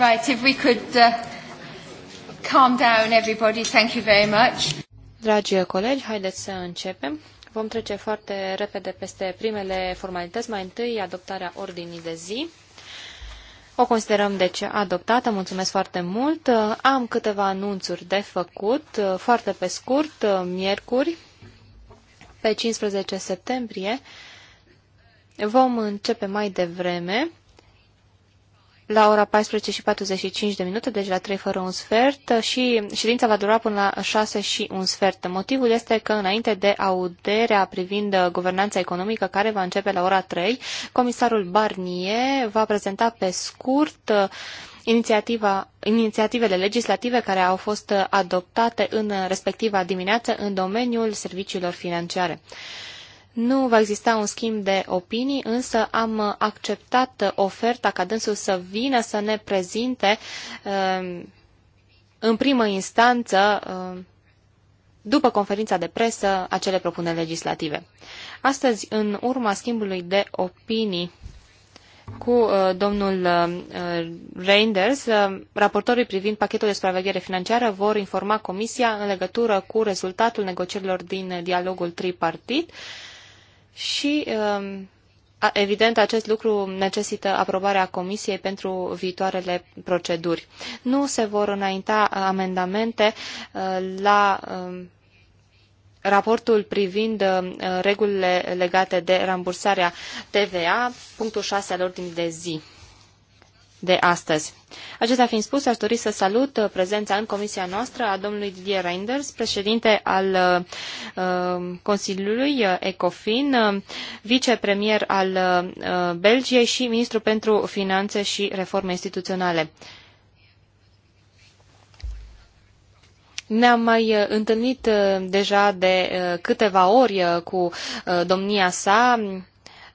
Right, if we could uh, calm down everybody, thank you very much. Dragi colegi, haideți să începem. Vom trece foarte repede peste primele formalități. Mai întâi, adoptarea ordinii de zi. O considerăm, deci, adoptată. Mulțumesc foarte mult. Am câteva anunțuri de făcut, foarte pe scurt, miercuri, pe 15 septembrie. Vom începe mai devreme la ora 14 și 45 de minute, deci la 3 fără un sfert și ședința va dura până la 6 și un sfert. Motivul este că înainte de auderea privind guvernanța economică care va începe la ora 3, comisarul Barnier va prezenta pe scurt uh, inițiativa, inițiativele legislative care au fost adoptate în respectiva dimineață în domeniul serviciilor financiare. Nu va exista un schimb de opinii, însă am acceptat oferta ca dânsul să vină să ne prezinte um, în primă instanță, um, după conferința de presă, acele propuneri legislative. Astăzi, în urma schimbului de opinii cu uh, domnul uh, Reinders, uh, raportorii privind pachetul de supraveghere financiară vor informa Comisia în legătură cu rezultatul negocierilor din dialogul tripartit, și um, Evident, acest lucru necesită aprobarea Comisiei pentru viitoarele proceduri. Nu se vor înainta amendamente uh, la um, raportul privind uh, regulile legate de rambursarea TVA, punctul 6 al ordinii de zi de astăzi. Acestea fiind spus, aș dori să salut uh, prezența în comisia noastră a domnului Didier Reinders, președinte al uh, uh Consiliului uh, ECOFIN, vicepremier al uh, Belgiei și ministru pentru finanțe și reforme instituționale. Ne-am mai întâlnit deja de câteva ori cu domnia sa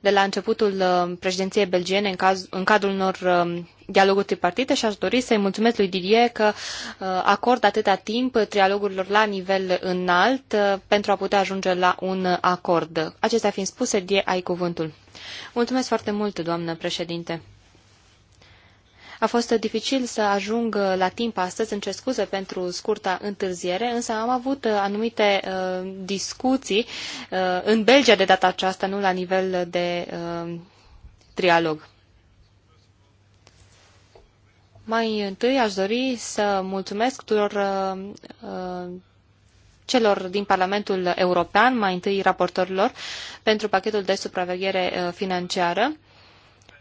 de la începutul uh, președinției belgiene în, caz, în cadrul unor uh, dialoguri tripartite și aș dori să-i mulțumesc lui Didier că uh, acordă atâta timp trialogurilor la nivel înalt pentru a putea ajunge la un acord. Acestea fiind spuse, Didier, ai cuvântul. Mulțumesc foarte mult, doamnă președinte. A fost dificil să ajung uh, la timp astăzi, îmi cer scuze pentru scurta întârziere, însă am avut uh, anumite uh, discuții uh, în Belgia de data aceasta, nu la nivel de uh, trialog. Mai întâi aș dori să mulțumesc tuturor uh, uh celor din Parlamentul European, mai întâi raportorilor, pentru pachetul de supraveghere financiară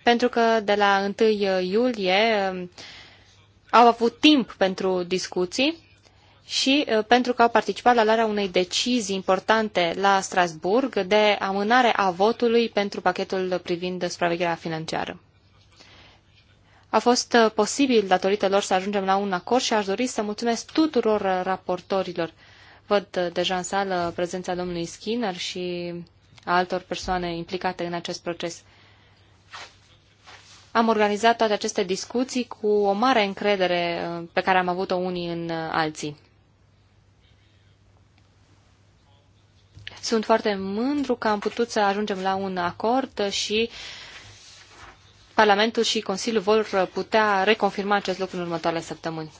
pentru că de la 1 uh, iulie um, au avut timp pentru discuții și uh, pentru că au participat la luarea unei decizii importante la Strasburg de amânare a votului pentru pachetul privind supravegherea financiară. A fost uh, posibil, datorită lor, să ajungem la un acord și aș dori să mulțumesc tuturor raportorilor. Văd deja în sală prezența domnului Skinner și a altor persoane implicate în acest proces. Am organizat toate aceste discuții cu o mare încredere uh, pe care am avut-o unii în uh, alții. Sunt foarte mândru că am putut să ajungem la un acord și Parlamentul și Consiliul vor putea reconfirma acest lucru în următoarele săptămâni.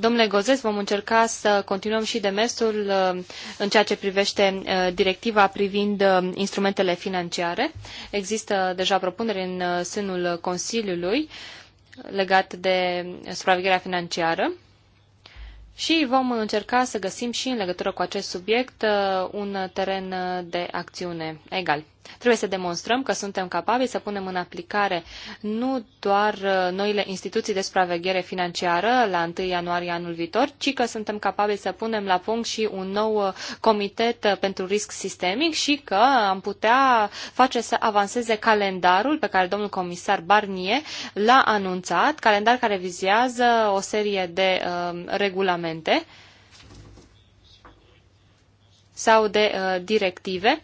Domnule Gozes, vom încerca să continuăm și demersul uh, în ceea ce privește uh, directiva privind uh, instrumentele financiare. Există deja propuneri în sânul Consiliului legat de supravegherea financiară și vom încerca să găsim și în legătură cu acest subiect un teren de acțiune egal. Trebuie să demonstrăm că suntem capabili să punem în aplicare nu doar uh, noile instituții de supraveghere financiară la 1 ianuarie anul viitor, ci că suntem capabili să punem la punct și un nou uh, comitet uh, pentru risc sistemic și că am putea face să avanseze calendarul pe care domnul comisar Barnier l-a anunțat, calendar care vizează o serie de uh, regulamente sau de uh, directive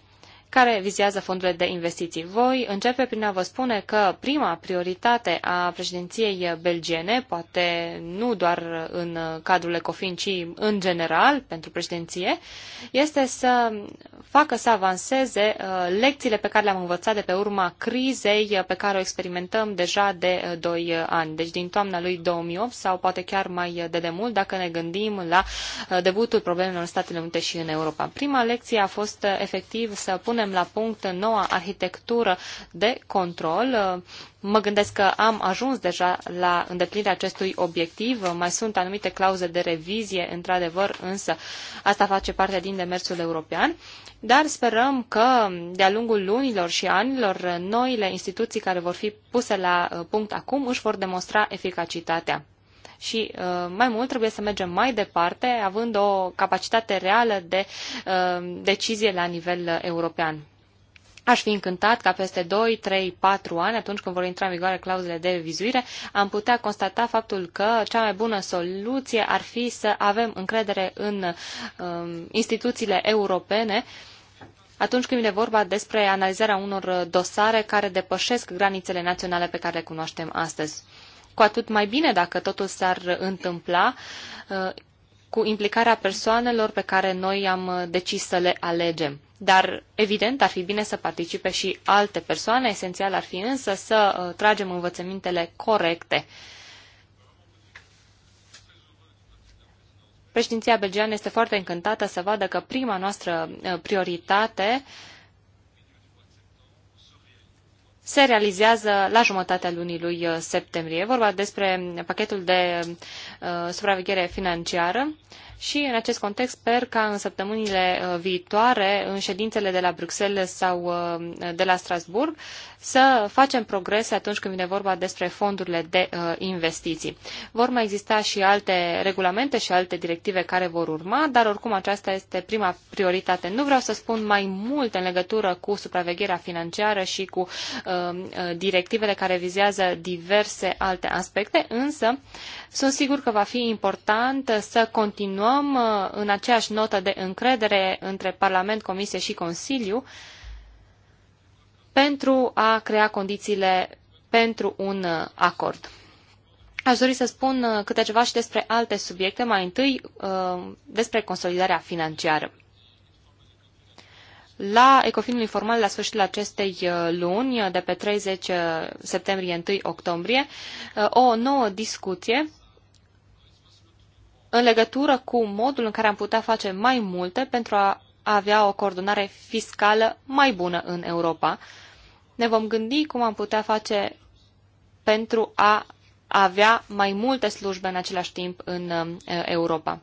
care vizează fondurile de investiții. Voi începe prin a vă spune că prima prioritate a președinției belgiene, poate nu doar în cadrul ECOFIN, ci în general pentru președinție, este să facă să avanseze uh, lecțiile pe care le-am învățat de pe urma crizei uh, pe care o experimentăm deja de 2 uh, ani, deci din toamna lui 2008 sau poate chiar mai de demult dacă ne gândim la debutul problemelor în Statele Unite și în Europa. Prima lecție a fost efectiv să punem punem la punct noua arhitectură de control. Mă gândesc că am ajuns deja la îndeplinirea acestui obiectiv. Mai sunt anumite clauze de revizie, într-adevăr, însă asta face parte din demersul european. Dar sperăm că de-a lungul lunilor și anilor, noile instituții care vor fi puse la uh, punct acum își vor demonstra eficacitatea și uh, mai mult trebuie să mergem mai departe, având o capacitate reală de uh, decizie la nivel uh, european. Aș fi încântat ca peste 2, 3, 4 ani, atunci când vor intra în vigoare clauzele de revizuire, am putea constata faptul că cea mai bună soluție ar fi să avem încredere în um, instituțiile europene atunci când vine vorba despre analizarea unor dosare care depășesc granițele naționale pe care le cunoaștem astăzi cu atât mai bine dacă totul s-ar întâmpla uh, cu implicarea persoanelor pe care noi am uh, decis să le alegem. Dar, evident, ar fi bine să participe și alte persoane. Esențial ar fi însă să uh, tragem învățămintele corecte. Președinția belgiană este foarte încântată să vadă că prima noastră prioritate uh, se realizează la jumătatea lunii lui uh, septembrie. E vorba despre pachetul de uh, supraveghere financiară și în acest context sper ca în săptămânile uh, viitoare, în ședințele de la Bruxelles sau uh, de la Strasburg, să facem progrese atunci când vine vorba despre fondurile de uh, investiții. Vor mai exista și alte regulamente și alte directive care vor urma, dar oricum aceasta este prima prioritate. Nu vreau să spun mai mult în legătură cu supravegherea financiară și cu directivele care vizează diverse alte aspecte, însă sunt sigur că va fi important să continuăm continuăm uh, în aceeași notă de încredere între Parlament, Comisie și Consiliu pentru a crea condițiile pentru un uh, acord. Aș dori să spun uh, câte ceva și despre alte subiecte, mai întâi despre consolidarea financiară. La Ecofinul informal la sfârșitul acestei luni, de pe 30 septembrie 1 octombrie, o nouă discuție în legătură cu modul în care am putea face mai multe pentru a avea o coordonare fiscală mai bună în Europa. Ne vom gândi cum am putea face pentru a avea mai multe slujbe în același timp în uh, Europa.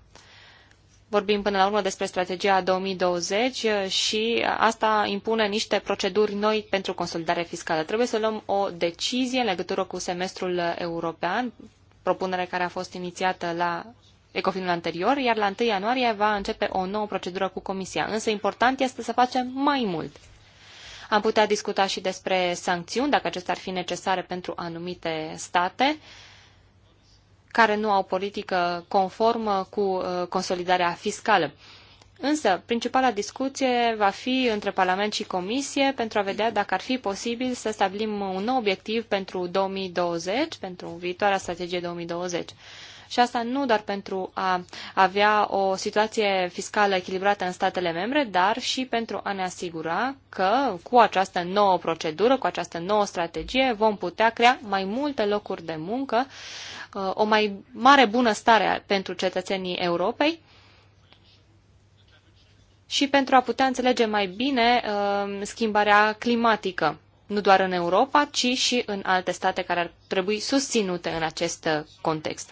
Vorbim până la urmă despre strategia 2020 uh, și asta impune niște proceduri noi pentru consolidare fiscală. Trebuie să luăm o decizie în legătură cu semestrul european, propunere care a fost inițiată la ecofinul anterior, iar la 1 ianuarie va începe o nouă procedură cu Comisia. Însă important este să facem mai mult. Am putea discuta și despre sancțiuni, dacă acestea ar fi necesare pentru anumite state care nu au politică conformă cu uh, consolidarea fiscală. Însă, principala discuție va fi între Parlament și Comisie pentru a vedea dacă ar fi posibil să stabilim un nou obiectiv pentru 2020, pentru viitoarea strategie 2020. Și asta nu doar pentru a avea o situație fiscală echilibrată în statele membre, dar și pentru a ne asigura că cu această nouă procedură, cu această nouă strategie, vom putea crea mai multe locuri de muncă, uh, o mai mare bunăstare pentru cetățenii Europei și pentru a putea înțelege mai bine uh, schimbarea climatică nu doar în Europa, ci și în alte state care ar trebui susținute în acest context.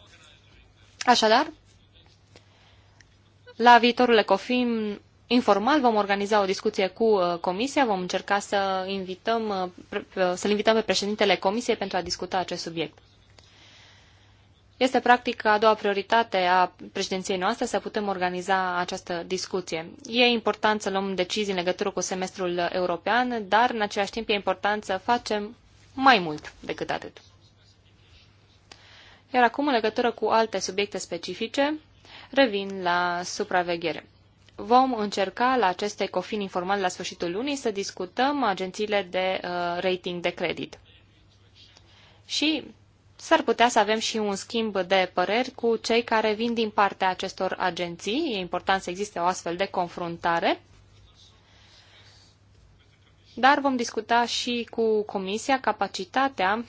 Așadar, la viitorul ECOFIM informal vom organiza o discuție cu uh, Comisia, vom încerca să invităm, uh, uh, să-l invităm pe președintele Comisiei pentru a discuta acest subiect. Este practic a doua prioritate a președinției noastre să putem organiza această discuție. E important să luăm decizii în legătură cu semestrul european, dar în același timp e important să facem mai mult decât atât. Iar acum, în legătură cu alte subiecte specifice, revin la supraveghere. Vom încerca la aceste cofini informal la sfârșitul lunii să discutăm agențiile de uh, rating de credit. Și s-ar putea să avem și un schimb de păreri cu cei care vin din partea acestor agenții. E important să existe o astfel de confruntare. Dar vom discuta și cu Comisia capacitatea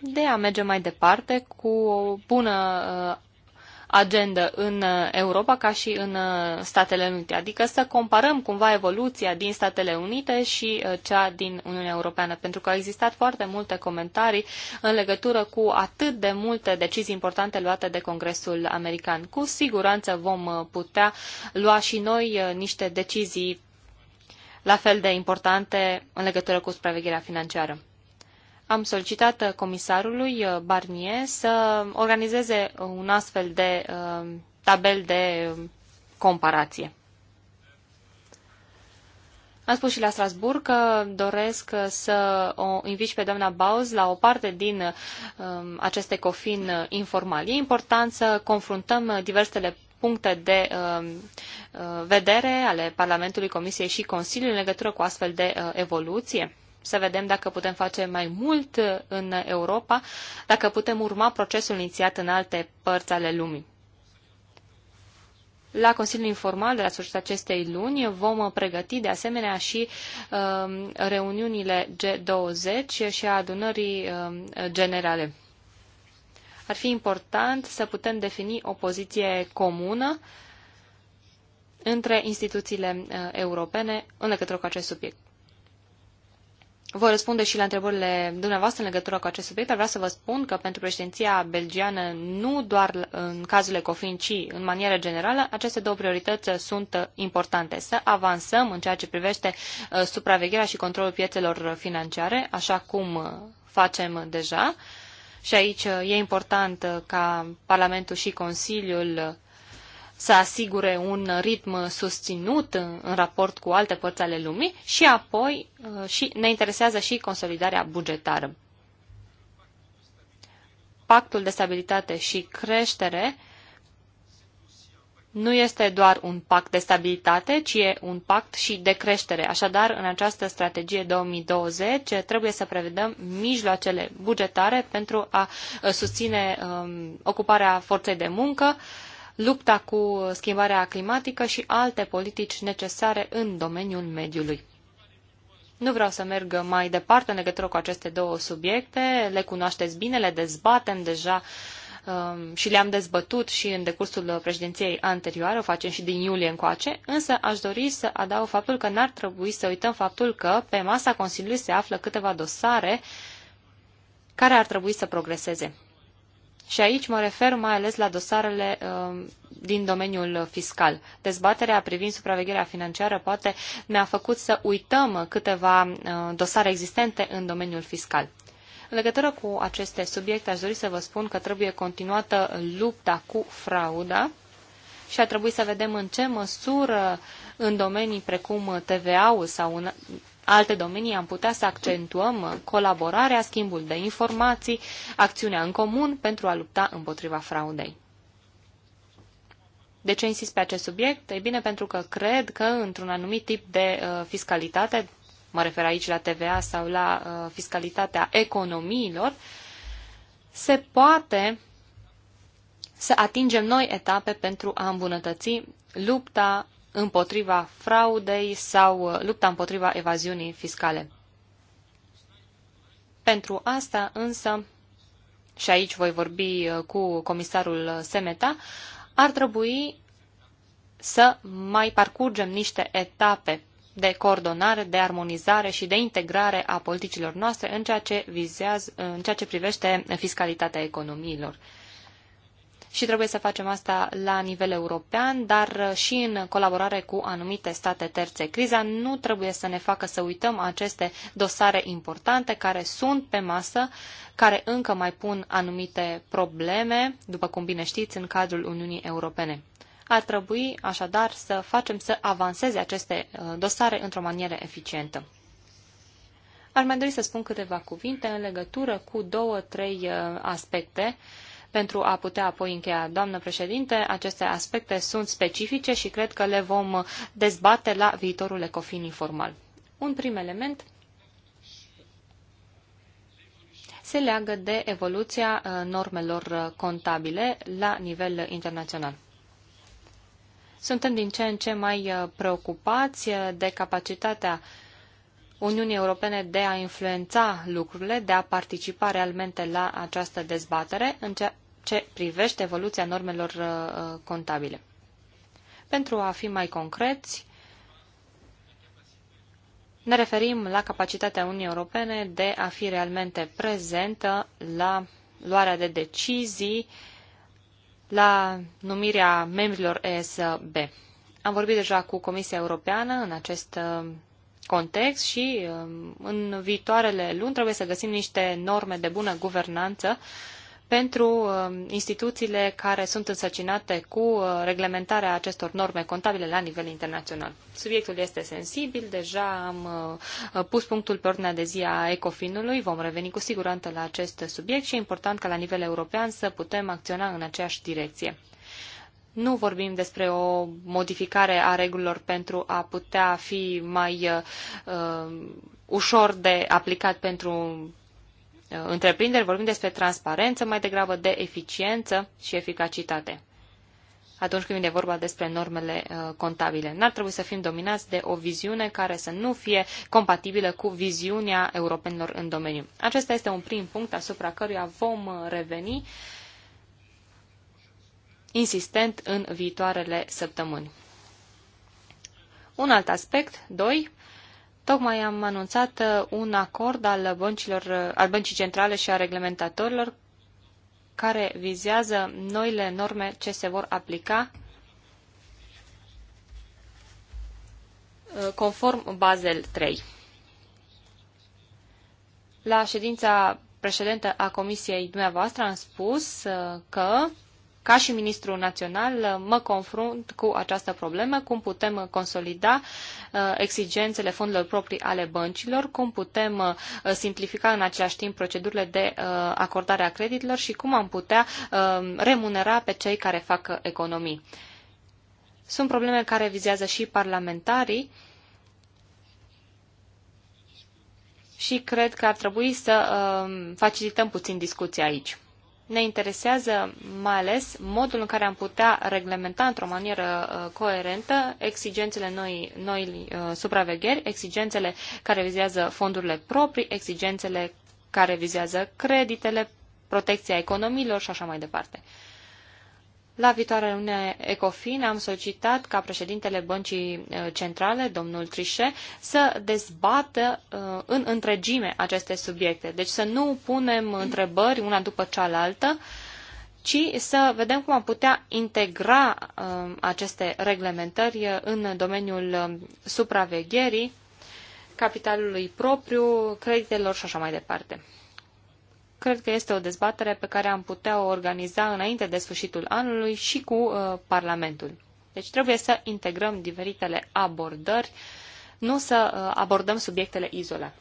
de a merge mai departe cu o bună uh, agendă în uh, Europa ca și în uh, Statele Unite, adică să comparăm cumva evoluția din Statele Unite și cea din Uniunea Europeană, pentru că au existat foarte multe comentarii în legătură cu atât de multe decizii importante luate de Congresul American. Cu siguranță vom putea lua și noi niște decizii la fel de importante în legătură cu supravegherea financiară am solicitat uh, comisarului uh, Barnier să organizeze un astfel de uh, tabel de um, comparație. Am spus și la Strasburg că doresc să o invit pe doamna Bauz la o parte din um, aceste cofin informali. E important să confruntăm diversele puncte de um, vedere ale Parlamentului, Comisiei și Consiliului în legătură cu astfel de uh, evoluție să vedem dacă putem face mai mult în Europa, dacă putem urma procesul inițiat în alte părți ale lumii. La Consiliul Informal de la sfârșitul acestei luni vom pregăti de asemenea și uh, reuniunile G20 și a adunării uh, generale. Ar fi important să putem defini o poziție comună între instituțiile uh, europene în legătură cu acest subiect voi răspunde și la întrebările dumneavoastră în legătură cu acest subiect, dar vreau să vă spun că pentru președinția belgiană, nu doar în cazul ECOFIN, ci în manieră generală, aceste două priorități sunt importante. Să avansăm în ceea ce privește uh, supravegherea și controlul piețelor financiare, așa cum uh, facem deja. Și aici uh, e important ca Parlamentul și Consiliul să asigure un ritm susținut în raport cu alte părți ale lumii și apoi uh, și ne interesează și consolidarea bugetară. Pactul de stabilitate și creștere nu este doar un pact de stabilitate, ci e un pact și de creștere. Așadar, în această strategie 2020 trebuie să prevedem mijloacele bugetare pentru a uh, susține um, ocuparea forței de muncă, uh, lupta cu schimbarea climatică și alte politici necesare în domeniul mediului. Nu vreau să merg mai departe în legătură cu aceste două subiecte, le cunoașteți bine, le dezbatem deja um, și le-am dezbătut și în decursul președinției anterioare, o facem și din iulie încoace, însă aș dori să adaug faptul că n-ar trebui să uităm faptul că pe masa Consiliului se află câteva dosare care ar trebui să progreseze. Și aici mă refer mai ales la dosarele uh, din domeniul fiscal. Dezbaterea privind supravegherea financiară poate ne-a făcut să uităm câteva uh, dosare existente în domeniul fiscal. În legătură cu aceste subiecte, aș dori să vă spun că trebuie continuată lupta cu frauda și a trebuit să vedem în ce măsură în domenii precum TVA-ul sau în alte domenii am putea să accentuăm colaborarea, schimbul de informații, acțiunea în comun pentru a lupta împotriva fraudei. De ce insist pe acest subiect? Ei bine, pentru că cred că într-un anumit tip de uh, fiscalitate, mă refer aici la TVA sau la uh, fiscalitatea economiilor, se poate să atingem noi etape pentru a îmbunătăți lupta împotriva fraudei sau uh, lupta împotriva evaziunii fiscale. Pentru asta însă, și aici voi vorbi uh, cu comisarul Semeta, ar trebui să mai parcurgem niște etape de coordonare, de armonizare și de integrare a politicilor noastre în ceea ce, vizează, în ceea ce privește fiscalitatea economiilor și trebuie să facem asta la nivel european, dar și în colaborare cu anumite state terțe. Criza nu trebuie să ne facă să uităm aceste dosare importante care sunt pe masă, care încă mai pun anumite probleme, după cum bine știți, în cadrul Uniunii Europene. Ar trebui așadar să facem să avanseze aceste uh, dosare într-o manieră eficientă. Ar mai dori să spun câteva cuvinte în legătură cu două, trei uh, aspecte uh, pentru a putea apoi încheia. Doamnă președinte, aceste aspecte sunt specifice și cred că le vom dezbate la viitorul ecofin informal. Un prim element se leagă de evoluția uh, normelor uh, contabile la nivel internațional. Suntem din ce în ce mai uh, preocupați de capacitatea uh, Uniunii Europene de a influența lucrurile, de a participa realmente la această dezbatere în ceea ce privește evoluția normelor uh, uh, contabile. Pentru a fi mai concreți, ne referim la capacitatea Uniunii Europene de a fi realmente prezentă la luarea de decizii, la numirea membrilor ESB. Am vorbit deja cu Comisia Europeană în acest uh, context și um, în viitoarele luni trebuie să găsim niște norme de bună guvernanță pentru um, instituțiile care sunt însăcinate cu uh, reglementarea acestor norme contabile la nivel internațional. Subiectul este sensibil, deja am uh, pus punctul pe ordinea de zi a Ecofinului, vom reveni cu siguranță la acest subiect și e important ca la nivel european să putem acționa în aceeași direcție nu vorbim despre o modificare a regulilor pentru a putea fi mai uh, ușor de aplicat pentru uh, întreprinderi, vorbim despre transparență mai degrabă de eficiență și eficacitate atunci când vine vorba despre normele uh, contabile. N-ar trebui să fim dominați de o viziune care să nu fie compatibilă cu viziunea europenilor în domeniu. Acesta este un prim punct asupra căruia vom uh, reveni uh, insistent în viitoarele săptămâni. Un alt aspect, doi, Tocmai am anunțat uh, un acord al, băncilor, uh, al băncii centrale și a reglementatorilor care vizează noile norme ce se vor aplica uh, conform Basel 3. La ședința precedentă a comisiei dumneavoastră am spus că ca și ministru național, uh, mă confrunt cu această problemă, cum putem uh, consolida uh, exigențele fondurilor proprii ale băncilor, cum putem simplifica în același timp procedurile de acordare a creditelor și cum am putea remunera pe cei care fac economii. Sunt probleme care vizează și parlamentarii, și cred că ar trebui să facilităm puțin discuția aici. Ne interesează mai ales modul în care am putea reglementa într-o manieră uh, coerentă exigențele noi, noi uh, supravegheri, exigențele care vizează fondurile proprii, exigențele care vizează creditele, protecția economiilor și așa mai departe. La viitoarea lună ECOFIN am solicitat ca președintele Băncii uh, Centrale, domnul Trișe, să dezbată uh, în întregime aceste subiecte. Deci să nu punem întrebări una după cealaltă, ci să vedem cum am putea integra uh, aceste reglementări în domeniul um, supravegherii, capitalului propriu, creditelor și așa mai departe. Cred că este o dezbatere pe care am putea o organiza înainte de sfârșitul anului și cu uh, Parlamentul. Deci trebuie să integrăm diferitele abordări, nu să uh, abordăm subiectele izolate.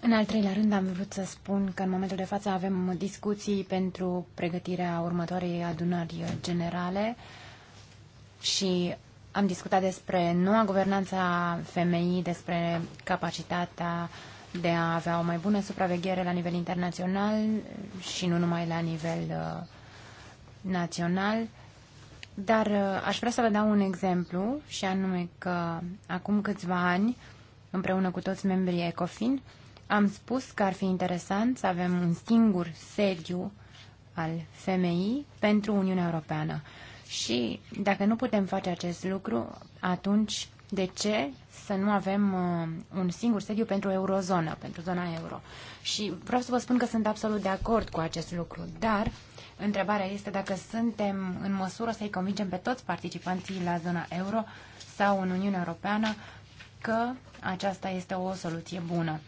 În al treilea rând am vrut să spun că în momentul de față avem discuții pentru pregătirea următoarei adunări generale și am discutat despre noua guvernanță a femeii, despre capacitatea uh, de a avea o mai bună supraveghere la nivel internațional și nu numai la nivel uh, național. Dar uh, aș vrea să vă dau un exemplu și anume că acum câțiva ani, împreună cu toți membrii ECOFIN, am spus că ar fi interesant să avem un singur sediu al femeii pentru Uniunea Europeană. Și dacă nu putem face acest lucru, atunci de ce să nu avem uh, un singur sediu pentru eurozonă, pentru zona euro. Și vreau să vă spun că sunt absolut de acord cu acest lucru, dar întrebarea este dacă suntem în măsură să-i convingem pe toți participanții la zona euro sau în Uniunea Europeană că aceasta este o soluție bună.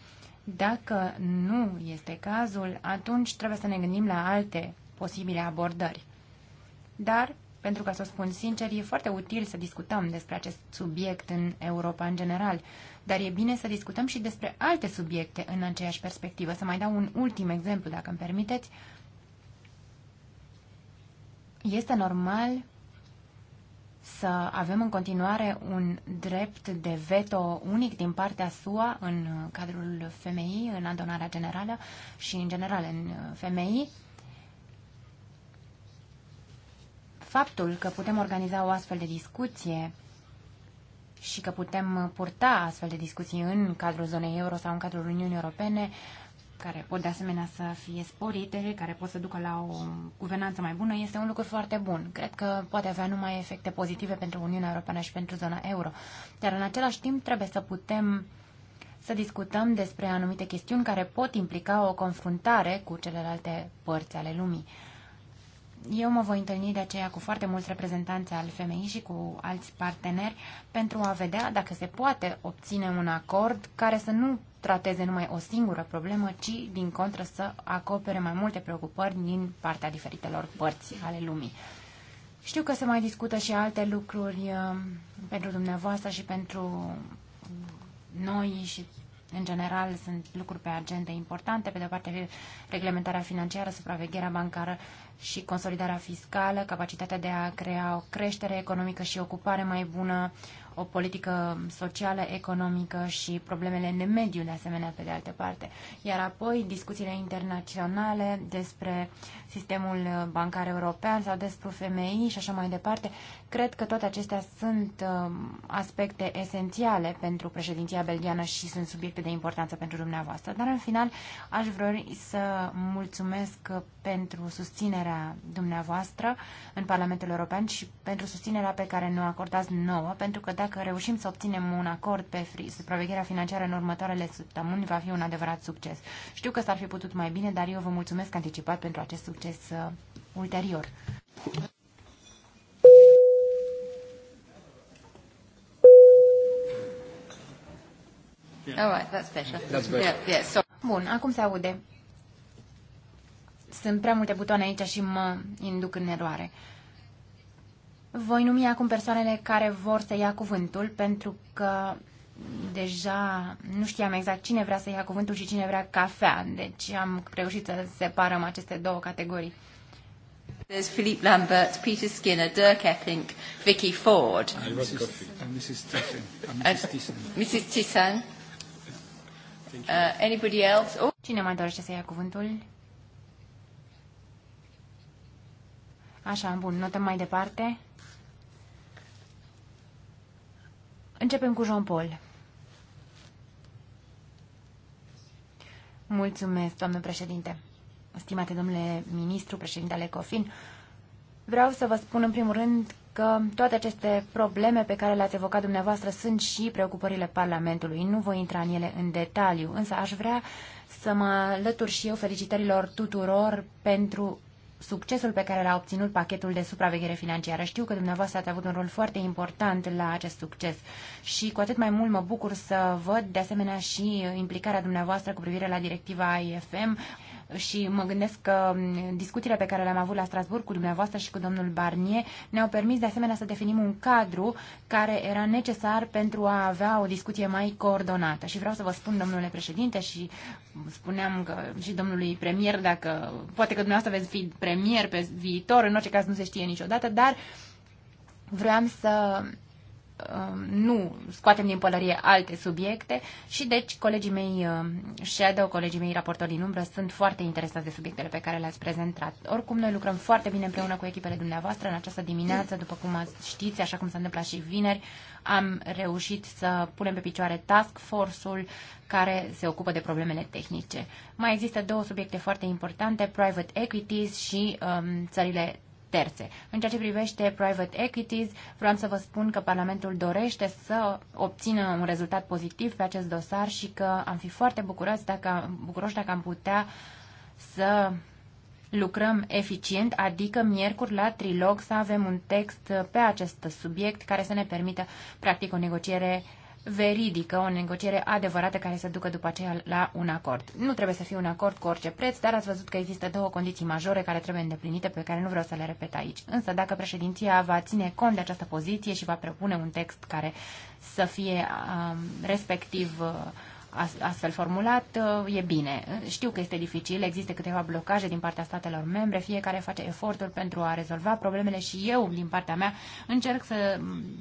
Dacă nu este cazul, atunci trebuie să ne gândim la alte posibile abordări. Dar pentru ca să o spun sincer, e foarte util să discutăm despre acest subiect în Europa în general, dar e bine să discutăm și despre alte subiecte în aceeași perspectivă. Să mai dau un ultim exemplu, dacă îmi permiteți. Este normal să avem în continuare un drept de veto unic din partea SUA în cadrul femeii, în adonarea generală și în general în femeii, Faptul că putem organiza o astfel de discuție și că putem purta astfel de discuții în cadrul zonei euro sau în cadrul Uniunii Europene, care pot de asemenea să fie sporite, care pot să ducă la o guvernanță mai bună, este un lucru foarte bun. Cred că poate avea numai efecte pozitive pentru Uniunea Europeană și pentru zona euro. Dar în același timp trebuie să putem să discutăm despre anumite chestiuni care pot implica o confruntare cu celelalte părți ale lumii. Eu mă voi întâlni de aceea cu foarte mulți reprezentanți al femeii și cu alți parteneri pentru a vedea dacă se poate obține un acord care să nu trateze numai o singură problemă, ci, din contră, să acopere mai multe preocupări din partea diferitelor părți ale lumii. Știu că se mai discută și alte lucruri um, pentru dumneavoastră și pentru noi și în general, sunt lucruri pe agende importante, pe de-o parte reglementarea financiară, supravegherea bancară și consolidarea fiscală, capacitatea de a crea o creștere economică și ocupare mai bună, o politică socială, economică și problemele de mediu, de asemenea, pe de altă parte. Iar apoi discuțiile internaționale despre sistemul bancar european sau despre FMI și așa mai departe, Cred că toate acestea sunt um, aspecte esențiale pentru președinția belgiană și sunt subiecte de importanță pentru dumneavoastră. Dar în final aș vrea să mulțumesc pentru susținerea dumneavoastră în Parlamentul European și pentru susținerea pe care ne-o acordați nouă, pentru că dacă reușim să obținem un acord pe supravegherea financiară în următoarele săptămâni, va fi un adevărat succes. Știu că s-ar fi putut mai bine, dar eu vă mulțumesc anticipat pentru acest succes uh, ulterior. Yeah. All right, that's better. That's better. Yeah, yeah, so... Bun, acum se aude. Sunt prea multe butoane aici și mă induc în eroare. Voi numi acum persoanele care vor să ia cuvântul, pentru că deja nu știam exact cine vrea să ia cuvântul și cine vrea cafea, deci am reușit să separăm aceste două categorii. There's Philippe Lambert, Peter Skinner, Dirk Epping, Vicky Ford. And Mrs. Tissan. Mrs. Tissan. Uh, anybody else? Oh. Cine mai dorește să ia cuvântul? Așa, bun, notăm mai departe. Începem cu Jean-Paul. Mulțumesc, doamnă președinte. Stimate domnule ministru, președinte ale COFIN, vreau să vă spun în primul rând că toate aceste probleme pe care le-ați evocat dumneavoastră sunt și preocupările Parlamentului. Nu voi intra în ele în detaliu, însă aș vrea să mă alătur și eu felicitărilor tuturor pentru succesul pe care l-a obținut pachetul de supraveghere financiară. Știu că dumneavoastră ați avut un rol foarte important la acest succes și cu atât mai mult mă bucur să văd de asemenea și implicarea dumneavoastră cu privire la directiva IFM și mă gândesc că discuțiile pe care le-am avut la Strasburg cu dumneavoastră și cu domnul Barnier ne-au permis de asemenea să definim un cadru care era necesar pentru a avea o discuție mai coordonată. Și vreau să vă spun, domnule președinte, și spuneam că și domnului premier, dacă poate că dumneavoastră veți fi premier pe viitor, în orice caz nu se știe niciodată, dar vreau să Um, nu scoatem din pălărie alte subiecte și deci colegii mei um, shadow, colegii mei raportori din umbră sunt foarte interesați de subiectele pe care le-ați prezentat. Oricum, noi lucrăm foarte bine împreună cu echipele dumneavoastră în această dimineață, după cum știți, așa cum s-a întâmplat și vineri, am reușit să punem pe picioare task force-ul care se ocupă de problemele tehnice. Mai există două subiecte foarte importante, private equities și um, țările terțe. În ceea ce privește private equities, vreau să vă spun că Parlamentul dorește să obțină un rezultat pozitiv pe acest dosar și că am fi foarte bucuroși dacă, bucuroși dacă am putea să lucrăm eficient, adică miercuri la trilog să avem un text pe acest subiect care să ne permită practic o negociere uh, veridică, o negociere adevărată care să ducă după aceea la un acord. Nu trebuie să fie un acord cu orice preț, dar ați văzut că există două condiții majore care trebuie îndeplinite, pe care nu vreau să le repet aici. Însă dacă președinția va ține cont de această poziție și va propune un text care să fie um, respectiv uh, astfel formulat uh, e bine. Știu că este dificil, există câteva blocaje din partea statelor membre, fiecare face eforturi pentru a rezolva problemele și eu, din partea mea, încerc să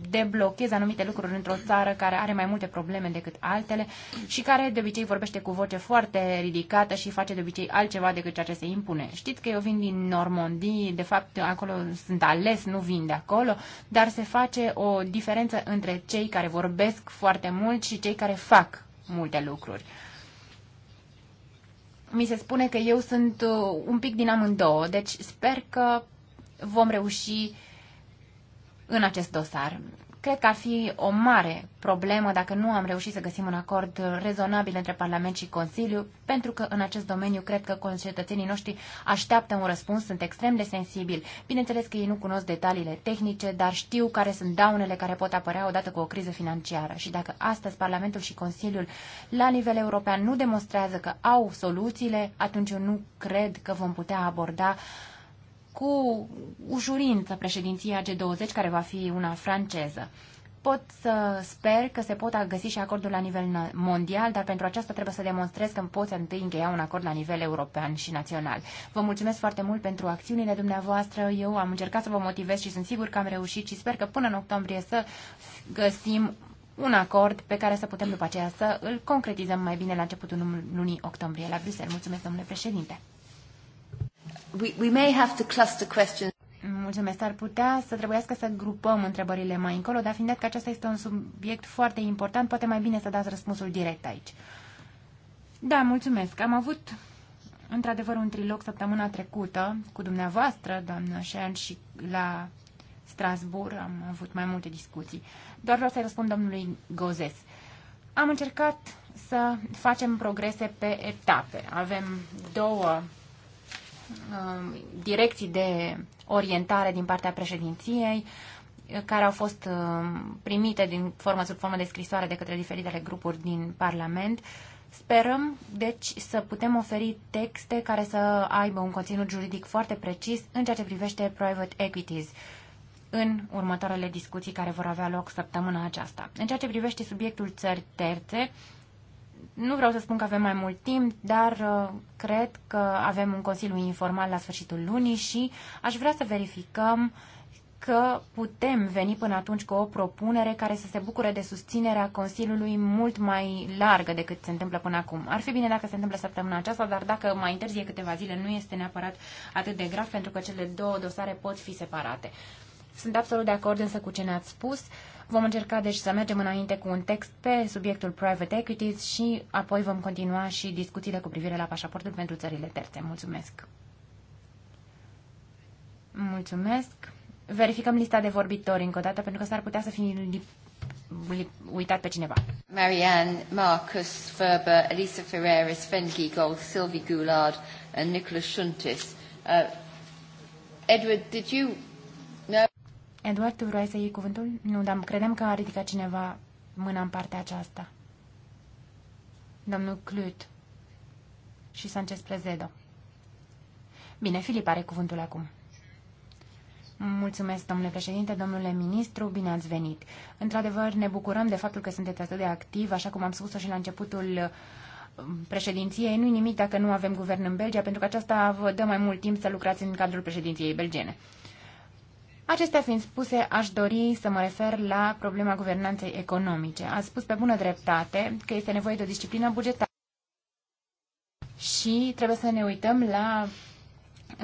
deblochez anumite lucruri într-o țară care are mai multe probleme decât altele și care de obicei vorbește cu voce foarte ridicată și face de obicei altceva decât ceea ce se impune. Știți că eu vin din Normandie, de fapt acolo sunt ales, nu vin de acolo, dar se face o diferență între cei care vorbesc foarte mult și cei care fac multe lucruri. Mi se spune că eu sunt uh, un pic din amândouă, deci sper că vom reuși în acest dosar. Cred că ar fi o mare problemă dacă nu am reușit să găsim un acord rezonabil între Parlament și Consiliu, pentru că în acest domeniu cred că concetățenii noștri așteaptă un răspuns, sunt extrem de sensibili. Bineînțeles că ei nu cunosc detaliile tehnice, dar știu care sunt daunele care pot apărea odată cu o criză financiară. Și dacă astăzi Parlamentul și Consiliul la nivel european nu demonstrează că au soluțiile, atunci eu nu cred că vom putea aborda uh, cu ușurință președinția G20, care va fi una franceză. Pot să sper că se pot găsi și acordul la nivel mondial, dar pentru aceasta trebuie să demonstrez că pot să întâi încheia un acord la nivel european și național. Vă mulțumesc foarte mult pentru acțiunile dumneavoastră. Eu am încercat să vă motivez și sunt sigur că am reușit și sper că până în octombrie să găsim un acord pe care să putem după aceea să îl concretizăm mai bine la începutul lunii octombrie la Bruxelles. Mulțumesc, domnule președinte! we, we may have to cluster questions. Mulțumesc. Ar putea să trebuiască să grupăm întrebările mai încolo, dar fiind că acesta este un subiect foarte important, poate mai bine să dați răspunsul direct aici. Da, mulțumesc. Am avut într-adevăr un trilog săptămâna trecută cu dumneavoastră, doamnă Șean, și la Strasbourg am avut mai multe discuții. Doar vreau să-i răspund domnului Gozes. Am încercat să facem progrese pe etape. Avem două Um, direcții de orientare din partea președinției uh, care au fost um, primite din formă sub formă de scrisoare de către diferitele grupuri din Parlament. Sperăm, deci, să putem oferi texte care să aibă un conținut juridic foarte precis în ceea ce privește private equities în următoarele discuții care vor avea loc săptămâna aceasta. În ceea ce privește subiectul țări terțe, nu vreau să spun că avem mai mult timp, dar uh, cred că avem un consiliu informal la sfârșitul lunii și aș vrea să verificăm că putem veni până atunci cu o propunere care să se bucure de susținerea Consiliului mult mai largă decât se întâmplă până acum. Ar fi bine dacă se întâmplă săptămâna aceasta, dar dacă mai întârzie câteva zile nu este neapărat atât de grav pentru că cele două dosare pot fi separate. Sunt absolut de acord însă cu ce ne-ați spus. Uh, Vom încerca deci să mergem înainte cu un text pe subiectul private equities și apoi vom continua și discuțiile cu privire la pașaportul pentru țările terțe. Mulțumesc! Mulțumesc! Verificăm lista de vorbitori încă o dată, pentru că s-ar putea să fi uitat pe cineva. Marianne, Marcus, Ferber, Elisa Ferreira, Sven Gold, Sylvie Goulard and Nicholas Shuntis. Uh, Edward, did you Eduard, tu vrei să iei cuvântul? Nu, dar credem că a ridicat cineva mâna în partea aceasta. Domnul Clut și Sanchez Prezedo. Bine, Filip are cuvântul acum. Mulțumesc, domnule președinte, domnule ministru, bine ați venit. Într-adevăr, ne bucurăm de faptul că sunteți atât de activ, așa cum am spus-o și la începutul uh, președinției. Nu-i nimic dacă nu avem guvern în Belgia, pentru că aceasta vă dă mai mult timp să lucrați în cadrul președinției belgene. Acestea fiind spuse, aș dori să mă refer la problema guvernanței economice. Ați spus pe bună dreptate că este nevoie de o disciplină bugetară și trebuie să ne uităm la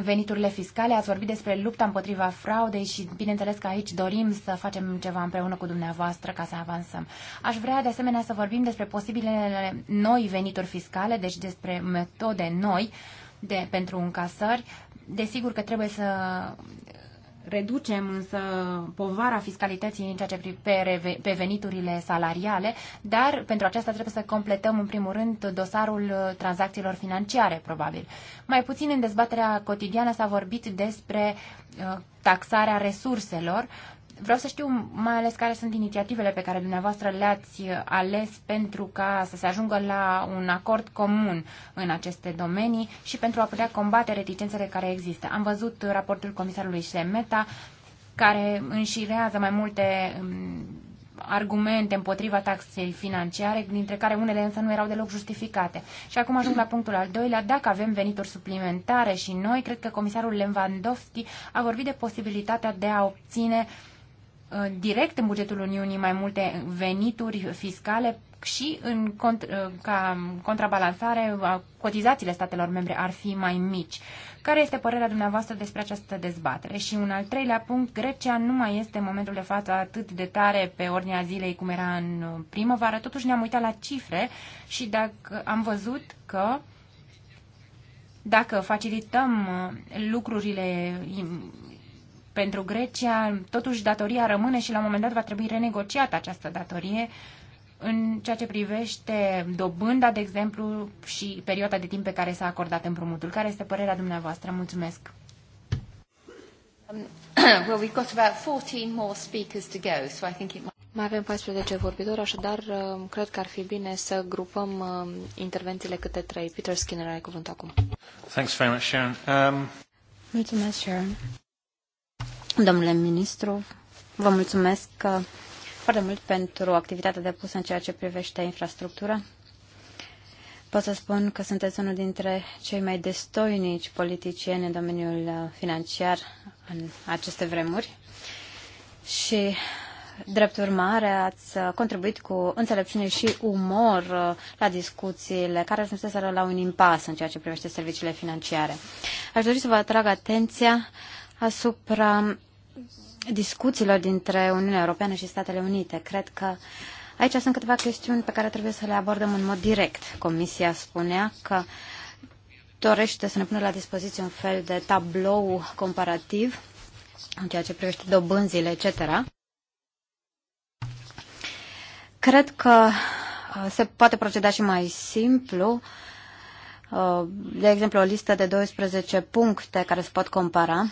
veniturile fiscale. Ați vorbit despre lupta împotriva fraudei și bineînțeles că aici dorim să facem ceva împreună cu dumneavoastră ca să avansăm. Aș vrea de asemenea să vorbim despre posibilele noi venituri fiscale, deci despre metode noi de, pentru încasări. Desigur că trebuie să reducem însă povara fiscalității în ceea ce pe, pe veniturile salariale, dar pentru aceasta trebuie să completăm în primul rând dosarul uh, tranzacțiilor financiare, probabil. Mai puțin în dezbaterea cotidiană s-a vorbit despre uh, taxarea resurselor, Vreau să știu mai ales care sunt inițiativele pe care dumneavoastră le-ați ales pentru ca să se ajungă la un acord comun în aceste domenii și pentru a putea combate reticențele care există. Am văzut raportul comisarului Șemeta care înșirează mai multe um, argumente împotriva taxei financiare, dintre care unele însă nu erau deloc justificate. Și acum ajung la punctul al doilea. Dacă avem venituri suplimentare și noi, cred că comisarul Lewandowski a vorbit de posibilitatea de a obține uh, Uh, direct în bugetul Uniunii mai multe venituri fiscale și în cont, uh, ca contrabalansare uh, cotizațiile statelor membre ar fi mai mici. Care este părerea dumneavoastră despre această dezbatere? Și un al treilea punct, Grecia nu mai este în momentul de față atât de tare pe ordinea zilei cum era în primăvară, totuși ne-am uitat la cifre și dacă am văzut că dacă facilităm lucrurile pentru Grecia, totuși datoria rămâne și la un moment dat va trebui renegociată această datorie în ceea ce privește dobânda, de exemplu, și perioada de timp pe care s-a acordat împrumutul. Care este părerea dumneavoastră? Mulțumesc! Um, Mai avem 14 vorbitori, așadar um, cred că ar fi bine să grupăm um, intervențiile câte trei. Peter Skinner, ai cuvânt acum. Thanks very much, Sharon. Um... Mulțumesc, Sharon. Domnule ministru, vă mulțumesc uh, foarte mult pentru activitatea depusă în ceea ce privește infrastructura. Pot să spun că sunteți unul dintre cei mai destoinici politicieni în domeniul uh, financiar în aceste vremuri și, drept urmare, ați uh, contribuit cu înțelepciune și umor la discuțiile care ajunseseră la un impas în ceea ce privește serviciile financiare. Aș dori să vă atrag atenția asupra discuțiilor dintre Uniunea Europeană și Statele Unite. Cred că aici sunt câteva chestiuni pe care trebuie să le abordăm în mod direct. Comisia spunea că dorește să ne pună la dispoziție un fel de tablou comparativ în ceea ce privește dobânzile, etc. Cred că uh, se poate proceda și mai simplu. Uh, de exemplu, o listă de 12 puncte care se pot compara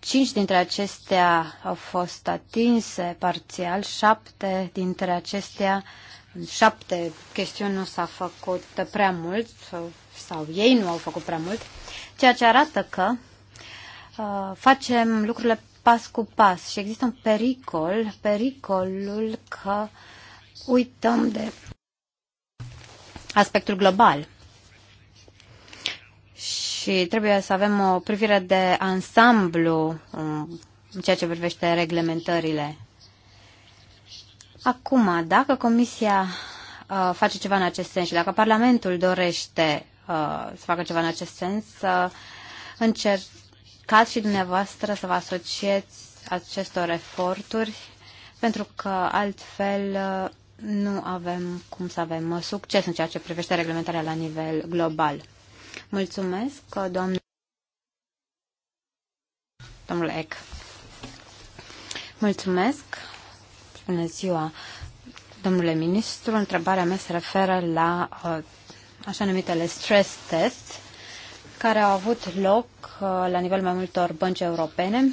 Cinci dintre acestea au fost atinse parțial, șapte dintre acestea, șapte chestiuni nu s-a făcut prea mult sau ei nu au făcut prea mult, ceea ce arată că uh, facem lucrurile pas cu pas și există un pericol, pericolul că uităm de aspectul global și trebuie să avem o privire de ansamblu um, în ceea ce privește reglementările. Acum, dacă Comisia uh, face ceva în acest sens și dacă Parlamentul dorește uh, să facă ceva în acest sens, uh, încercați și dumneavoastră să vă asocieți acestor eforturi, pentru că altfel uh, nu avem cum să avem uh, succes în ceea ce privește reglementarea la nivel global. Mulțumesc, domn... Domnule Eck. Mulțumesc. Bună ziua, domnule ministru. Întrebarea mea se referă la uh, așa numitele stress test care au avut loc uh, la nivel mai multor bănci europene,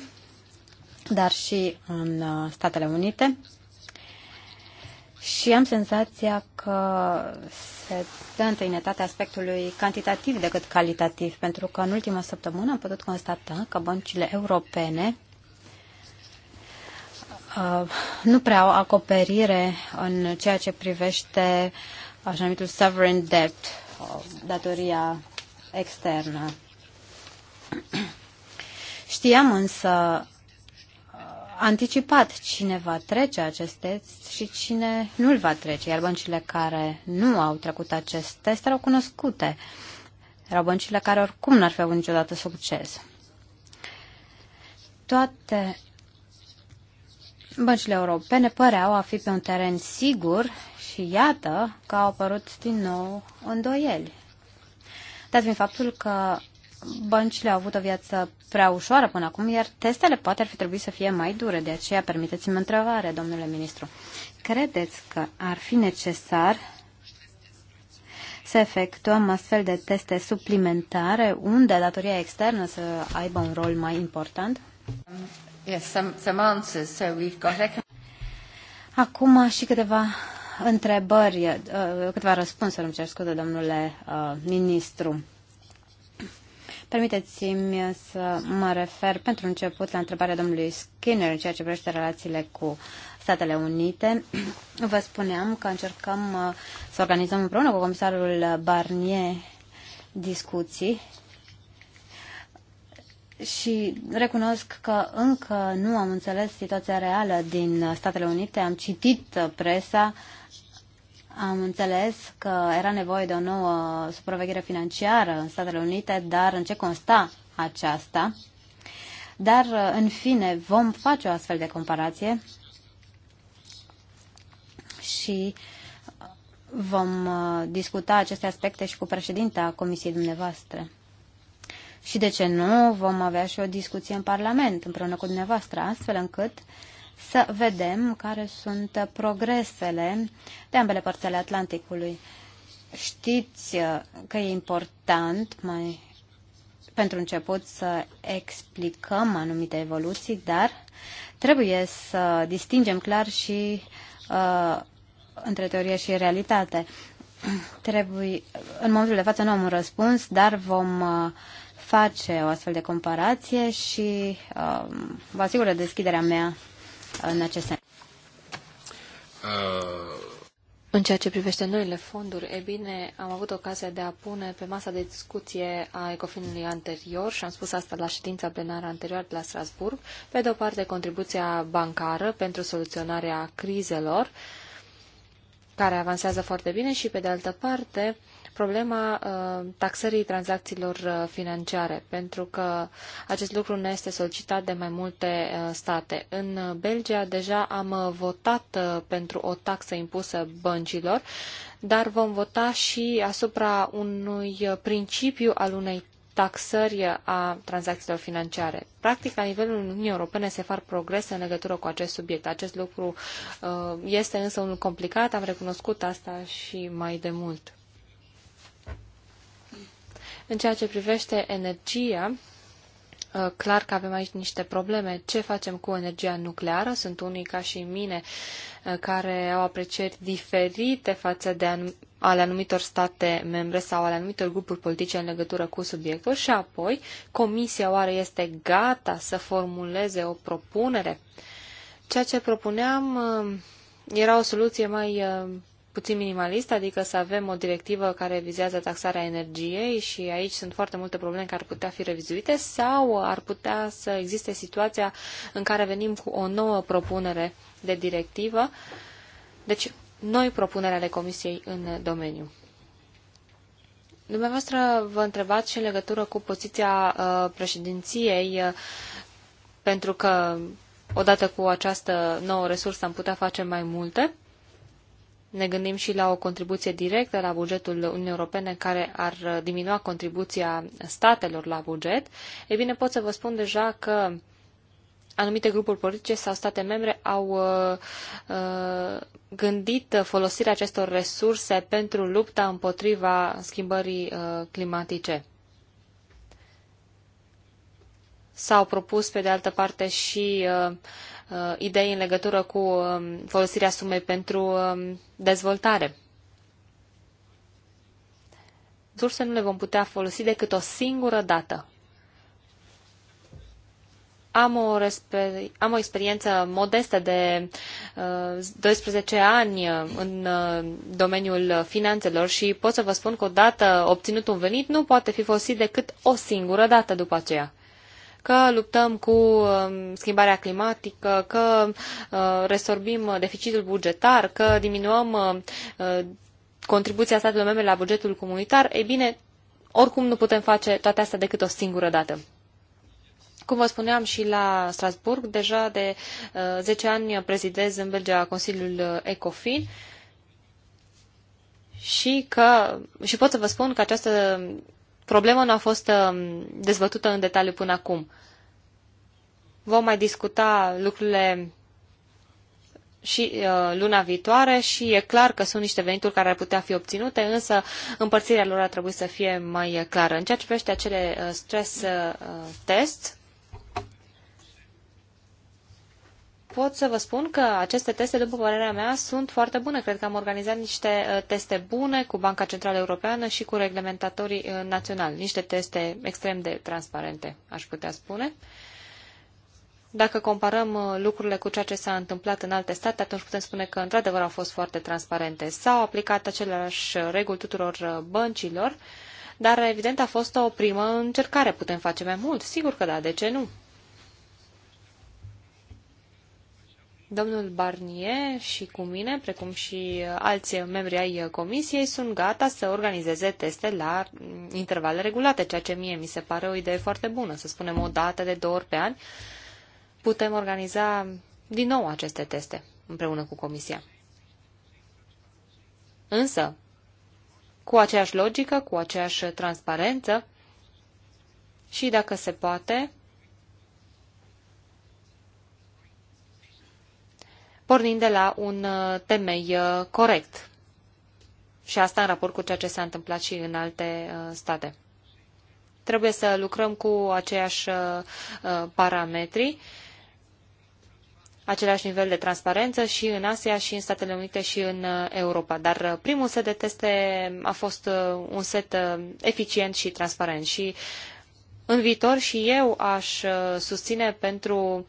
dar și în uh, Statele Unite și am senzația că se dă întâinătate aspectului cantitativ decât calitativ, pentru că în ultima săptămână am putut constata că băncile europene uh, nu prea au acoperire în ceea ce privește așa numitul sovereign debt, uh, datoria externă. Știam însă anticipat cine va trece acest test și cine nu-l va trece, iar băncile care nu au trecut acest test erau cunoscute. Erau băncile care oricum n-ar fi avut niciodată succes. Toate băncile europene păreau a fi pe un teren sigur și iată că au apărut din nou îndoieli. dați din faptul că băncile au avut o viață prea ușoară până acum, iar testele poate ar fi trebuit să fie mai dure. De aceea, permiteți-mi întrebare, domnule ministru. Credeți că ar fi necesar să efectuăm astfel de teste suplimentare unde datoria externă să aibă un rol mai important? Yes, some, some answers. So we've got... Acum și câteva întrebări, uh, câteva răspunsuri, îmi cer scuze, domnule uh, ministru. Permiteți-mi să mă refer pentru început la întrebarea domnului Skinner în ceea ce privește relațiile cu Statele Unite. Vă spuneam că încercăm uh, să organizăm împreună cu comisarul Barnier discuții și recunosc că încă nu am înțeles situația reală din Statele Unite. Am citit presa, am înțeles că era nevoie de o nouă supraveghere financiară în Statele Unite, dar în ce consta aceasta? Dar, în fine, vom face o astfel de comparație și vom uh, discuta aceste aspecte și cu președinta comisiei dumneavoastră. Și de ce nu, vom avea și o discuție în Parlament împreună cu dumneavoastră, astfel încât uh, să vedem care sunt progresele de ambele părți ale Atlanticului. Știți uh, că e important mai pentru început să explicăm anumite evoluții, dar trebuie să distingem clar și uh, între teorie și realitate. Trebuie, în momentul de față nu am un răspuns, dar vom uh, face o astfel de comparație și uh, vă asigură deschiderea mea în acest sens. Uh... În ceea ce privește noile fonduri, e bine, am avut ocazia de a pune pe masa de discuție a ecofinului anterior și am spus asta la ședința plenară anterioară de la Strasburg, pe de o parte contribuția bancară pentru soluționarea crizelor, care avansează foarte bine și pe de altă parte problema uh, taxării tranzacțiilor uh, financiare, pentru că acest lucru ne este solicitat de mai multe uh, state. În Belgia deja am votat pentru o taxă impusă băncilor, dar vom vota și asupra unui principiu al unei taxări a tranzacțiilor financiare. Practic, la nivelul Uniunii Europene se fac progrese în legătură cu acest subiect. Acest lucru este însă unul complicat, am recunoscut asta și mai de mult. În ceea ce privește energia, ă, clar că avem aici niște probleme. Ce facem cu energia nucleară? Sunt unii ca și mine ă, care au aprecieri diferite față de anum- ale anumitor state membre sau ale anumitor grupuri politice în legătură cu subiectul și apoi comisia oare este gata să formuleze o propunere? Ceea ce propuneam ă, era o soluție mai puțin minimalist, adică să avem o directivă care vizează taxarea energiei și aici sunt foarte multe probleme care ar putea fi revizuite sau ar putea să existe situația în care venim cu o nouă propunere de directivă, deci noi propunerea ale Comisiei în domeniu. Dumneavoastră vă întrebați și în legătură cu poziția uh, președinției, uh, pentru că odată cu această nouă resursă am putea face mai multe. Ne gândim și la o contribuție directă la bugetul Uniunii Europene care ar diminua contribuția statelor la buget. E bine, pot să vă spun deja că anumite grupuri politice sau state membre au uh, uh gândit folosirea acestor resurse pentru lupta împotriva schimbării uh, climatice. S-au propus, pe de altă parte, și uh, Uh, idei în legătură cu um, folosirea sumei pentru um, dezvoltare. Surse nu le vom putea folosi decât o singură dată. Am o, am o experiență modestă de uh, 12 ani uh, în uh, domeniul finanțelor și pot să vă spun că odată obținut un venit nu poate fi folosit decât o singură dată după aceea că luptăm cu um, schimbarea climatică, că uh, resorbim deficitul bugetar, că diminuăm uh, contribuția statelor membre la bugetul comunitar, ei bine, oricum nu putem face toate astea decât o singură dată. Cum vă spuneam și la Strasburg, deja de 10 uh, ani prezidez în Belgia Consiliul ECOFIN și, că, și pot să vă spun că această Problema nu a fost um, dezbătută în detaliu până acum. Vom mai discuta lucrurile și uh, luna viitoare și e clar că sunt niște venituri care ar putea fi obținute, însă împărțirea lor ar trebui să fie mai clară. În ceea ce privește acele uh, stress uh, tests, pot să vă spun că aceste teste, după părerea mea, sunt foarte bune. Cred că am organizat niște uh, teste bune cu Banca Centrală Europeană și cu reglementatorii uh, naționali. Niște teste extrem de transparente, aș putea spune. Dacă comparăm uh, lucrurile cu ceea ce s-a întâmplat în alte state, atunci putem spune că, într-adevăr, au fost foarte transparente. S-au aplicat aceleași reguli tuturor băncilor, dar, evident, a fost o primă încercare. Putem face mai mult? Sigur că da, de ce nu? Domnul Barnier și cu mine, precum și uh, alți membri ai uh, comisiei, sunt gata să organizeze teste la mm, intervale regulate, ceea ce mie mi se pare o idee foarte bună. Să spunem o dată de două ori pe an, putem organiza din nou aceste teste împreună cu comisia. Însă, cu aceeași logică, cu aceeași transparență și, dacă se poate, pornind de la un uh, temei uh, corect. Și asta în raport cu ceea ce s-a întâmplat și în alte uh, state. Trebuie să lucrăm cu aceiași parametri, același nivel de transparență și în Asia, și în Statele Unite, și în Europa. Dar primul set de teste a fost un set eficient și transparent. Și în viitor și eu aș susține pentru uh,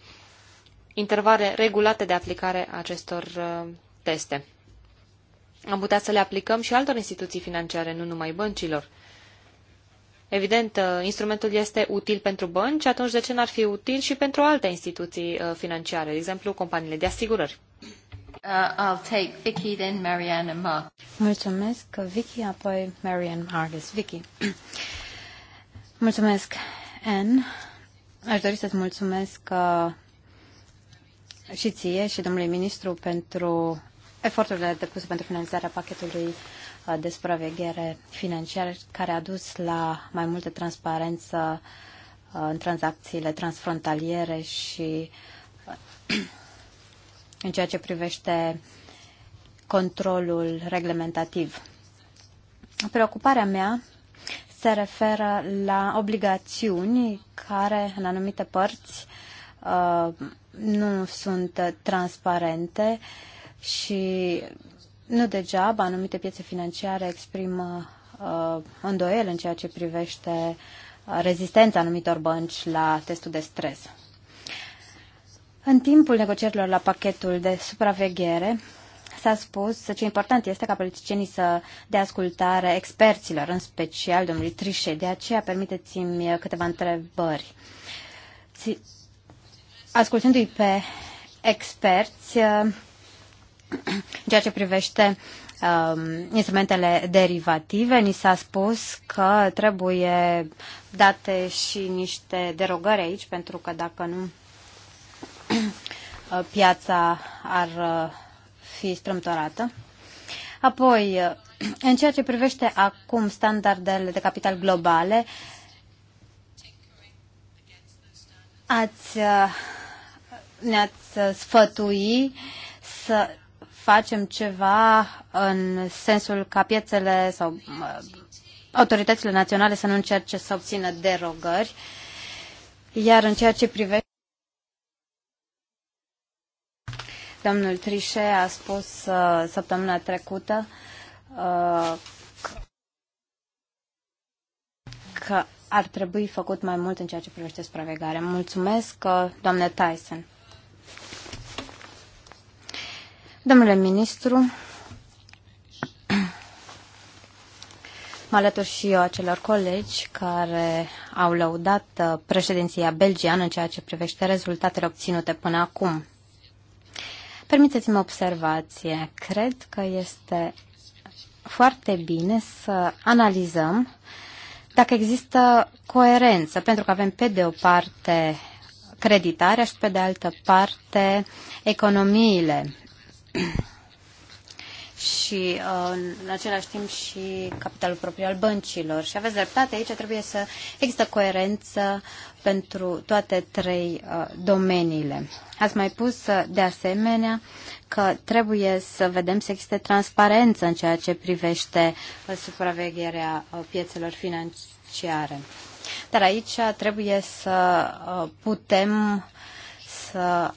intervale regulate de aplicare a acestor uh, teste. Am putea să le aplicăm și altor instituții financiare, nu numai băncilor. Evident, uh, instrumentul este util pentru bănci, atunci de ce n-ar fi util și pentru alte instituții uh, financiare, de exemplu companiile de asigurări? Uh, I'll take Vicky, then Marianne and Mark. Mulțumesc, Vicky, apoi Marianne Margus, Vicky. Mulțumesc, Anne. Aș dori să-ți mulțumesc și ție și domnului ministru pentru eforturile depuse pentru finalizarea pachetului uh, de supraveghere financiară care a dus la mai multă transparență uh, în tranzacțiile transfrontaliere și uh, în ceea ce privește controlul reglementativ. Preocuparea mea se referă la obligațiuni care, în anumite părți, nu sunt transparente și nu degeaba anumite piețe financiare exprimă uh, îndoiel în ceea ce privește uh, rezistența anumitor bănci la testul de stres. În timpul negocierilor la pachetul de supraveghere, s-a spus ce important este ca politicienii să dea ascultare experților, în special domnului Trișe. De aceea, permiteți-mi câteva întrebări ascultându-i pe experți uh, în ceea ce privește um, instrumentele derivative, ni s-a spus că trebuie date și niște derogări aici, pentru că dacă nu, uh, piața ar uh, fi strâmtorată. Apoi, în ceea ce privește acum standardele de capital globale, ați ne-ați sfătui să facem ceva în sensul ca piețele sau autoritățile naționale să nu încerce să obțină derogări, iar în ceea ce privește Domnul Trișe a spus uh, săptămâna trecută uh, că ar trebui făcut mai mult în ceea ce privește supravegarea. Mulțumesc, uh, doamne Tyson. Domnule ministru, mă alătur și eu acelor colegi care au lăudat uh, președinția belgiană în ceea ce privește rezultatele obținute până acum. Permiteți-mi observație. Cred că este foarte bine să analizăm dacă există coerență, pentru că avem pe de o parte creditarea și pe de altă parte economiile și uh, în același timp și capitalul propriu al băncilor. Și aveți dreptate, aici trebuie să există coerență pentru toate trei uh, domeniile. Ați mai pus uh, de asemenea că trebuie să vedem să existe transparență în ceea ce privește supravegherea piețelor financiare. Dar aici trebuie să putem să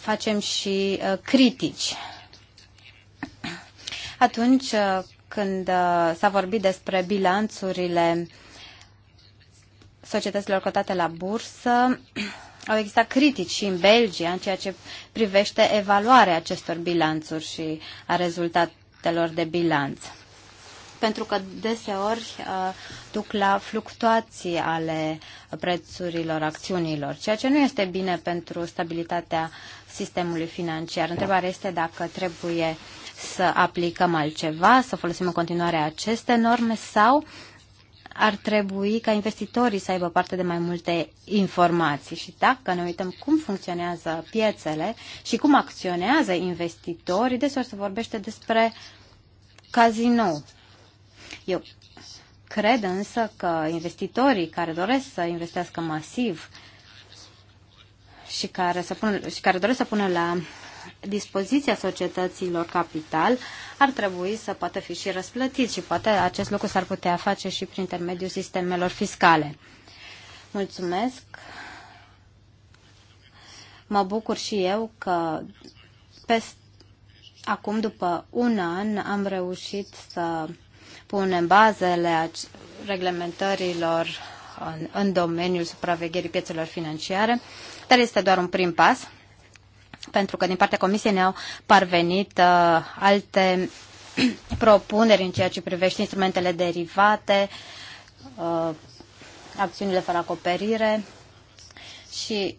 facem și uh, critici. Atunci uh, când uh, s-a vorbit despre bilanțurile societăților cotate la bursă, au existat critici și în Belgia în ceea ce privește evaluarea acestor bilanțuri și a rezultatelor de bilanț pentru că deseori uh, duc la fluctuații ale prețurilor acțiunilor, ceea ce nu este bine pentru stabilitatea sistemului financiar. Întrebarea este dacă trebuie să aplicăm altceva, să folosim în continuare aceste norme sau ar trebui ca investitorii să aibă parte de mai multe informații și dacă ne uităm cum funcționează piețele și cum acționează investitorii, deseori se vorbește despre cazinou eu cred însă că investitorii care doresc să investească masiv și care, să pună, și care doresc să pună la dispoziția societăților capital ar trebui să poată fi și răsplătiți și poate acest lucru s-ar putea face și prin intermediul sistemelor fiscale. Mulțumesc! Mă bucur și eu că peste, acum, după un an, am reușit să în bazele reglementărilor în, în domeniul supravegherii piețelor financiare, dar este doar un prim pas, pentru că din partea Comisiei ne-au parvenit uh, alte propuneri în ceea ce privește instrumentele derivate, uh, acțiunile fără acoperire și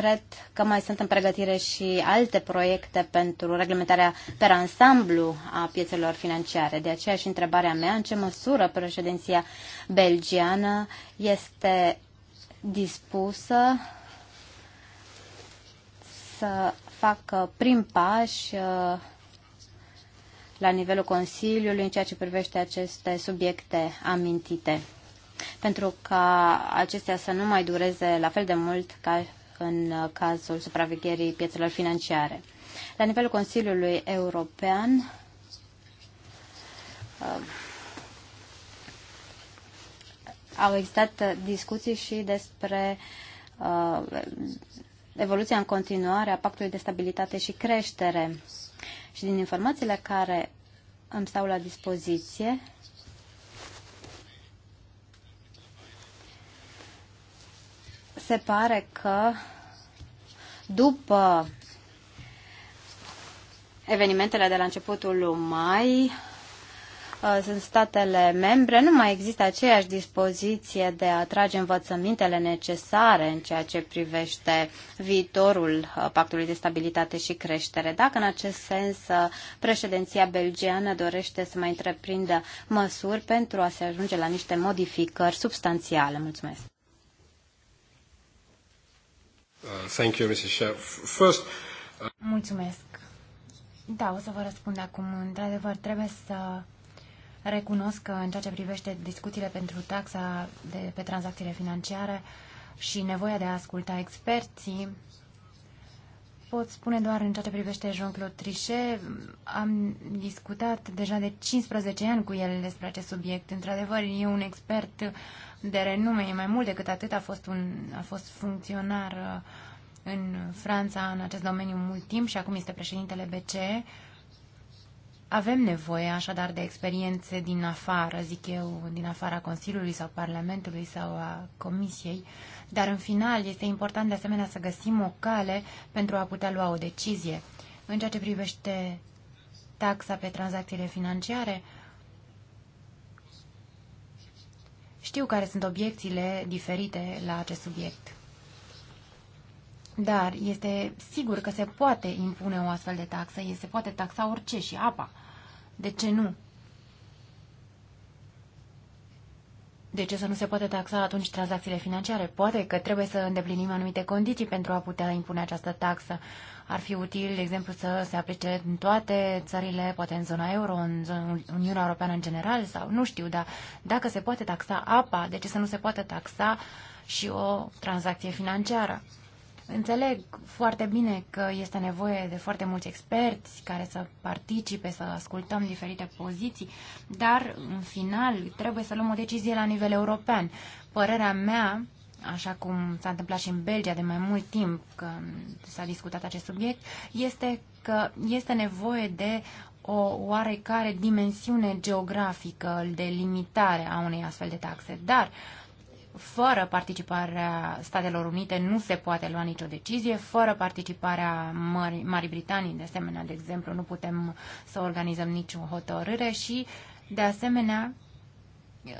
cred că mai sunt în pregătire și alte proiecte pentru reglementarea per ansamblu a piețelor financiare. De aceea și întrebarea mea, în ce măsură președinția belgiană este dispusă să facă prim pași uh, la nivelul Consiliului în ceea ce privește aceste subiecte amintite pentru ca acestea să nu mai dureze la fel de mult ca în cazul supravegherii piețelor financiare. La nivelul Consiliului European, uh, au existat discuții și despre uh, evoluția în continuare a Pactului de Stabilitate și Creștere. Și din informațiile care îmi stau la dispoziție, se pare că după evenimentele de la începutul lui mai, uh, sunt statele membre, nu mai există aceeași dispoziție de a trage învățămintele necesare în ceea ce privește viitorul uh, Pactului de Stabilitate și Creștere. Dacă în acest sens uh, președinția belgiană dorește să mai întreprindă măsuri pentru a se ajunge la niște modificări substanțiale. Mulțumesc! Uh, thank you, Mrs. First... Uh, Mulțumesc. Da, o să vă răspund acum. Într-adevăr, trebuie să recunosc că în ceea ce privește discuțiile pentru taxa de, pe tranzacțiile financiare și nevoia de a asculta experții, pot spune doar în ceea ce privește Jean-Claude Trichet. Am discutat deja de 15 ani cu el despre acest subiect. Într-adevăr, e un expert de renume, e mai mult decât atât. A fost, un, a fost funcționar uh, în Franța în acest domeniu mult timp și acum este președintele BCE. Avem nevoie așadar de experiențe din afară, zic eu, din afara Consiliului sau Parlamentului sau a Comisiei, dar în final este important de asemenea să găsim o cale pentru a putea lua o decizie. În ceea ce privește taxa pe tranzacțiile financiare, știu care sunt obiecțiile diferite la acest subiect. Dar este sigur că se poate impune o astfel de taxă, se poate taxa orice și apa. De ce nu? De ce să nu se poate taxa atunci tranzacțiile financiare? Poate că trebuie să îndeplinim anumite condiții pentru a putea impune această taxă. Ar fi util, de exemplu, să se aplice în toate țările, poate în zona euro, în Uniunea Europeană în general, sau nu știu, dar dacă se poate taxa apa, de ce să nu se poate taxa și o tranzacție financiară? Înțeleg foarte bine că este nevoie de foarte mulți experți care să participe, să ascultăm diferite poziții, dar, în final, trebuie să luăm o decizie la nivel european. Părerea mea, așa cum s-a întâmplat și în Belgia de mai mult timp că s-a discutat acest subiect, este că este nevoie de o oarecare dimensiune geografică de limitare a unei astfel de taxe. Dar uh, fără participarea Statelor Unite nu se poate lua nicio decizie, fără participarea Mării, Marii Britanii, de asemenea, de exemplu, nu putem să organizăm nicio hotărâre și, de asemenea,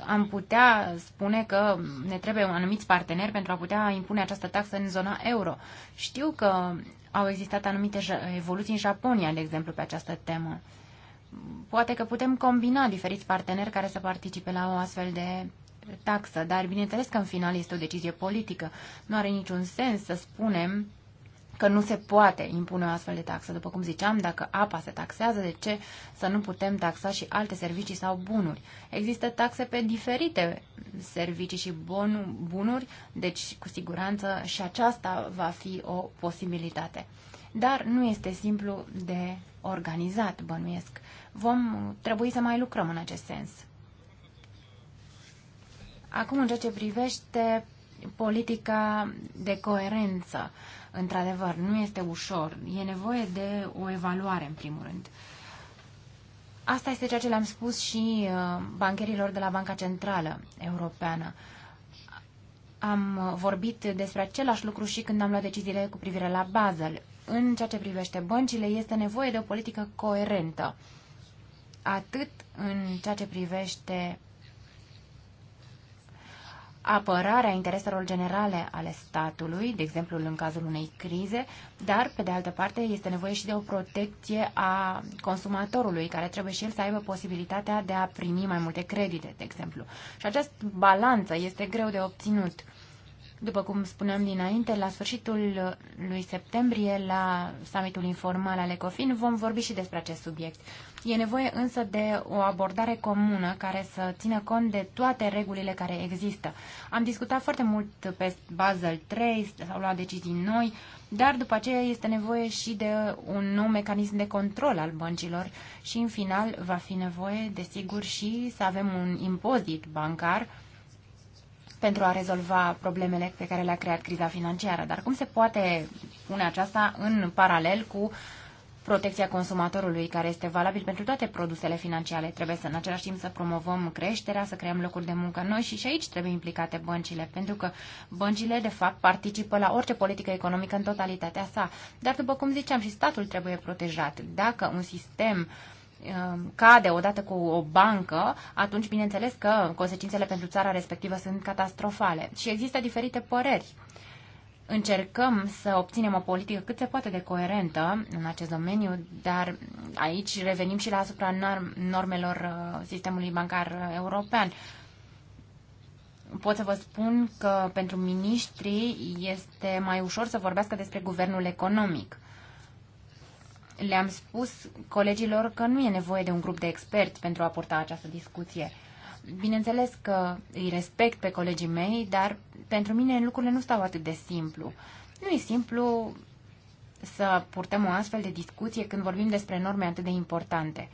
am putea spune că ne trebuie un anumit partener pentru a putea impune această taxă în zona euro. Știu că au existat anumite evoluții în Japonia, de exemplu, pe această temă. Poate că putem combina diferiți parteneri care să participe la o astfel de taxă, dar bineînțeles că în final este o decizie politică. Nu are niciun sens să spunem că nu se poate impune o astfel de taxă. După cum ziceam, dacă apa se taxează, de ce să nu putem taxa și alte servicii sau bunuri? Există taxe pe diferite servicii și bunuri, deci cu siguranță și aceasta va fi o posibilitate. Dar nu este simplu de organizat, bănuiesc. Vom trebui să mai lucrăm în acest sens. Acum, în ceea ce privește politica de coerență, într-adevăr, nu este ușor. E nevoie de o evaluare, în primul rând. Asta este ceea ce le-am spus și uh, bancherilor de la Banca Centrală Europeană. Am vorbit despre același lucru și când am luat deciziile cu privire la Basel. În ceea ce privește băncile, este nevoie de o politică coerentă, atât în ceea ce privește apărarea intereselor generale ale statului, de exemplu în cazul unei crize, dar, pe de altă parte, este nevoie și de o protecție a consumatorului, care trebuie și el să aibă posibilitatea de a primi mai multe credite, de exemplu. Și această balanță este greu de obținut. După cum spuneam dinainte, la sfârșitul lui septembrie, la summitul informal al ECOFIN, vom vorbi și despre acest subiect. E nevoie însă de o abordare comună care să țină cont de toate regulile care există. Am discutat foarte mult pe Basel 3, s-au luat decizii noi, dar după aceea este nevoie și de un nou mecanism de control al băncilor și în final va fi nevoie, desigur, și să avem un impozit bancar pentru a rezolva problemele pe care le-a creat criza financiară. Dar cum se poate pune aceasta în paralel cu protecția consumatorului, care este valabil pentru toate produsele financiare? Trebuie să, în același timp, să promovăm creșterea, să creăm locuri de muncă noi și, și aici trebuie implicate băncile, pentru că băncile, de fapt, participă la orice politică economică în totalitatea sa. Dar, după cum ziceam, și statul trebuie protejat. Dacă un sistem uh, Um, cade odată cu o bancă, atunci bineînțeles că consecințele pentru țara respectivă sunt catastrofale. Și există diferite păreri. Încercăm să obținem o politică cât se poate de coerentă în acest domeniu, dar aici revenim și la asupra normelor uh, sistemului bancar european. Pot să vă spun că pentru miniștri este mai ușor să vorbească despre guvernul economic le-am spus colegilor că nu e nevoie de un grup de experți pentru a purta această discuție. Bineînțeles că îi respect pe colegii mei, dar pentru mine lucrurile nu stau atât de simplu. Nu e simplu să purtăm o astfel de discuție când vorbim despre norme atât de importante.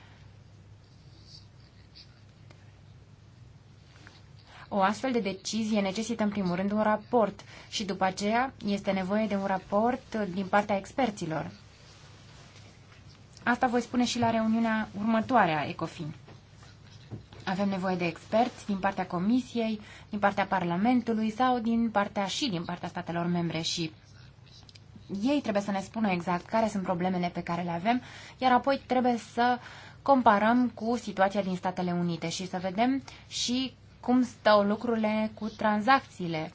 O astfel de decizie necesită în primul rând un raport și după aceea este nevoie de un raport din partea experților. Asta voi spune și la reuniunea următoare a ECOFIN. Avem nevoie de experți din partea Comisiei, din partea Parlamentului sau din partea și din partea statelor membre și ei trebuie să ne spună exact care sunt problemele pe care le avem, iar apoi trebuie să comparăm cu situația din Statele Unite și să vedem și cum stau lucrurile cu tranzacțiile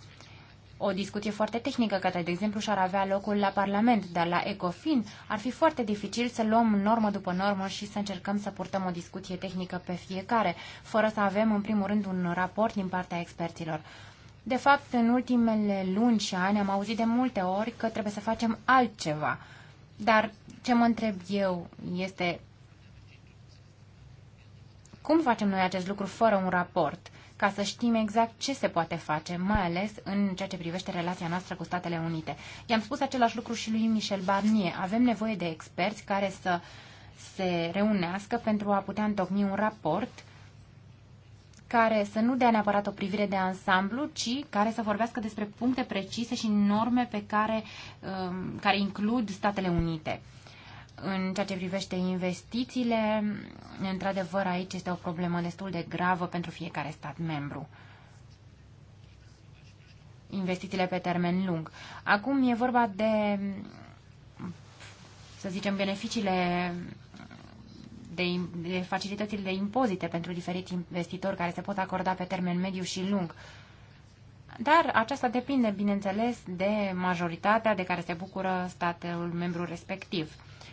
o discuție foarte tehnică, care, de exemplu, și-ar avea locul la Parlament, dar la ECOFIN ar fi foarte dificil să luăm normă după normă și să încercăm să purtăm o discuție tehnică pe fiecare, fără să avem, în primul rând, un raport din partea experților. De fapt, în ultimele luni și ani am auzit de multe ori că trebuie să facem altceva. Dar ce mă întreb eu este cum facem noi acest lucru fără un raport? ca să știm exact ce se poate face, mai ales în ceea ce privește relația noastră cu Statele Unite. I-am spus același lucru și lui Michel Barnier. Avem nevoie de experți care să se reunească pentru a putea întocmi un raport care să nu dea neapărat o privire de ansamblu, ci care să vorbească despre puncte precise și norme pe care, um, care includ Statele Unite. În ceea ce privește investițiile, într-adevăr aici este o problemă destul de gravă pentru fiecare stat membru investițiile pe termen lung. Acum e vorba de, să zicem, beneficiile de, de facilitățile de impozite pentru diferiți investitori care se pot acorda pe termen mediu și lung. Dar aceasta depinde, bineînțeles, de majoritatea de care se bucură statul membru respectiv.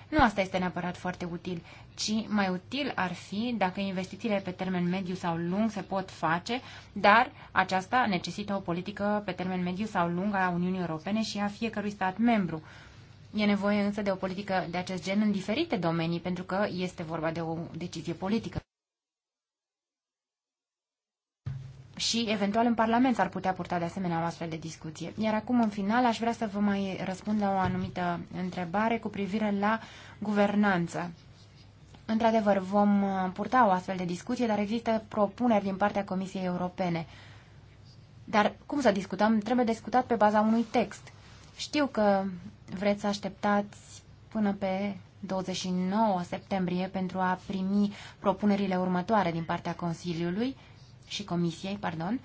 Nu asta este neapărat foarte util, ci mai util ar fi dacă investițiile pe termen mediu sau lung se pot face, dar aceasta necesită o politică pe termen mediu sau lung a Uniunii Europene și a fiecărui stat membru. E nevoie însă de o politică de acest gen în diferite domenii, pentru că este vorba de o decizie politică. și eventual în Parlament s-ar putea purta de asemenea o astfel de discuție. Iar acum, în final, aș vrea să vă mai răspund la o anumită întrebare cu privire la guvernanță. Într-adevăr, vom uh, purta o astfel de discuție, dar există propuneri din partea Comisiei Europene. Dar cum să discutăm? Trebuie discutat pe baza unui text. Știu că vreți să așteptați până pe 29 septembrie pentru a primi propunerile următoare din partea Consiliului, și Comisiei, pardon.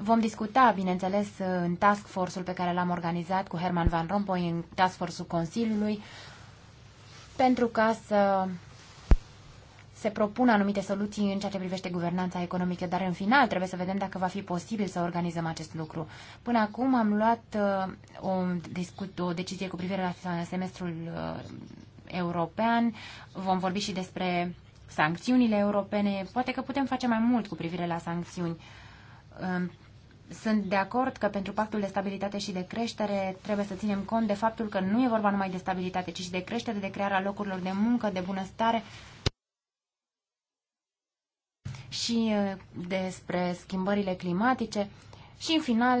Vom discuta, bineînțeles, în task force-ul pe care l-am organizat cu Herman Van Rompuy, în task force-ul Consiliului, pentru ca să se propună anumite soluții în ceea ce privește guvernanța economică, dar în final trebuie să vedem dacă va fi posibil să organizăm acest lucru. Până acum am luat uh, o, discut, o decizie cu privire la semestrul uh, european, vom vorbi și despre sancțiunile europene. Poate că putem face mai mult cu privire la sancțiuni. Sunt de acord că pentru pactul de stabilitate și de creștere trebuie să ținem cont de faptul că nu e vorba numai de stabilitate, ci și de creștere, de crearea locurilor de muncă, de bunăstare și uh, despre schimbările climatice. Și în final,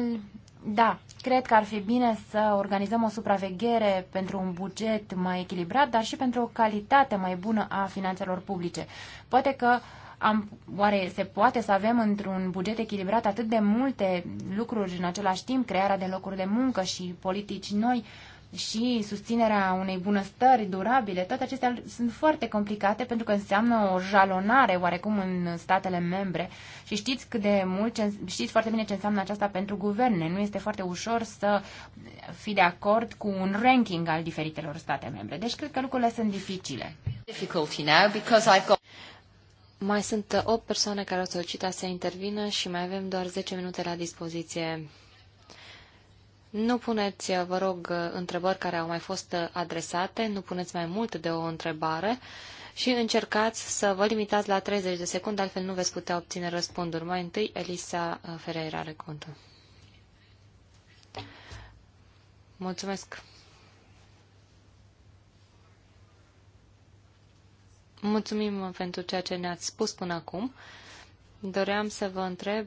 da, cred că ar fi bine să organizăm o supraveghere pentru un buget mai echilibrat, dar și pentru o calitate mai bună a finanțelor publice. Poate că am, oare se poate să avem într-un buget echilibrat atât de multe lucruri în același timp, crearea de locuri de muncă și politici noi, uh, și susținerea unei bunăstări durabile, toate acestea sunt foarte complicate pentru că înseamnă o jalonare oarecum în statele membre și știți cât de mult, știți foarte bine ce înseamnă aceasta pentru guverne. Nu este foarte ușor să fii de acord cu un ranking al diferitelor state membre. Deci cred că lucrurile sunt dificile. Mai sunt 8 uh, persoane care au solicitat să intervină și mai avem doar 10 minute la dispoziție nu puneți, vă rog, întrebări care au mai fost adresate, nu puneți mai mult de o întrebare și încercați să vă limitați la 30 de secunde, altfel nu veți putea obține răspunduri. Mai întâi, Elisa Ferreira are contul. Mulțumesc. Mulțumim pentru ceea ce ne-ați spus până acum. Doream să vă întreb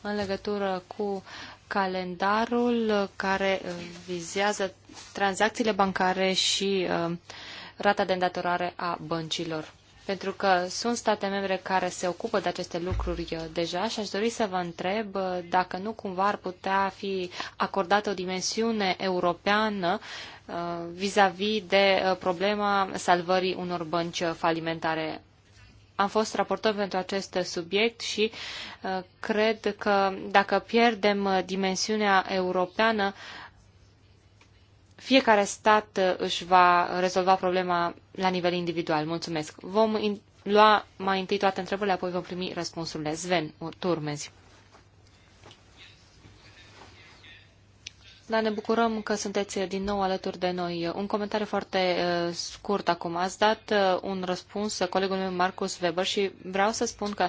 în legătură cu calendarul care uh, vizează tranzacțiile bancare și uh, rata de îndatorare a băncilor. Pentru că sunt state membre care se ocupă de aceste lucruri uh, deja și aș dori să vă întreb dacă nu cumva ar putea fi acordată o dimensiune europeană vis-a-vis -vis de problema salvării unor bănci falimentare am fost raportor pentru acest subiect și uh, cred că dacă pierdem uh, dimensiunea europeană, fiecare stat uh, își va rezolva problema la nivel individual. Mulțumesc. Vom lua mai întâi toate întrebările, apoi vom primi răspunsurile. Sven, turmezi. Da, ne bucurăm că sunteți din nou alături de noi. Un comentariu foarte uh, scurt acum. Ați dat uh, un răspuns colegul meu Marcus Weber și vreau să spun că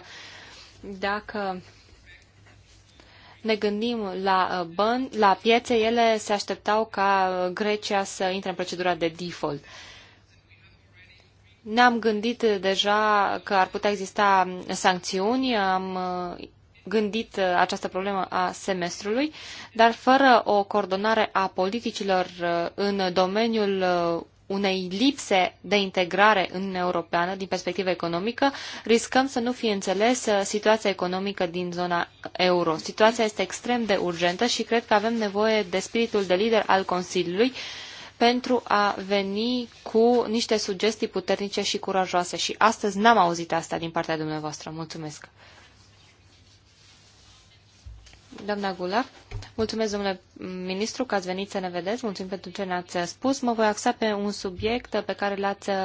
dacă ne gândim la, uh, bani, la piețe, ele se așteptau ca Grecia să intre în procedura de default. Ne-am gândit deja că ar putea exista sancțiuni, am gândit uh, această problemă a semestrului, dar fără o coordonare a politicilor uh, în domeniul uh, unei lipse de integrare în Uniunea Europeană din perspectivă economică, riscăm să nu fie înțeles situația economică din zona euro. Situația este extrem de urgentă și cred că avem nevoie de spiritul de lider al Consiliului pentru a veni cu niște sugestii puternice și curajoase. Și astăzi n-am auzit asta din partea dumneavoastră. Mulțumesc! Doamna Gular, mulțumesc, domnule ministru, că ați venit să ne vedeți. Mulțumim pentru ce ne-ați spus. Mă voi axa pe un subiect pe care l-ați uh,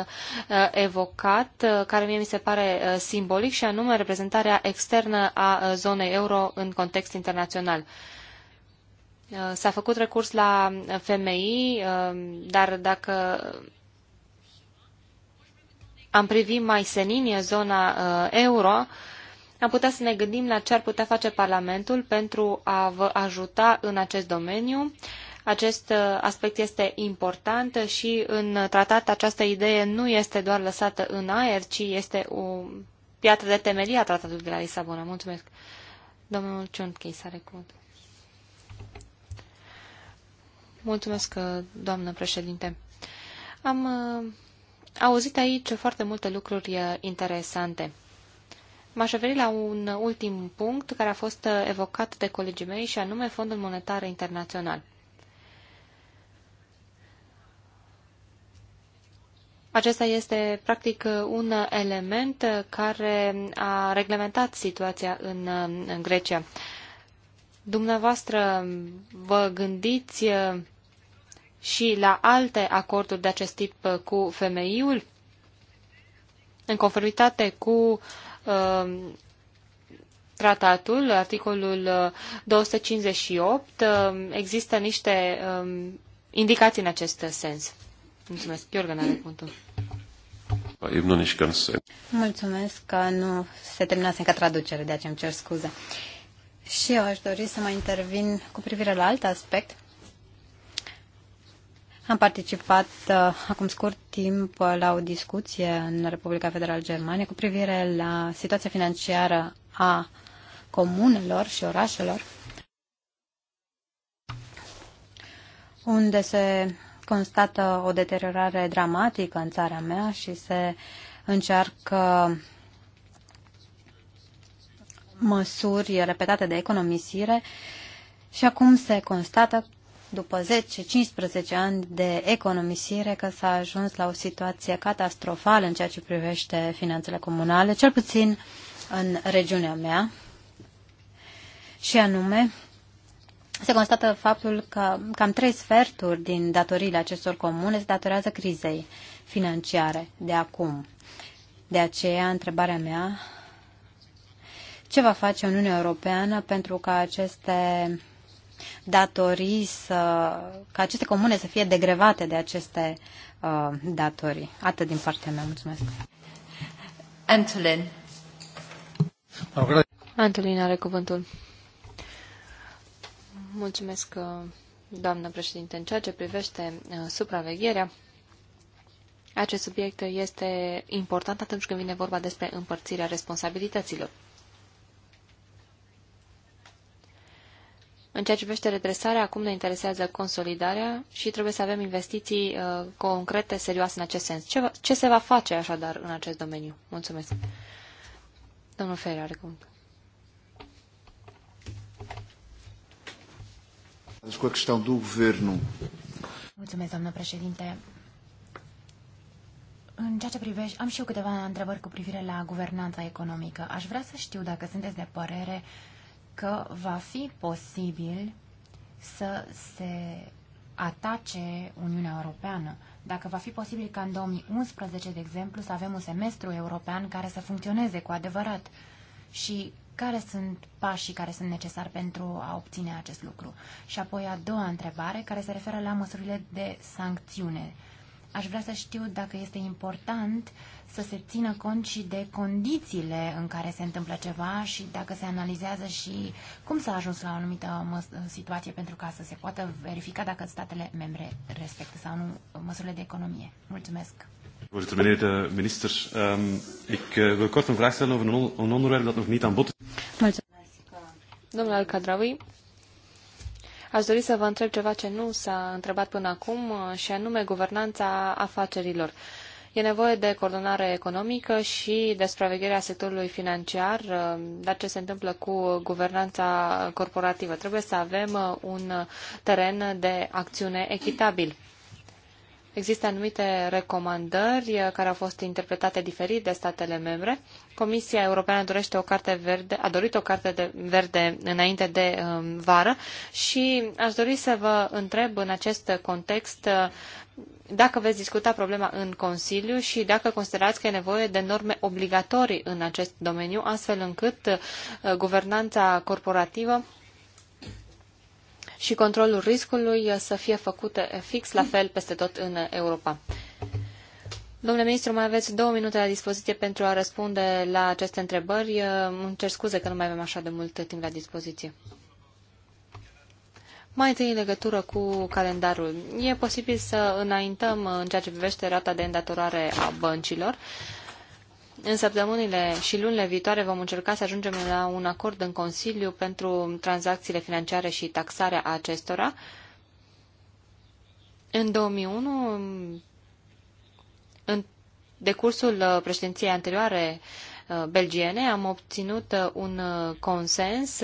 evocat, uh, care mie mi se pare uh, simbolic, și anume reprezentarea externă a zonei euro în context internațional. S-a făcut recurs la FMI, dar dacă am privit mai senin zona euro, am putea să ne gândim la ce ar putea face Parlamentul pentru a vă ajuta în acest domeniu. Acest uh, aspect este important și în tratat această idee nu este doar lăsată în aer, ci este o piatră de temelie a tratatului de la Lisabona. Mulțumesc. Domnul Ciunchis are cuvântul. Mulțumesc, uh, doamnă președinte. Am uh, auzit aici foarte multe lucruri interesante. M-aș referi la un ultim punct care a fost uh, evocat de colegii mei și anume Fondul Monetar Internațional. Acesta este practic uh, un element uh, care a reglementat situația în, în Grecia. Dumneavoastră vă gândiți și la alte acorduri de acest tip cu femeiul? În conformitate cu uh, Um, tratatul, articolul 258, uh, um, există niște um, indicații în acest sens. Mulțumesc. Iorgan are punctul. Mulțumesc că nu se terminase încă traducere, de aceea îmi cer scuze. Și eu aș dori să mai intervin cu privire la alt aspect am participat uh, acum scurt timp uh, la o discuție în Republica Federală Germania cu privire la situația financiară a comunelor și orașelor, unde se constată o deteriorare dramatică în țara mea și se încearcă măsuri repetate de economisire și acum se constată după 10-15 ani de economisire, că s-a ajuns la o situație catastrofală în ceea ce privește finanțele comunale, cel puțin în regiunea mea, și anume se constată faptul că cam trei sferturi din datoriile acestor comune se datorează crizei financiare de acum. De aceea, întrebarea mea, ce va face Uniunea Europeană pentru ca aceste datorii să, ca aceste comune să fie degrevate de aceste uh, datorii. Atât din partea mea. Mulțumesc. Antolin. Antolin are cuvântul. Mulțumesc, uh, doamnă președinte. În ceea ce privește uh, supravegherea, acest subiect este important atunci când vine vorba despre împărțirea responsabilităților. În ceea ce privește redresarea, acum ne interesează consolidarea și trebuie să avem investiții uh, concrete, serioase în acest sens. Ce, va, ce se va face așadar în acest domeniu? Mulțumesc. Domnul Ferrer are cum. cu Mulțumesc, doamnă președinte. În ceea ce privește, am și eu câteva întrebări cu privire la guvernanța economică. Aș vrea să știu dacă sunteți de părere uh, că va fi posibil să se atace Uniunea Europeană. Dacă va fi posibil ca în 2011, de exemplu, să avem un semestru european care să funcționeze cu adevărat și care sunt pașii care sunt necesari pentru a obține acest lucru. Și apoi a doua întrebare care se referă la măsurile de sancțiune. Aș vrea să știu dacă este important să se țină cont și de condițiile în care se întâmplă ceva și dacă se analizează și cum s-a ajuns la o anumită situație pentru ca să se poată verifica dacă statele membre respectă sau nu măsurile de economie. Mulțumesc! Voorzitter, meneer de minister, um, ik uh, wil kort een vraag stellen over een, een onderwerp dat nog niet aan bod is. Mulțumesc. Domnul Alcadraui, Aș dori să vă întreb ceva ce nu s-a întrebat până acum, eh, și anume guvernanța afacerilor. E nevoie de coordonare economică și de supravegherea sectorului financiar, uh, dar ce se întâmplă cu guvernanța corporativă? Trebuie să avem uh, un teren de acțiune echitabil. Există anumite recomandări uh, care au fost interpretate diferit de statele membre. Comisia Europeană dorește o carte verde, a dorit o carte de verde înainte de um, vară și aș dori să vă întreb în acest context dacă veți discuta problema în Consiliu și dacă considerați că e nevoie de norme obligatorii în acest domeniu, astfel încât uh, guvernanța corporativă și controlul riscului uh, să fie făcute fix la fel peste tot în Europa. Domnule ministru, mai aveți două minute la dispoziție pentru a răspunde la aceste întrebări. Uh, îmi cer scuze că nu mai avem așa de mult timp la dispoziție. Mai întâi în legătură cu calendarul. E posibil să înaintăm în ceea ce privește rata de îndatorare a băncilor. În săptămânile și lunile viitoare vom încerca să ajungem la un acord în Consiliu pentru tranzacțiile financiare și taxarea acestora. În 2001, în decursul președinției anterioare uh, belgiene, am obținut uh, un uh, consens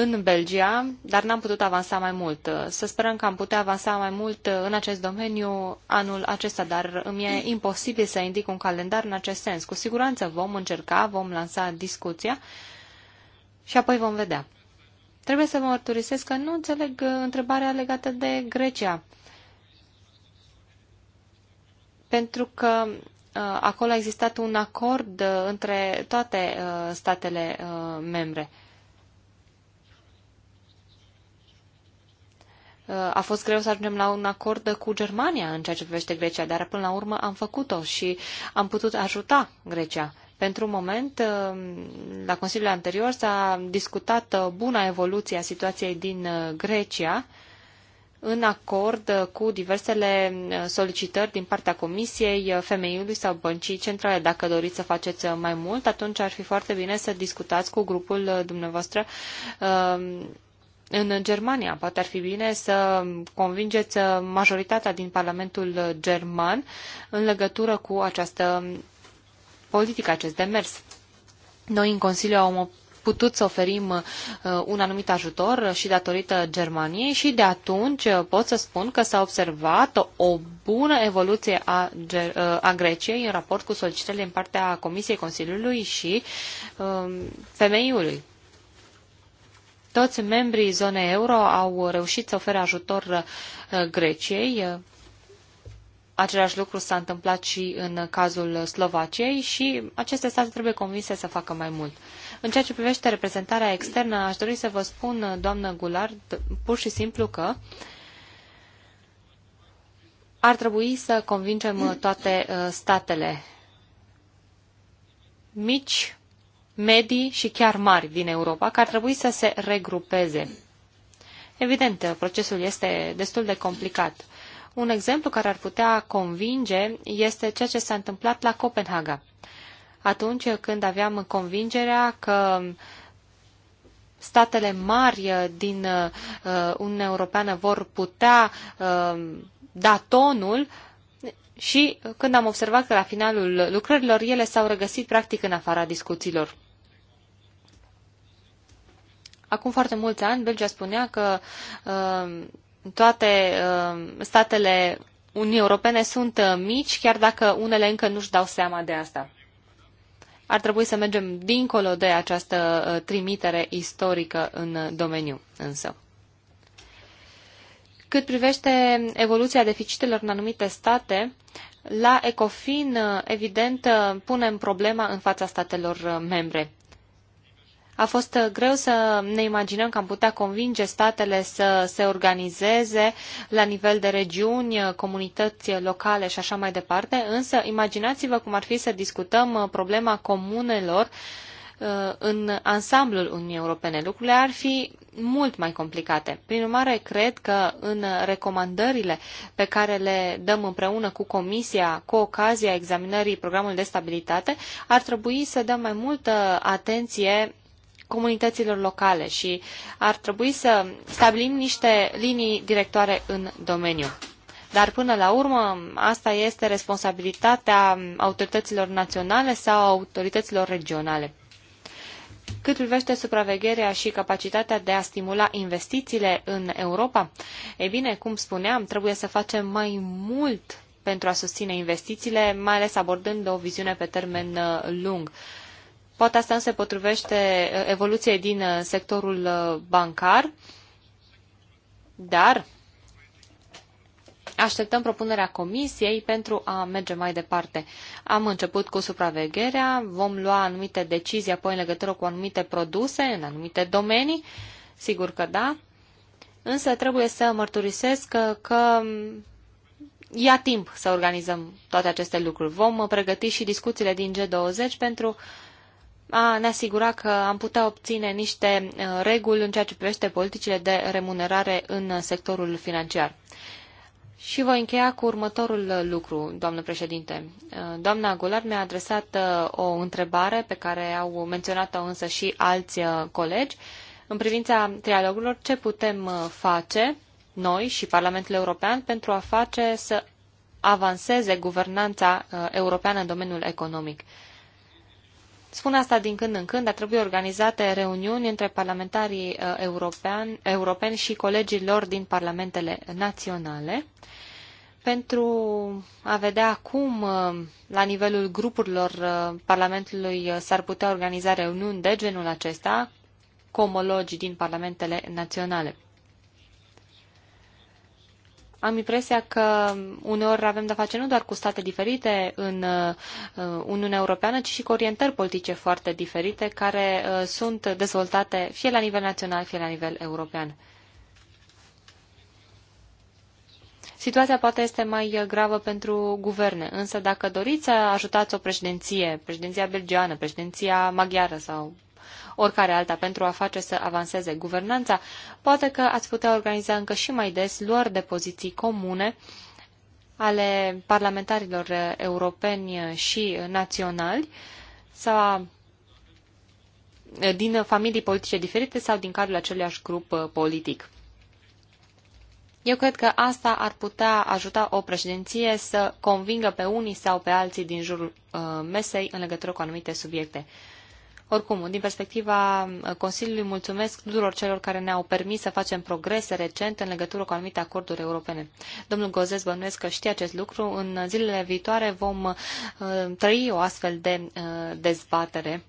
în Belgia, dar n-am putut avansa mai mult. Să sperăm că am putea avansa mai mult în acest domeniu anul acesta, dar îmi e imposibil să indic un calendar în acest sens. Cu siguranță vom încerca, vom lansa discuția și apoi vom vedea. Trebuie să vă mărturisesc că nu înțeleg întrebarea legată de Grecia. Pentru că uh, acolo a existat un acord uh, între toate uh, statele membre. a fost greu să ajungem la un acord cu Germania în ceea ce privește Grecia, dar până la urmă am făcut-o și am putut ajuta Grecia. Pentru un moment, uh, la Consiliul anterior s-a discutat buna evoluție a situației din uh, Grecia în acord uh, cu diversele solicitări din partea Comisiei, Femeiului sau Băncii Centrale. Dacă doriți să faceți mai mult, atunci ar fi foarte bine să discutați cu grupul dumneavoastră în Germania. Poate ar fi bine să convingeți majoritatea din Parlamentul german în legătură cu această politică, acest demers. Noi în Consiliu am putut să oferim uh, un anumit ajutor și datorită Germaniei și de atunci pot să spun că s-a observat o bună evoluție a, uh, a Greciei în raport cu solicitările în partea Comisiei Consiliului și um, femeiului. Toți membrii zonei euro au reușit să ofere ajutor uh, Greciei. Uh, același lucru s-a întâmplat și în cazul Slovaciei și aceste state trebuie convinse să facă mai mult. În ceea ce privește reprezentarea externă, aș dori să vă spun, uh, doamnă Gulard, pur și simplu că ar trebui să convingem toate statele mici medii și chiar mari din Europa, care ar trebui să se regrupeze. Evident, procesul este destul de complicat. Un exemplu care ar putea convinge este ceea ce s-a întâmplat la Copenhaga. Atunci când aveam convingerea că statele mari din uh, Uniunea Europeană vor putea uh, da tonul și când am observat că la finalul lucrărilor ele s-au regăsit practic în afara discuțiilor. Acum foarte mulți ani, Belgia spunea că uh, toate uh, statele unii Europene sunt uh, mici, chiar dacă unele încă nu-și dau seama de asta. Ar trebui să mergem dincolo de această uh, trimitere istorică în uh, domeniu, însă. Cât privește evoluția deficitelor în anumite state, la ECOFIN, uh, evident, uh, punem problema în fața statelor membre. A fost uh, greu să ne imaginăm că am putea convinge statele să se organizeze la nivel de regiuni, uh, comunități uh, locale și așa mai departe, însă imaginați-vă cum ar fi să discutăm problema comunelor în ansamblul Uniunii Europene. Lucrurile ar fi mult mai complicate. Prin urmare, cred că în recomandările pe care le dăm împreună cu Comisia cu ocazia examinării programului de stabilitate, ar trebui să dăm mai multă atenție comunităților locale și ar trebui să stabilim niște linii directoare în domeniu. Dar până la urmă, asta este responsabilitatea autorităților naționale sau autorităților regionale. Cât privește supravegherea și capacitatea de a stimula investițiile în Europa, e bine, cum spuneam, trebuie să facem mai mult pentru a susține investițiile, mai ales abordând o viziune pe termen uh, lung. Poate asta nu se potrivește uh, evoluției din uh, sectorul uh, bancar, dar așteptăm propunerea comisiei pentru a merge mai departe. Am început cu supravegherea, vom lua anumite decizii apoi în legătură cu anumite produse, în anumite domenii, sigur că da, însă trebuie să mărturisesc că, că um, ia timp să organizăm toate aceste lucruri. Vom pregăti și discuțiile din G20 pentru a ne asigura că am putea obține niște uh, reguli în ceea ce privește politicile de remunerare în sectorul financiar. Și voi încheia cu următorul uh, lucru, doamnă președinte. Uh, doamna Gular mi-a adresat o întrebare pe care au menționat-o însă și alți colegi în privința trialogurilor, ce putem face noi și Parlamentul European pentru a face să avanseze guvernanța europeană în domeniul economic. Spun asta din când în când, dar trebui organizate reuniuni între parlamentarii uh, european, europeni și colegii lor din parlamentele naționale pentru a vedea cum, uh, la nivelul grupurilor uh, Parlamentului, s-ar putea organiza reuniuni de genul acesta cu din parlamentele naționale am impresia că uneori avem de-a face nu doar cu state diferite în uh, Uniunea Europeană, ci și cu orientări politice foarte diferite care uh, sunt dezvoltate fie la nivel național, fie la nivel european. Situația poate este mai gravă pentru guverne, însă dacă doriți să ajutați o președinție, președinția belgiană, președinția maghiară sau oricare alta pentru a face să avanseze guvernanța, poate că ați putea organiza încă și mai des luări de poziții comune ale parlamentarilor europeni și naționali sau din familii politice diferite sau din cadrul aceluiași grup politic. Eu cred că asta ar putea ajuta o președinție să convingă pe unii sau pe alții din jurul uh, mesei în legătură cu anumite subiecte. Oricum, din perspectiva uh, Consiliului, mulțumesc tuturor celor care ne-au permis să facem progrese recente în legătură cu anumite acorduri europene. Domnul Gozes bănuiesc că știe acest lucru. În zilele viitoare vom uh, trăi o astfel de uh, dezbatere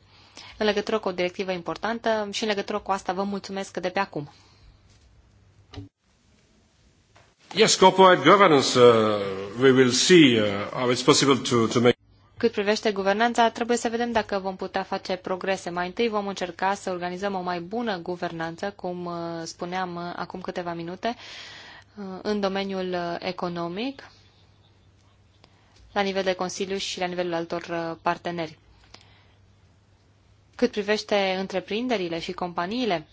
în legătură cu o directivă importantă și în legătură cu asta vă mulțumesc de pe acum. Yes, corporate governance, uh, we will see uh, how it's possible to, to make cât privește guvernanța, trebuie să vedem dacă vom putea face progrese. Mai întâi vom încerca să organizăm o mai bună guvernanță, cum uh, spuneam uh, acum câteva minute, uh, în domeniul economic, la nivel de Consiliu și la nivelul altor parteneri. Cât privește întreprinderile și companiile,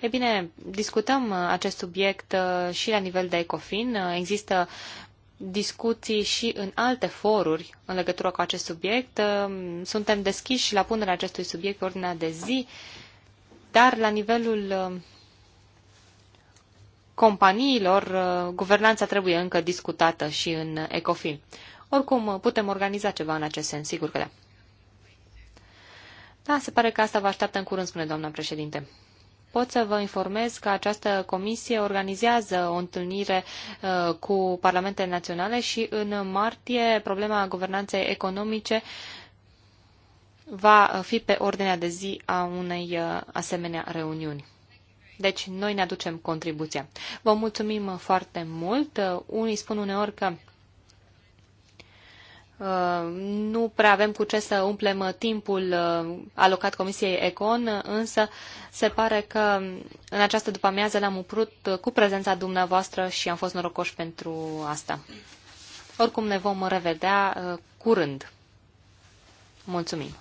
E bine, discutăm acest subiect și la nivel de ECOFIN. Există discuții și în alte foruri în legătură cu acest subiect. Uh, suntem deschiși la punerea acestui subiect pe ordinea de zi, dar la nivelul uh, companiilor, uh, guvernanța trebuie încă discutată și în ECOFIN. Oricum, putem organiza ceva în acest sens, sigur că da. Da, se pare că asta vă așteaptă în curând, spune doamna președinte pot să vă informez că această comisie organizează o întâlnire uh, cu parlamentele naționale și în martie problema guvernanței economice va fi pe ordinea de zi a unei uh, asemenea reuniuni. Deci, noi ne aducem contribuția. Vă mulțumim foarte mult. Uh, unii spun uneori că nu prea avem cu ce să umplem timpul uh, alocat Comisiei Econ, însă se pare că în această după-amiază l-am uprut cu prezența dumneavoastră și am fost norocoși pentru asta. Oricum ne vom revedea uh, curând. Mulțumim!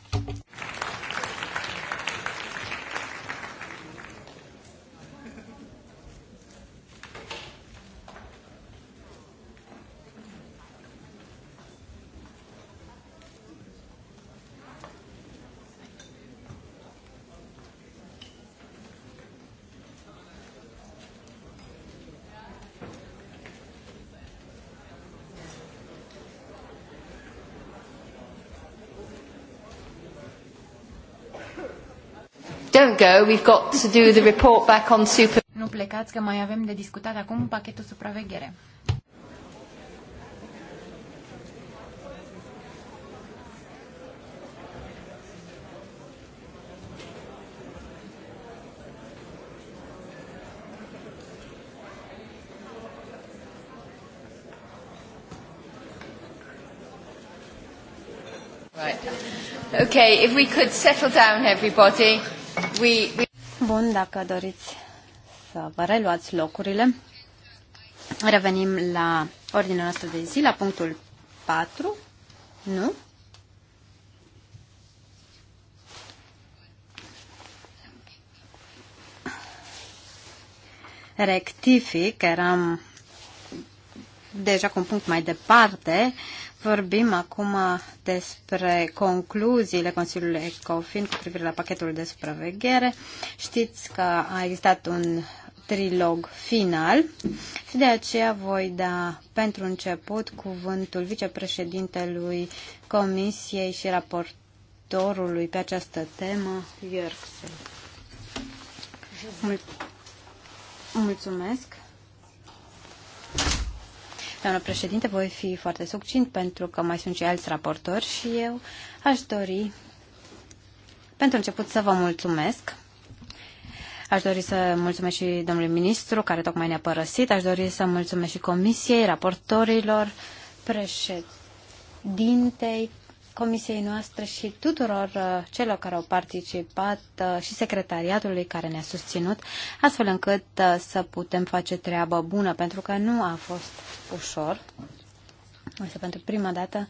Don't go, we've got to do the report back on super... Nu plecați că mai avem de discutat acum pachetul supraveghere. Okay, if we could settle down everybody. Bun, dacă doriți să vă reluați locurile, revenim la ordinea noastră de zi, la punctul 4. Nu? Rectific, eram deja cu un punct mai departe. Vorbim acum despre concluziile Consiliului ECOFIN cu privire la pachetul de supraveghere. Știți că a existat un trilog final și de aceea voi da pentru început cuvântul vicepreședintelui Comisiei și raportorului pe această temă, Jörgsen. Mul- mulțumesc. Doamnă președinte, voi fi foarte succint pentru că mai sunt și alți raportori și eu aș dori pentru început să vă mulțumesc. Aș dori să mulțumesc și domnului ministru care tocmai ne-a părăsit. Aș dori să mulțumesc și comisiei, raportorilor, președintei comisiei noastre și tuturor uh, celor care au participat uh, și secretariatului care ne-a susținut, astfel încât uh, să putem face treabă bună, pentru că nu a fost ușor. Este pentru prima dată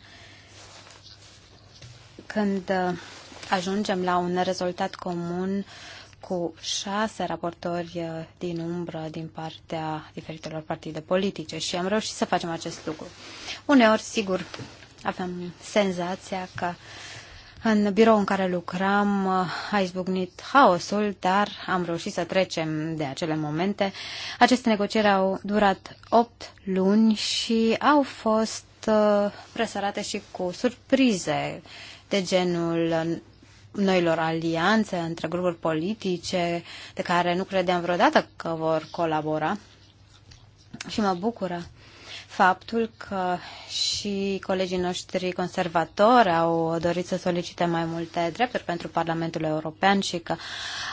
când ajungem la un rezultat comun cu șase raportori din umbră din partea diferitelor partide politice și am reușit să facem acest lucru. Uneori, sigur, aveam senzația că în birou în care lucram uh, a izbucnit haosul, dar am reușit să trecem de acele momente. Aceste negocieri au durat 8 luni și au fost uh, presărate și cu surprize de genul noilor alianțe între grupuri politice de care nu credeam vreodată că vor colabora. Și mă bucură faptul că și colegii noștri conservatori au dorit să solicite mai multe drepturi pentru Parlamentul European și că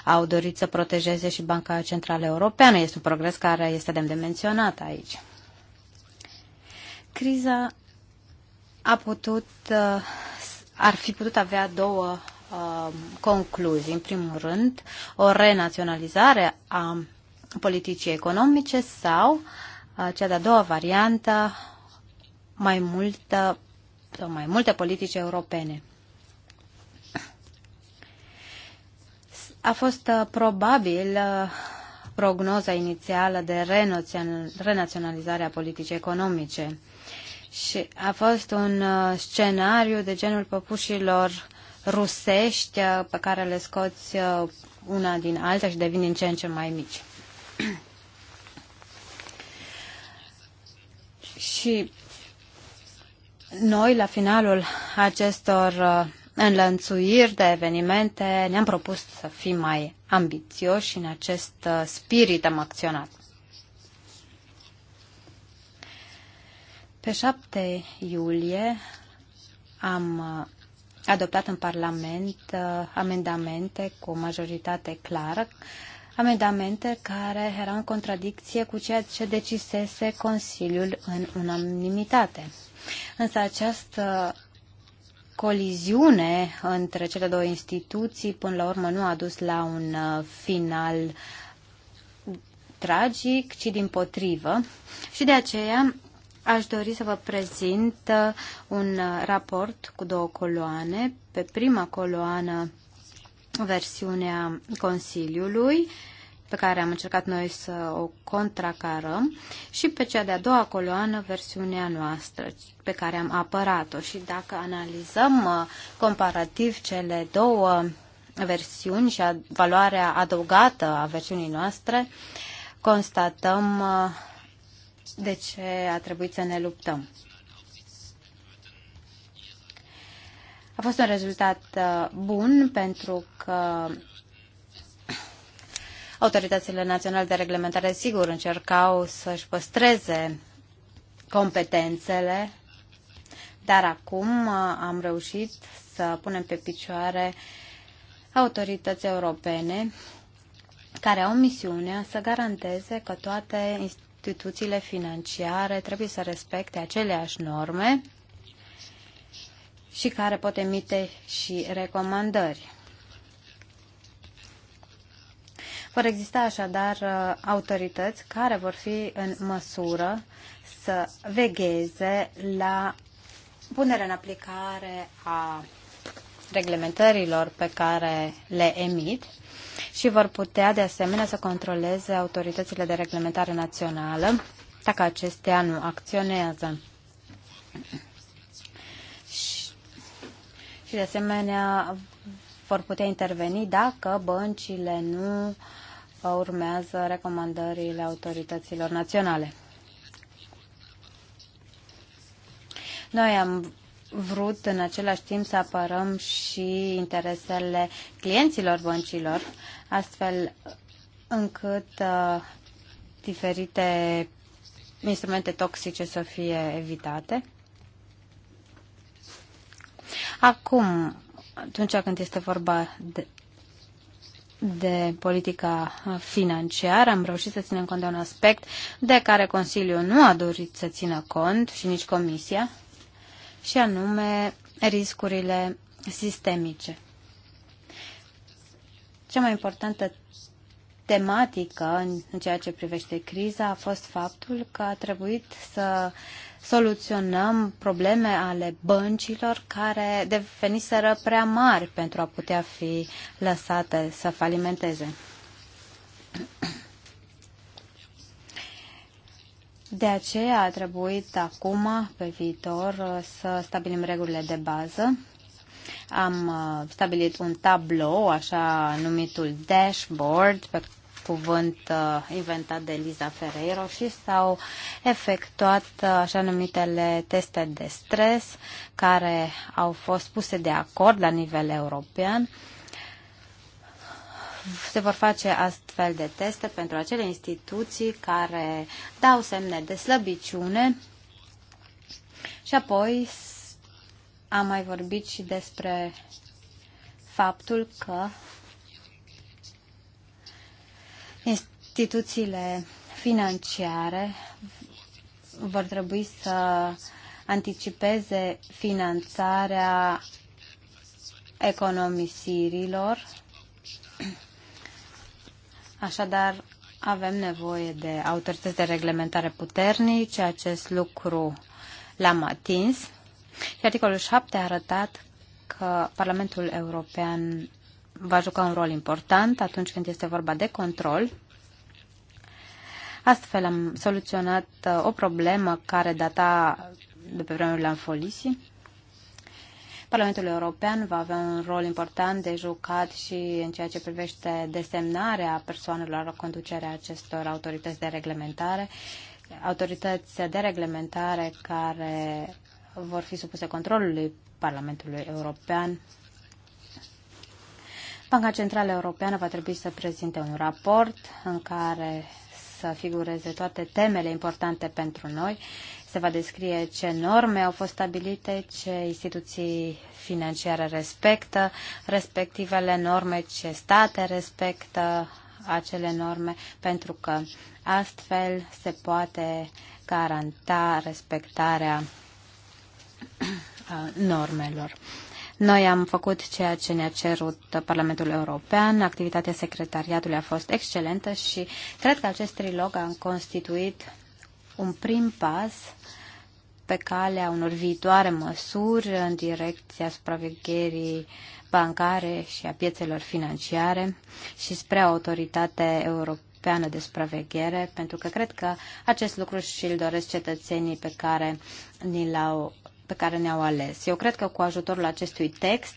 au dorit să protejeze și Banca Centrală Europeană. Este un progres care este demn de menționat aici. Criza a putut, uh, ar fi putut avea două uh, concluzii. În primul rând, o renaționalizare a politicii economice sau uh, cea de-a doua variantă, mai multă sau mai multe politici europene. A fost uh, probabil uh, prognoza inițială de renaționalizare a politicii economice și a fost un uh, scenariu de genul păpușilor rusești pe care le scoți una din alta și devin din ce în ce mai mici. Și noi, la finalul acestor uh, înlănțuiri de evenimente, ne-am propus să fim mai ambițioși și în acest uh, spirit am acționat. Pe 7 iulie am uh, adoptat în Parlament amendamente cu majoritate clară amendamente care erau în contradicție cu ceea ce decisese Consiliul în unanimitate. Însă această coliziune între cele două instituții până la urmă nu a dus la un uh, final tragic, ci din potrivă. Și de aceea aș dori să vă prezint uh, un uh, raport cu două coloane. Pe prima coloană versiunea Consiliului pe care am încercat noi să o contracarăm și pe cea de-a doua coloană versiunea noastră pe care am apărat-o și dacă analizăm uh, comparativ cele două versiuni și a, valoarea adăugată a versiunii noastre, constatăm uh, de ce a trebuit să ne luptăm. A fost un rezultat uh, bun pentru că autoritățile naționale de reglementare, sigur, încercau să-și păstreze competențele, dar acum uh, am reușit să punem pe picioare autorități europene care au misiunea să garanteze că toate instituțiile financiare trebuie să respecte aceleași norme și care pot emite și recomandări. Vor exista așadar uh, autorități care vor fi în măsură să vegheze la punerea în aplicare a reglementărilor pe care le emit și vor putea de asemenea să controleze autoritățile de reglementare națională dacă acestea nu acționează și de asemenea vor putea interveni dacă băncile nu uh, urmează recomandările autorităților naționale. Noi am vrut în același timp să apărăm și interesele clienților băncilor, astfel încât uh, diferite instrumente toxice să fie evitate. Acum, atunci când este vorba de, de politica financiară, am reușit să ținem cont de un aspect de care Consiliul nu a dorit să țină cont și nici Comisia, și anume riscurile sistemice. Cea mai importantă tematică în ceea ce privește criza a fost faptul că a trebuit să soluționăm probleme ale băncilor care deveniseră prea mari pentru a putea fi lăsate să falimenteze. De aceea a trebuit acum, pe viitor, să stabilim regulile de bază. Am uh, stabilit un tablou, așa numitul dashboard, pe cuvânt uh, inventat de Liza Ferreiro și s-au efectuat uh, așa numitele teste de stres care au fost puse de acord la nivel european. Se vor face astfel de teste pentru acele instituții care dau semne de slăbiciune și apoi am mai vorbit și despre faptul că instituțiile financiare vor trebui să anticipeze finanțarea economisirilor. Așadar, avem nevoie de autorități de reglementare puternice. Acest lucru l-am atins. Și articolul 7 a arătat că Parlamentul European va juca un rol important atunci când este vorba de control. Astfel am soluționat uh, o problemă care data de pe vremurile Amfolisi. Parlamentul European va avea un rol important de jucat și în ceea ce privește desemnarea persoanelor la conducerea acestor autorități de reglementare, autorități de reglementare care vor fi supuse controlului Parlamentului European Banca Centrală Europeană va trebui să prezinte un raport în care să figureze toate temele importante pentru noi. Se va descrie ce norme au fost stabilite, ce instituții financiare respectă respectivele norme, ce state respectă acele norme, pentru că astfel se poate garanta respectarea uh, normelor. Noi am făcut ceea ce ne-a cerut Parlamentul European, activitatea secretariatului a fost excelentă și cred că acest trilog a constituit un prim pas pe calea unor viitoare măsuri în direcția supravegherii bancare și a piețelor financiare și spre autoritate europeană de supraveghere, pentru că cred că acest lucru și l doresc cetățenii pe care ni l-au pe care ne-au ales. Eu cred că cu ajutorul acestui text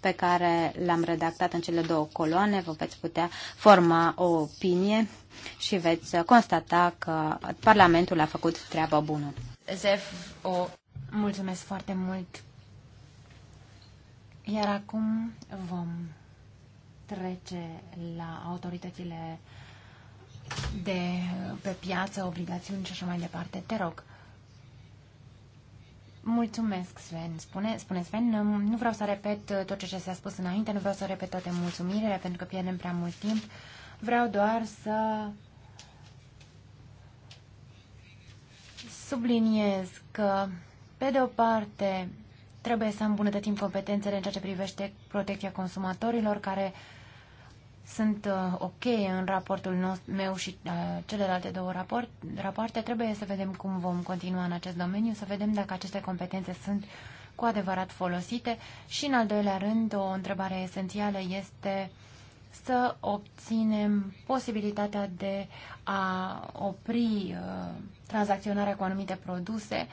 pe care l-am redactat în cele două coloane, vă veți putea forma o opinie și veți constata că Parlamentul a făcut treaba bună. Zef, o... Mulțumesc foarte mult! Iar acum vom trece la autoritățile de pe piață, obligațiuni și așa mai departe. Te rog. Mulțumesc, Sven. Spune, spune Sven, nu vreau să repet uh, tot ce s-a spus înainte, nu vreau să repet toate mulțumirile pentru că pierdem prea mult timp. Vreau doar să subliniez că, pe de o parte, trebuie să îmbunătățim competențele în ceea ce privește protecția consumatorilor, care uh, sunt uh, ok în raportul nostru, meu și uh, celelalte două raport, rapoarte. Trebuie să vedem cum vom continua în acest domeniu, să vedem dacă aceste competențe sunt cu adevărat folosite și, în al doilea rând, o întrebare esențială este să obținem posibilitatea de a opri uh, tranzacționarea cu anumite produse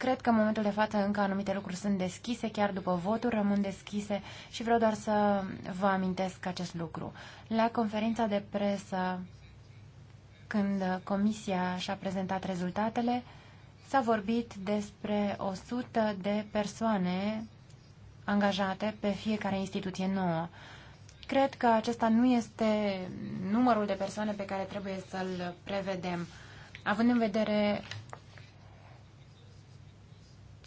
Cred că în momentul de față încă anumite lucruri sunt deschise, chiar după voturi rămân deschise și vreau doar să vă amintesc acest lucru. La conferința de presă, când comisia și-a prezentat rezultatele, s-a vorbit despre 100 de persoane angajate pe fiecare instituție nouă. Cred că acesta nu este numărul de persoane pe care trebuie să-l prevedem, având în vedere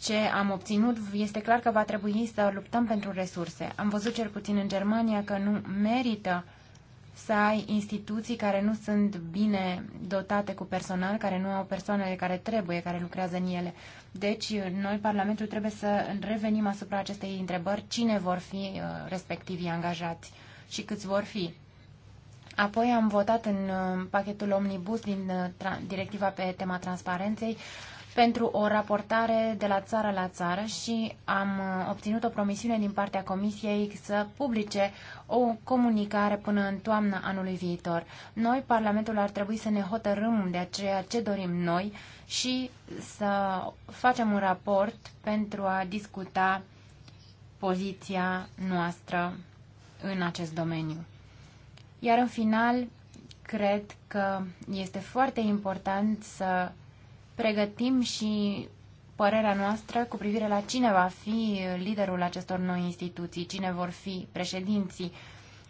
ce am obținut, este clar că va trebui să luptăm pentru resurse. Am văzut cel puțin în Germania că nu merită să ai instituții care nu sunt bine dotate cu personal, care nu au persoanele care trebuie, care lucrează în ele. Deci, noi, Parlamentul, trebuie să revenim asupra acestei întrebări, cine vor fi uh, respectivii angajați și câți vor fi. Apoi am votat în uh, pachetul Omnibus din uh, directiva pe tema transparenței pentru o raportare de la țară la țară și am uh, obținut o promisiune din partea Comisiei să publice o comunicare până în toamna anului viitor. Noi, Parlamentul, ar trebui să ne hotărâm de ceea ce dorim noi și să facem un raport pentru a discuta poziția noastră în acest domeniu. Iar în final, cred că este foarte important să pregătim și părerea noastră cu privire la cine va fi liderul acestor noi instituții, cine vor fi președinții.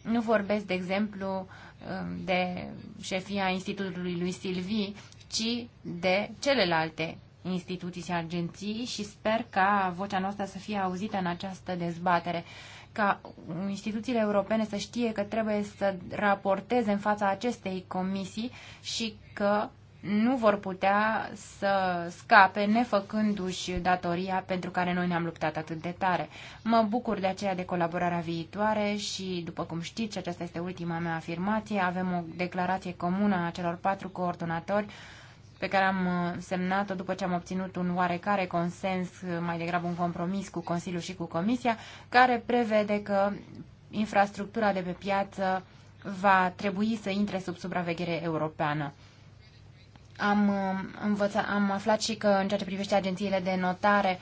Nu vorbesc, de exemplu, um, de șefia Institutului lui Silvi, ci de celelalte instituții și agenții și sper ca vocea noastră să fie auzită în această dezbatere, ca instituțiile europene să știe că trebuie să raporteze în fața acestei comisii și că nu vor putea să scape nefăcându-și datoria pentru care noi ne-am luptat atât de tare. Mă bucur de aceea de colaborarea viitoare și, după cum știți, aceasta este ultima mea afirmație, avem o declarație comună a celor patru coordonatori pe care am uh, semnat-o după ce am obținut un oarecare consens, uh, mai degrabă un compromis cu Consiliul și cu Comisia, care prevede că infrastructura de pe piață va trebui să intre sub supraveghere europeană. Am, um, învăța, am aflat și că în ceea ce privește agențiile de notare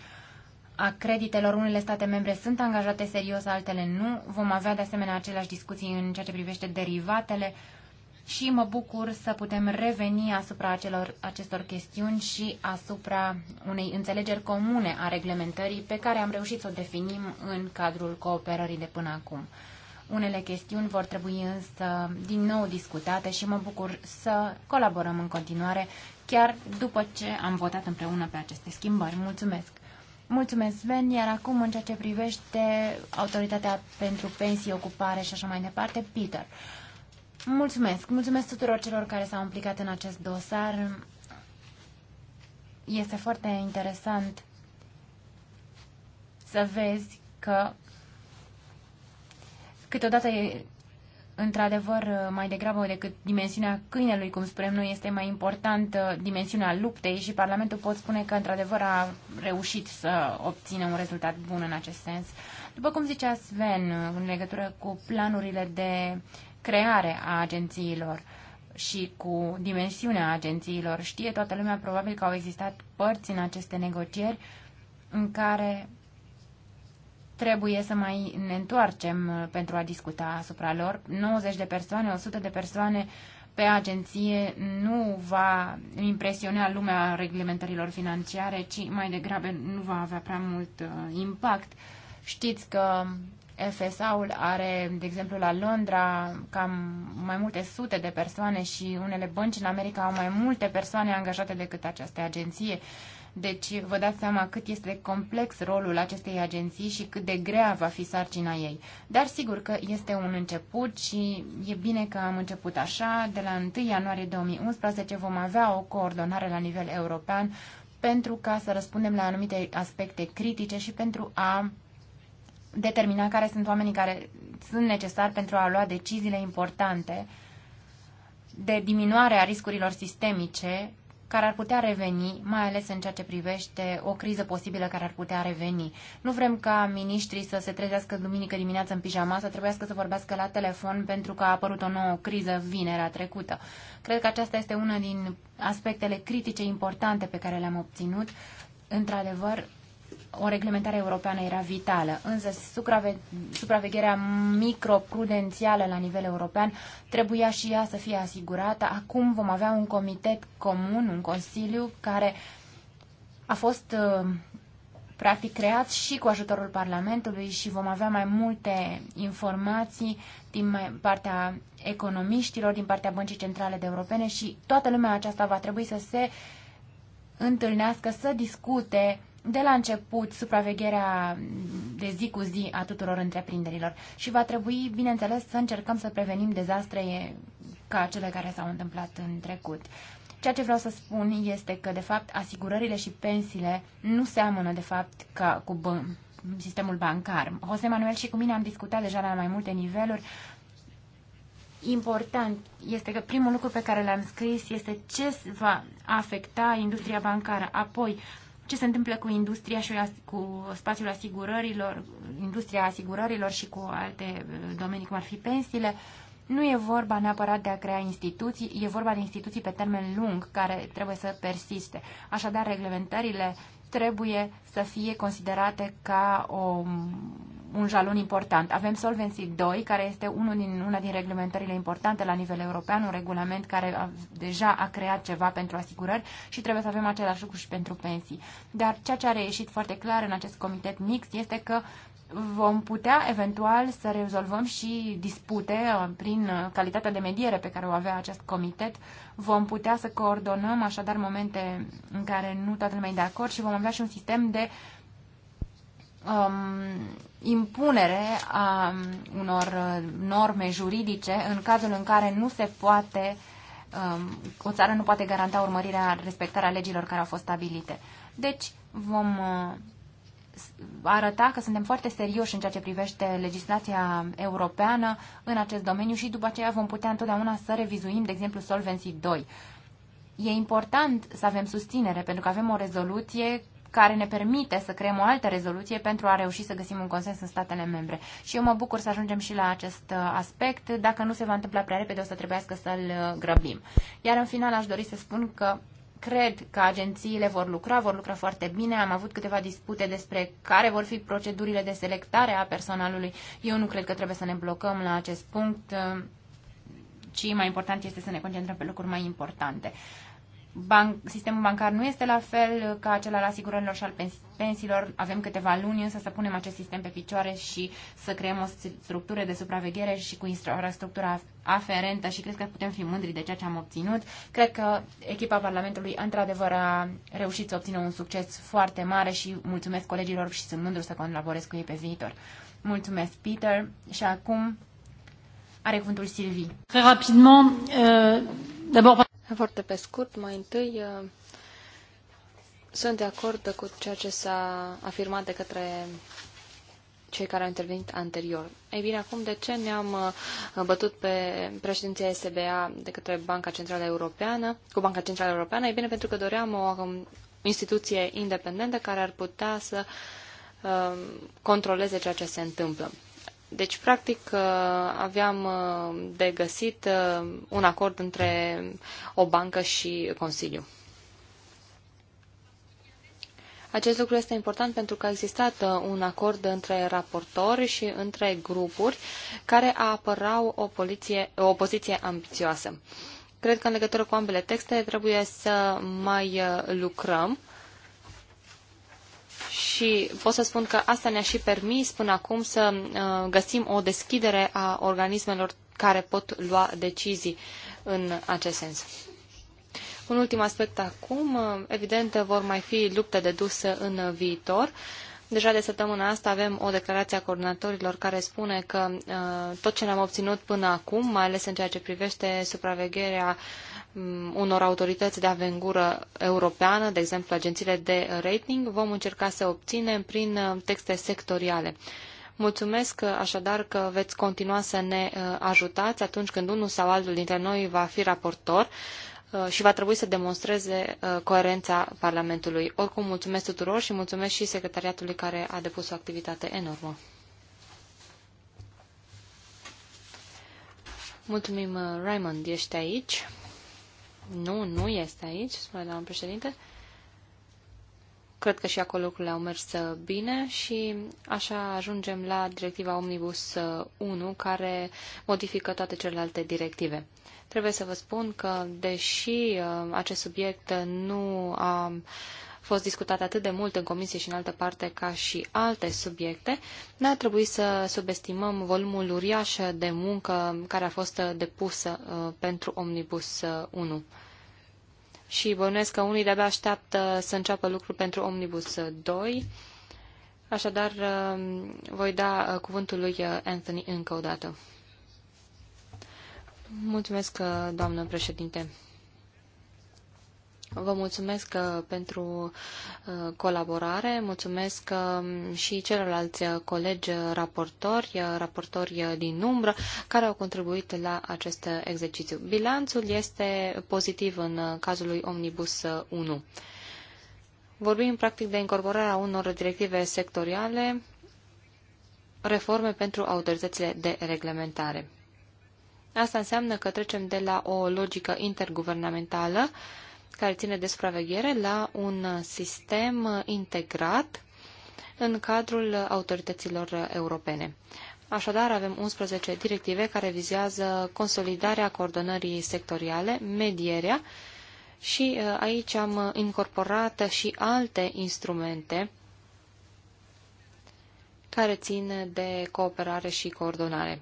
a creditelor, unele state membre sunt angajate serios, altele nu. Vom avea de asemenea aceleași discuții în ceea ce privește derivatele și mă bucur să putem reveni asupra acelor, acestor chestiuni și asupra unei înțelegeri comune a reglementării pe care am reușit să o definim în cadrul cooperării de până acum. Unele chestiuni vor trebui însă din nou discutate și mă bucur să colaborăm în continuare, chiar după ce am votat împreună pe aceste schimbări. Mulțumesc! Mulțumesc, Sven, iar acum în ceea ce privește Autoritatea pentru Pensii, Ocupare și așa mai departe, Peter. Mulțumesc! Mulțumesc tuturor celor care s-au implicat în acest dosar. Este foarte interesant să vezi că Câteodată e într-adevăr mai degrabă decât dimensiunea câinelui, cum spunem noi, este mai importantă dimensiunea luptei și Parlamentul pot spune că într-adevăr a reușit să obțină un rezultat bun în acest sens. După cum zicea Sven, în legătură cu planurile de creare a agențiilor și cu dimensiunea agențiilor, știe toată lumea probabil că au existat părți în aceste negocieri în care trebuie să mai ne întoarcem uh, pentru a discuta asupra lor. 90 de persoane, 100 de persoane pe agenție nu va impresiona lumea reglementărilor financiare, ci mai degrabă nu va avea prea mult uh, impact. Știți că FSA-ul are, de exemplu, la Londra cam mai multe sute de persoane și unele bănci în America au mai multe persoane angajate decât această agenție. Deci vă dați seama cât este complex rolul acestei agenții și cât de grea va fi sarcina ei. Dar sigur că este un început și e bine că am început așa. De la 1 ianuarie 2011 vom avea o coordonare la nivel european pentru ca să răspundem la anumite aspecte critice și pentru a determina care sunt oamenii care sunt necesari pentru a lua deciziile importante de diminuare a riscurilor sistemice care ar putea reveni, mai ales în ceea ce privește o criză posibilă care ar putea reveni. Nu vrem ca miniștrii să se trezească duminică dimineață în pijama, să trebuiască să vorbească la telefon pentru că a apărut o nouă criză vinerea trecută. Cred că aceasta este una din aspectele critice importante pe care le-am obținut. Într-adevăr, o reglementare europeană era vitală, însă suprave- supravegherea microprudențială la nivel european trebuia și ea să fie asigurată. Acum vom avea un comitet comun, un consiliu care a fost uh, practic creat și cu ajutorul Parlamentului și vom avea mai multe informații din partea economiștilor, din partea Băncii Centrale de Europene și toată lumea aceasta va trebui să se întâlnească, să discute de la început supravegherea de zi cu zi a tuturor întreprinderilor și va trebui, bineînțeles, să încercăm să prevenim dezastre ca cele care s-au întâmplat în trecut. Ceea ce vreau să spun este că, de fapt, asigurările și pensiile nu seamănă, de fapt, ca cu sistemul bancar. Jose Manuel și cu mine am discutat deja la mai multe niveluri. Important este că primul lucru pe care l-am scris este ce va afecta industria bancară, apoi ce se întâmplă cu industria și cu spațiul asigurărilor, industria asigurărilor și cu alte uh, domenii, cum ar fi pensiile. Nu e vorba neapărat de a crea instituții, e vorba de instituții pe termen lung care trebuie să persiste. Așadar, reglementările trebuie să fie considerate ca o un jalon important. Avem Solvency 2, care este unul din, una din reglementările importante la nivel european, un regulament care a, deja a creat ceva pentru asigurări și trebuie să avem același lucru și pentru pensii. Dar ceea ce a reieșit foarte clar în acest comitet mix este că vom putea eventual să rezolvăm și dispute uh, prin uh, calitatea de mediere pe care o avea acest comitet. Vom putea să coordonăm așadar momente în care nu toată lumea e de acord și vom avea și un sistem de uh, um, impunere a unor norme juridice în cazul în care nu se poate, um, o țară nu poate garanta urmărirea, respectarea legilor care au fost stabilite. Deci vom uh, arăta că suntem foarte serioși în ceea ce privește legislația europeană în acest domeniu și după aceea vom putea întotdeauna să revizuim, de exemplu, Solvency 2. E important să avem susținere, pentru că avem o rezoluție care ne permite să creăm o altă rezoluție pentru a reuși să găsim un consens în statele membre. Și eu mă bucur să ajungem și la acest uh, aspect. Dacă nu se va întâmpla prea repede, o să trebuiască să-l uh, grăbim. Iar în final aș dori să spun că cred că agențiile vor lucra, vor lucra foarte bine. Am avut câteva dispute despre care vor fi procedurile de selectare a personalului. Eu nu cred că trebuie să ne blocăm la acest punct uh, ci mai important este să ne concentrăm pe lucruri mai importante ban- sistemul bancar nu este la fel ca acela al asigurărilor și al pensiilor. Avem câteva luni însă să punem acest sistem pe picioare și să creăm o structură de supraveghere și cu infrastructura aferentă și cred că putem fi mândri de ceea ce am obținut. Cred că echipa Parlamentului într-adevăr a reușit să obțină un succes foarte mare și mulțumesc colegilor și sunt mândru să colaborez cu ei pe viitor. Mulțumesc, Peter. Și acum are cuvântul Silvi. Très rapidement, euh, d'abord foarte pe scurt, mai întâi uh, sunt de acord cu ceea ce s-a afirmat de către cei care au intervenit anterior. Ei bine, acum de ce ne-am uh, bătut pe președinția SBA de către Banca Centrală Europeană, cu Banca Centrală Europeană? Ei bine, pentru că doream o um, instituție independentă care ar putea să um, controleze ceea ce se întâmplă. Deci, practic, uh, aveam uh, de găsit uh, un acord între o bancă și Consiliu. Acest lucru este important pentru că a existat un acord între raportori și între grupuri care apărau o, poliție, o poziție ambițioasă. Cred că în legătură cu ambele texte trebuie să mai lucrăm și pot să spun că asta ne-a și permis până acum să uh, găsim o deschidere a organismelor care pot lua decizii în acest sens. Un ultim aspect acum, uh, evident vor mai fi lupte de dus în viitor. Deja de săptămâna asta avem o declarație a coordonatorilor care spune că uh, tot ce ne-am obținut până acum, mai ales în ceea ce privește supravegherea uh, Mm, unor autorități de avengură europeană, de exemplu agențiile de rating, vom încerca să obținem prin uh, texte sectoriale. Mulțumesc uh, așadar că veți continua să ne uh, ajutați atunci când unul sau altul dintre noi va fi raportor și va trebui să demonstreze coerența Parlamentului. Oricum, mulțumesc tuturor și mulțumesc și secretariatului care a depus o activitate enormă. Mulțumim, Raymond, ești aici. Nu, nu este aici, spune doamna președinte. Cred că și acolo lucrurile au mers uh, bine și așa ajungem la directiva Omnibus 1, uh, care modifică toate celelalte directive. Trebuie să vă spun că, deși uh, acest subiect nu a fost discutat atât de mult în comisie și în altă parte ca și alte subiecte, n-ar trebui să subestimăm volumul uriaș de muncă care a fost depusă pentru Omnibus 1 și bănuiesc că unii de-abia așteaptă să înceapă lucrul pentru Omnibus 2. Așadar, uh, voi da uh, cuvântul lui uh, Anthony încă o dată. Mulțumesc, doamnă președinte. Vă mulțumesc uh, pentru uh, colaborare, mulțumesc uh, și celorlalți colegi raportori, raportori din umbră, care au contribuit la acest exercițiu. Bilanțul este pozitiv în cazul lui Omnibus 1. Vorbim practic de incorporarea unor directive sectoriale, reforme pentru autoritățile de reglementare. Asta înseamnă că trecem de la o logică interguvernamentală care ține de supraveghere la un sistem integrat în cadrul autorităților europene. Așadar, avem 11 directive care vizează consolidarea coordonării sectoriale, medierea și uh, aici am incorporat și alte instrumente care țin de cooperare și coordonare.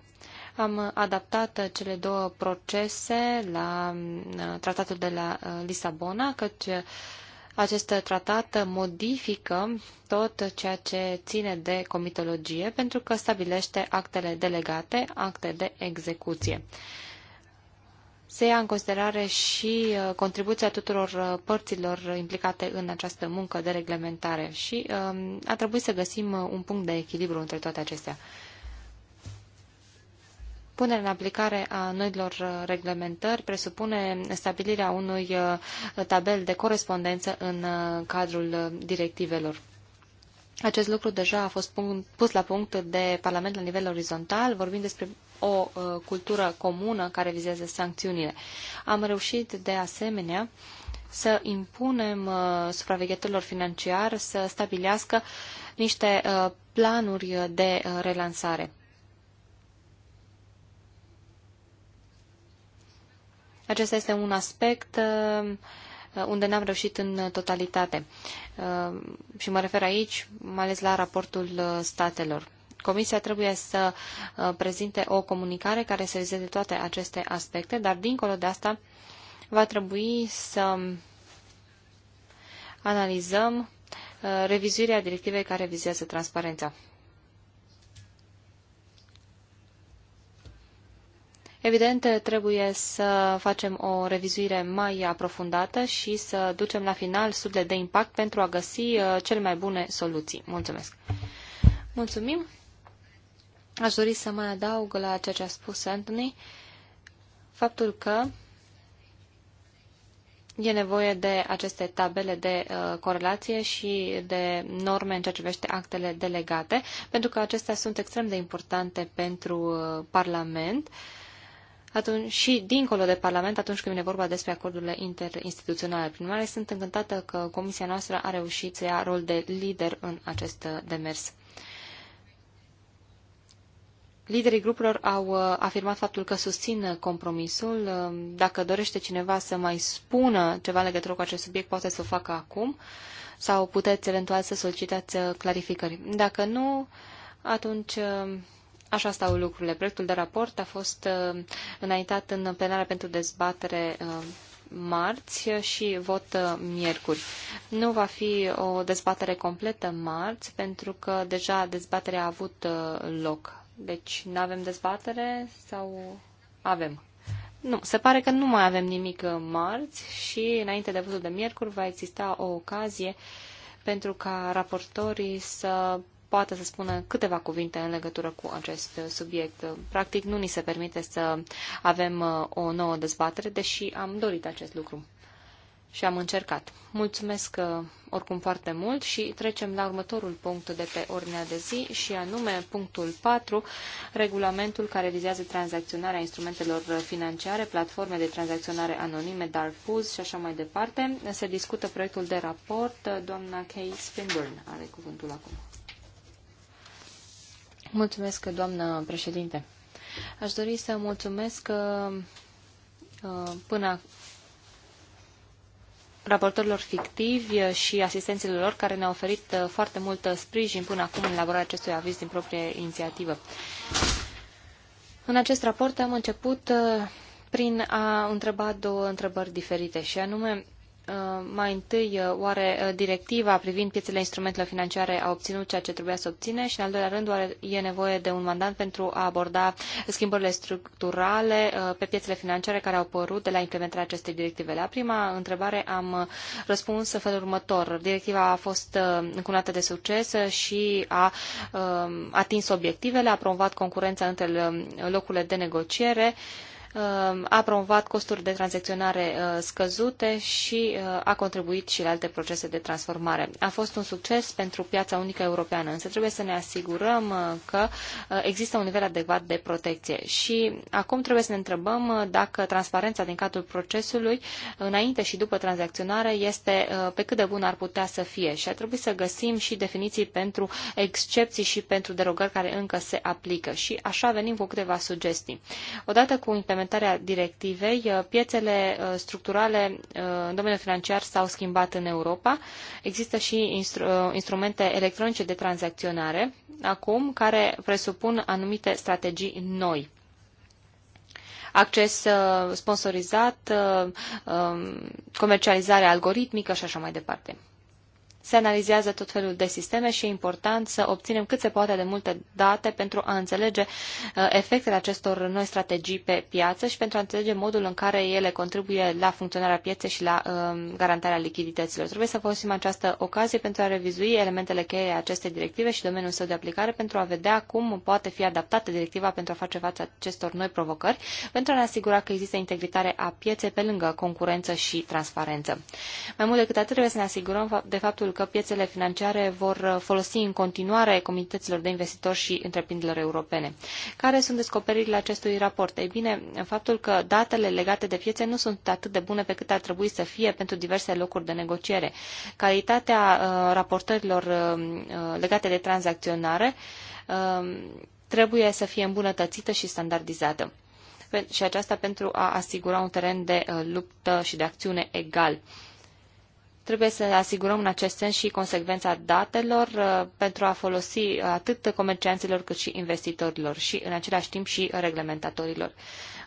Am adaptat cele două procese la uh, tratatul de la uh, Lisabona, căci acest tratat modifică tot ceea ce ține de comitologie, pentru că stabilește actele delegate, acte de execuție se ia în considerare și uh, contribuția tuturor părților implicate în această muncă de reglementare și um, a trebuit să găsim un punct de echilibru între toate acestea. Punerea în aplicare a noilor uh, reglementări presupune stabilirea unui uh, tabel de corespondență în uh, cadrul directivelor. Acest lucru deja a fost pus la punct de Parlament la nivel orizontal, vorbind despre o cultură comună care vizează sancțiunile. Am reușit de asemenea să impunem supraveghetorilor financiar să stabilească niște planuri de relansare. Acesta este un aspect uh, unde n-am reușit în totalitate. Uh, și mă refer aici mai ales la raportul uh, statelor. Comisia trebuie să prezinte o comunicare care să vizeze toate aceste aspecte, dar dincolo de asta va trebui să analizăm revizuirea directivei care vizează transparența. Evident, trebuie să facem o revizuire mai aprofundată și să ducem la final studiile de impact pentru a găsi uh, cele mai bune soluții. Mulțumesc! Mulțumim! Aș dori să mai adaug la ceea ce a spus Anthony faptul că e nevoie de aceste tabele de uh, corelație și de norme în ceea ce privește actele delegate, pentru că acestea sunt extrem de importante pentru uh, Parlament. Uh, atunci, și dincolo de Parlament atunci când vine vorba despre acordurile interinstituționale. Prin urmare, sunt încântată că Comisia noastră a reușit să ia rol de lider în acest demers. Liderii grupurilor au uh, afirmat faptul că susțin compromisul. Um, dacă dorește cineva să mai spună ceva în legătură cu acest subiect, poate să o facă acum sau puteți eventual să solicitați uh, clarificări. Dacă nu, atunci um, Așa stau lucrurile. Proiectul de raport a fost uh, înaintat în plenară pentru dezbatere uh, marți și vot uh, miercuri. Nu va fi o dezbatere completă marți, pentru că deja dezbaterea a avut loc. Deci nu avem dezbatere sau avem? Nu, se pare că nu mai avem nimic marți și înainte de votul de miercuri va exista o ocazie pentru ca raportorii să poată să spună câteva cuvinte în legătură cu acest subiect. Practic, nu ni se permite să avem uh, o nouă dezbatere, deși am dorit acest lucru și am încercat. Mulțumesc uh, oricum foarte mult și trecem la următorul punct de pe ordinea de zi și anume punctul 4, regulamentul care vizează tranzacționarea instrumentelor financiare, platforme de tranzacționare anonime, dar DARFUS și așa mai departe. Se discută proiectul de raport. Doamna Kay Swinburne are cuvântul acum. Mulțumesc, doamnă președinte. Aș dori să mulțumesc uh, uh, până raportorilor fictivi și asistenților lor care ne-au oferit uh, foarte mult sprijin până acum în elaborarea acestui aviz din proprie inițiativă. În acest raport am început prin a întreba două întrebări diferite și anume Uh, mai întâi, uh, oare uh, directiva privind piețele instrumentelor financiare a obținut ceea ce trebuia să obține și, în al doilea rând, oare e nevoie de un mandat pentru a aborda schimbările structurale pe piețele financiare care au apărut de la implementarea acestei directive? La prima întrebare am răspuns în felul următor. Directiva a fost încunată de succes și a atins obiectivele, a promovat concurența între locurile de negociere, Um, a promovat costuri de tranzacționare uh, scăzute și uh, a contribuit și la alte procese de transformare. A fost un succes pentru piața unică europeană, însă trebuie să ne asigurăm uh, că există un nivel adecvat de protecție. Și acum trebuie să ne întrebăm dacă transparența din cadrul procesului, înainte și după tranzacționare, este pe cât de bună ar putea să fie. Și ar trebui să găsim și definiții pentru excepții și pentru derogări care încă se aplică. Și așa venim cu câteva sugestii. Odată cu implementarea implementarea directivei, uh, piețele uh, structurale uh, în domeniul financiar s-au schimbat în Europa. Există și instru instrumente electronice de tranzacționare acum care presupun anumite strategii noi acces sponsorizat, um, comercializare algoritmică și așa mai departe se analizează tot felul de sisteme și e important să obținem cât se poate de multe date pentru a înțelege uh, efectele acestor noi strategii pe piață și pentru a înțelege modul în care ele contribuie la funcționarea pieței și la um, garantarea lichidităților. Trebuie să folosim această ocazie pentru a revizui elementele cheie acestei directive și domeniul său de aplicare pentru a vedea cum poate fi adaptată directiva pentru a face față acestor noi provocări, pentru a ne asigura că există integritare a pieței pe lângă concurență și transparență. Mai mult decât atât, trebuie să ne asigurăm de faptul faptul că piețele financiare vor folosi în continuare comunităților de investitori și întreprinderilor europene. Care sunt descoperirile acestui raport? Ei bine, faptul că datele legate de piețe nu sunt atât de bune pe cât ar trebui să fie pentru diverse locuri de negociere. Calitatea uh, raportărilor uh, uh, legate de tranzacționare trebuie să fie îmbunătățită și standardizată și aceasta pentru a asigura un teren de luptă și de acțiune egal. Trebuie să asigurăm în acest sens și consecvența datelor uh, pentru a folosi uh, atât comercianților cât și investitorilor și în același timp și reglementatorilor.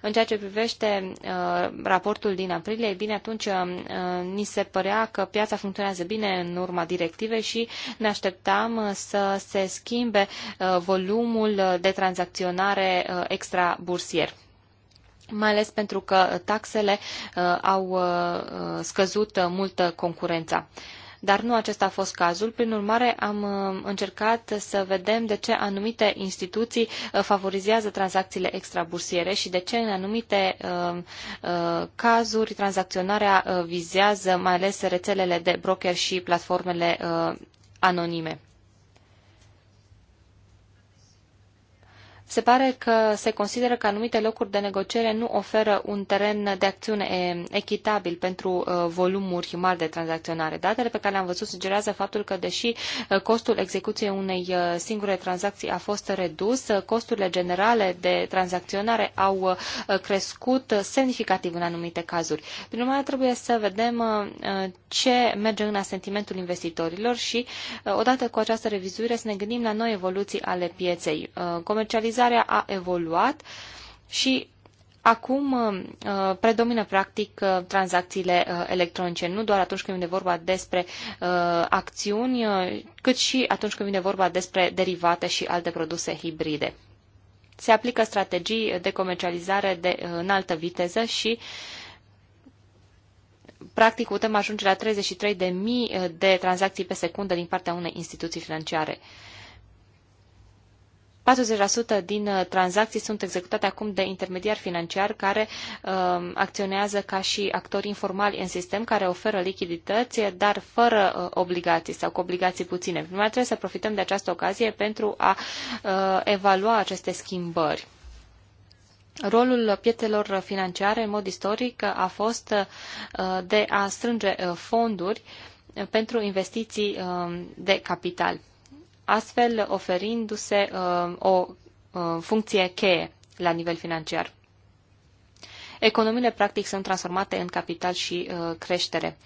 În ceea ce privește uh, raportul din aprilie, e bine, atunci uh, uh ni se părea că piața funcționează bine în urma directivei și ne așteptam să se schimbe uh, volumul de tranzacționare extra bursier mai ales pentru că taxele uh, au uh, uh, scăzut mult concurența dar nu acesta a fost cazul. Prin urmare, am încercat să vedem de ce anumite instituții favorizează tranzacțiile extrabursiere și de ce în anumite cazuri tranzacționarea vizează mai ales rețelele de broker și platformele anonime. Se pare că se consideră că anumite locuri de negociere nu oferă un teren de acțiune echitabil pentru uh, volumuri mari de tranzacționare. Datele pe care le-am văzut sugerează faptul că, deși uh, costul execuției unei uh, singure tranzacții a fost redus, costurile generale de tranzacționare au crescut semnificativ în anumite cazuri. Prin urmare, trebuie să vedem ce merge în asentimentul investitorilor și, odată cu această revizuire, să ne gândim la noi evoluții ale pieței. Comercializarea Globalizarea a evoluat și acum uh, uh, predomină practic uh, tranzacțiile electronice, nu doar atunci când vine vorba despre acțiuni, cât și atunci când vine vorba despre derivate și alte produse hibride. Se aplică strategii de comercializare de înaltă viteză și practic putem ajunge la 33.000 de tranzacții pe secundă din partea unei instituții financiare. 40% din uh, tranzacții sunt executate acum de intermediari financiari care uh, acționează ca și actori informali în sistem, care oferă lichidități, dar fără uh, obligații sau cu obligații puține. Mai trebuie să profităm de această ocazie pentru a uh, evalua aceste schimbări. Rolul pietelor financiare, în mod istoric, a fost uh, de a strânge uh, fonduri pentru investiții um, de capital astfel oferindu-se uh, o uh, funcție cheie la nivel financiar. Economiile practic sunt transformate în capital și uh, creștere.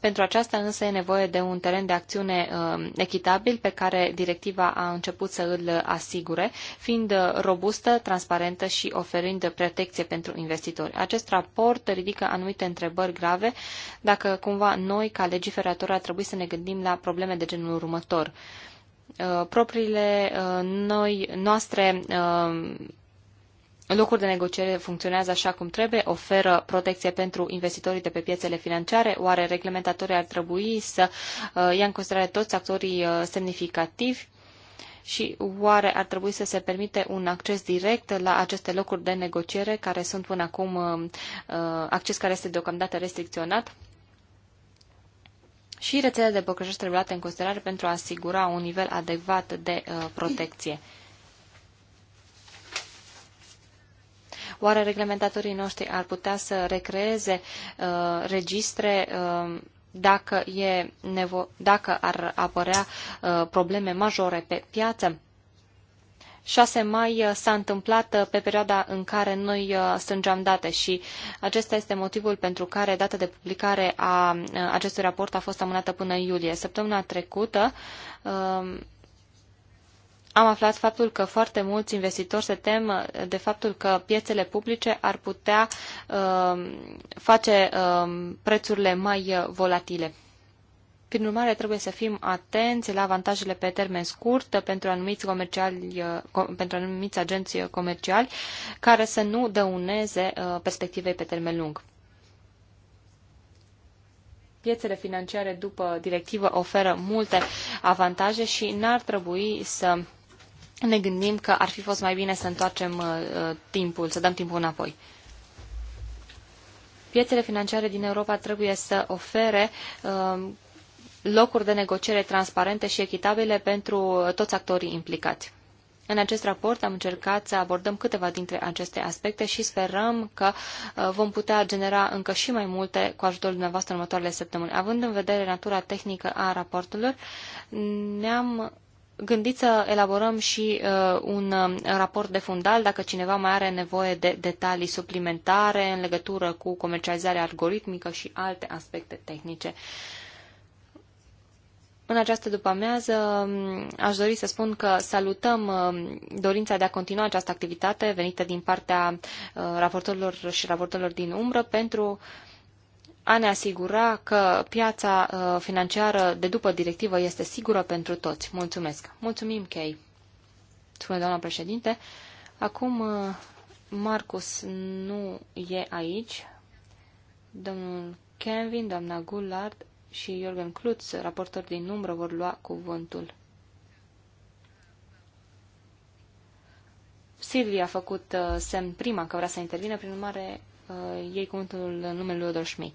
Pentru aceasta însă e nevoie de un teren de acțiune uh, echitabil pe care directiva a început să îl asigure, fiind robustă, transparentă și oferind protecție pentru investitori. Acest raport ridică anumite întrebări grave dacă cumva noi, ca legiferator, ar trebui să ne gândim la probleme de genul următor. Uh, Uh, propriile uh, noi, noastre uh, locuri de negociere funcționează așa cum trebuie, oferă protecție pentru investitorii de pe piețele financiare, oare reglementatorii ar trebui să ia în considerare toți actorii semnificativi și oare ar trebui să se permite un acces direct la aceste locuri de negociere care sunt până acum acces care este deocamdată restricționat? și rețelele de păcășești trebuie luate în considerare pentru a asigura un nivel adecvat de uh, protecție. Oare reglementatorii noștri ar putea să recreeze uh, registre uh, dacă, e nevo- dacă ar apărea uh, probleme majore pe piață? 6 mai uh, s-a întâmplat uh, pe perioada în care noi uh, strângeam date și acesta este motivul pentru care data de publicare a acestui raport a fost amânată până în iulie. Săptămâna trecută um, am aflat faptul că foarte mulți investitori se tem de faptul că piețele publice ar putea um, face um, prețurile mai volatile. Prin urmare, trebuie să fim atenți la avantajele pe termen scurt pentru anumiți, comerciali, pentru anumiți agenții comerciali care să nu dăuneze uh, perspectivei pe termen lung. Piețele financiare după directivă oferă multe avantaje și n-ar trebui să ne gândim că ar fi fost mai bine să întoarcem uh, timpul, să dăm timpul înapoi piețele financiare din Europa trebuie să ofere uh, locuri de negociere transparente și echitabile pentru toți actorii implicați. În acest raport am încercat să abordăm câteva dintre aceste aspecte și sperăm că uh, vom putea genera încă și mai multe cu ajutorul dumneavoastră în următoarele săptămâni. Având în vedere natura tehnică a raportelor, ne-am gândit să elaborăm și uh, un uh, raport de fundal dacă cineva mai are nevoie de detalii suplimentare în legătură cu comercializarea algoritmică și alte aspecte tehnice. Uh, în această după-amiază mm, aș dori să spun că salutăm mm, dorința de a continua această activitate venită din partea mm, raportorilor și raportorilor din umbră pentru a ne asigura că piața financiară de după directivă este sigură pentru toți. Mulțumesc! Mulțumim, Kay! Spune doamna președinte. Acum Marcus nu e aici. Domnul Kevin, doamna Gullard și Jorgen Klutz, raportor din umbră, vor lua cuvântul. Silvia a făcut uh, semn prima că vrea să intervină, prin urmare uh, ei cuvântul numele lui Odor Schmidt.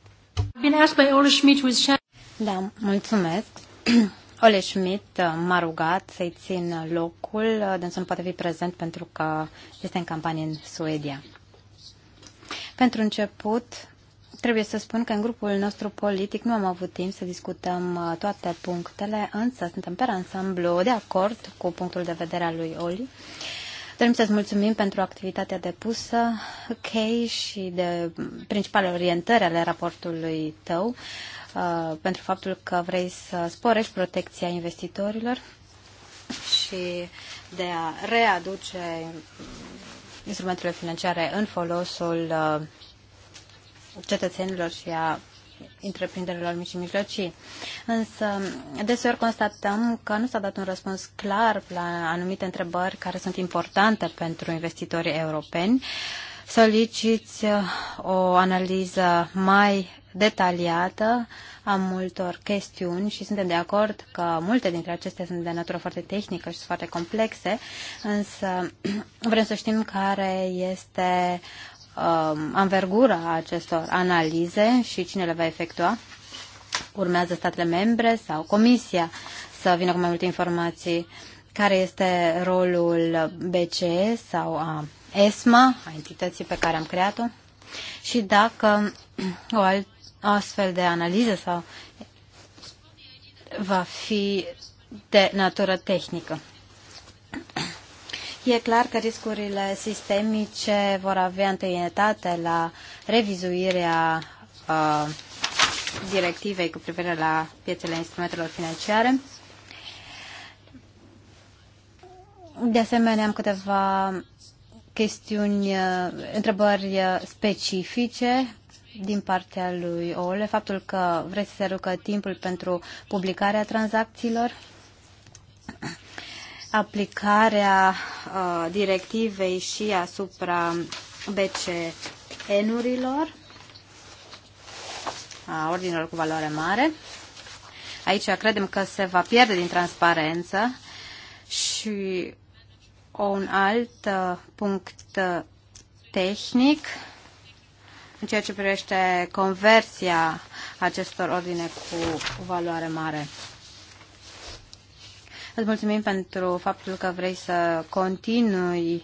Da, mulțumesc. Ole Schmidt uh, m-a rugat să-i țin locul, uh, dânsul nu poate fi prezent pentru că este în campanie în Suedia. Pentru început, Trebuie să spun că în grupul nostru politic nu am avut timp să discutăm uh, toate punctele, însă suntem pe ansamblu de acord cu punctul de vedere al lui Oli. Dorim să-ți mulțumim pentru activitatea depusă, ok, și de principale orientări ale raportului tău, uh, pentru faptul că vrei să sporești protecția investitorilor și de a readuce mm, instrumentele financiare în folosul uh, cetățenilor și a întreprinderilor mici și mijlocii. Însă, deseori constatăm că nu s-a dat un răspuns clar la anumite întrebări care sunt importante pentru investitorii europeni. Soliciți uh, o analiză mai detaliată a multor chestiuni și suntem de acord că multe dintre acestea sunt de natură foarte tehnică și sunt foarte complexe, însă vrem să știm care este uh, anvergura acestor analize și cine le va efectua. Urmează statele membre sau Comisia să vină cu mai multe informații care este rolul BCE sau a ESMA, a entității pe care am creat-o, și dacă o, alt, astfel de analiză sau va fi de natură tehnică. E clar că riscurile sistemice vor avea întâietate la revizuirea uh, directivei cu privire la piețele instrumentelor financiare. De asemenea, am câteva chestiuni, uh, întrebări uh, specifice din partea lui Ole, faptul că vreți să se rucă timpul pentru publicarea tranzacțiilor aplicarea uh, directivei și asupra BCN-urilor, a ordinelor cu valoare mare. Aici credem că se va pierde din transparență și un alt uh, punct uh, tehnic în ceea ce privește conversia acestor ordine cu valoare mare. Îți mulțumim pentru faptul că vrei să continui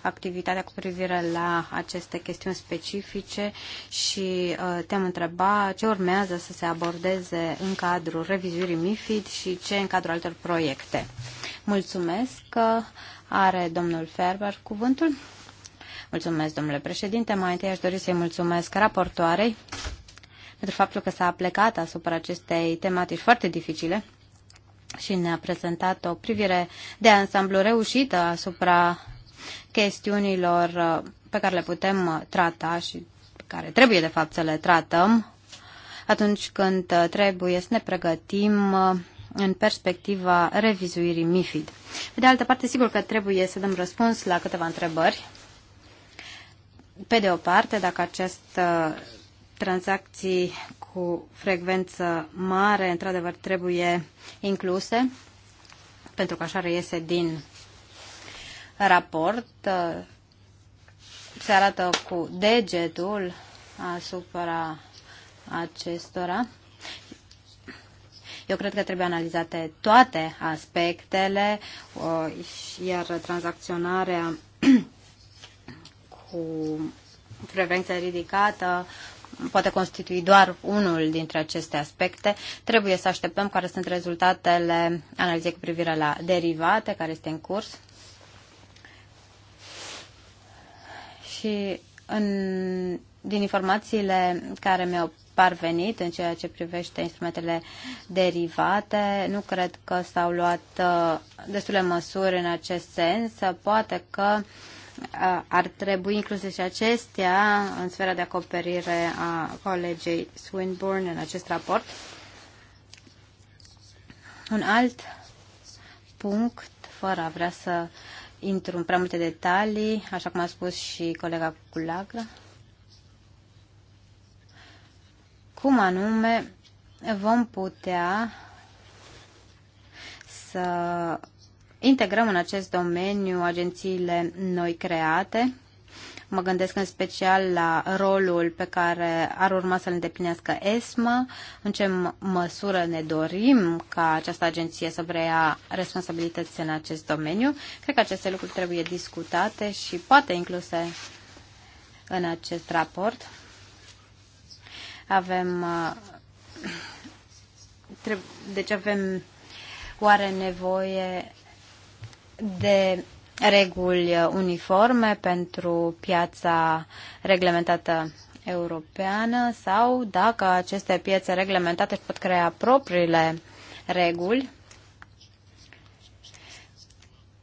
activitatea cu privire la aceste chestiuni specifice și uh, te-am întrebat ce urmează să se abordeze în cadrul revizuirii MIFID și ce în cadrul altor proiecte. Mulțumesc că are domnul Ferber cuvântul. Mulțumesc, domnule președinte. Mai întâi aș dori să-i mulțumesc raportoarei pentru faptul că s-a plecat asupra acestei tematici foarte dificile și ne-a prezentat o privire de ansamblu reușită asupra chestiunilor uh, pe care le putem uh, trata și pe care trebuie de fapt să le tratăm atunci când uh, trebuie să ne pregătim în perspectiva revizuirii MIFID. Pe de altă parte, sigur că trebuie să dăm răspuns la câteva întrebări. Pe de o parte, dacă această tranzacții cu frecvență mare, într-adevăr, trebuie incluse, pentru că așa reiese din raport. Se arată cu degetul asupra acestora. Eu cred că trebuie analizate toate aspectele, uh, iar tranzacționarea cu frecvență ridicată poate constitui doar unul dintre aceste aspecte. Trebuie să așteptăm care sunt rezultatele analizei cu privire la derivate care este în curs. Și în, din informațiile care mi-au parvenit în ceea ce privește instrumentele derivate. Nu cred că s-au luat uh, destule măsuri în acest sens. Poate că uh, ar trebui incluse și acestea în sfera de acoperire a colegei Swinburne în acest raport. Un alt punct, fără a vrea să intru în prea multe detalii, așa cum a spus și colega Culagra, cum anume vom putea să integrăm în acest domeniu agențiile noi create. Mă gândesc în special la rolul pe care ar urma să-l îndeplinească ESMA, în ce măsură ne dorim ca această agenție să preia responsabilități în acest domeniu. Cred că aceste lucruri trebuie discutate și poate incluse în acest raport. Avem uh, deci avem oare nevoie de reguli uniforme pentru piața reglementată europeană sau dacă aceste piețe reglementate pot crea propriile reguli.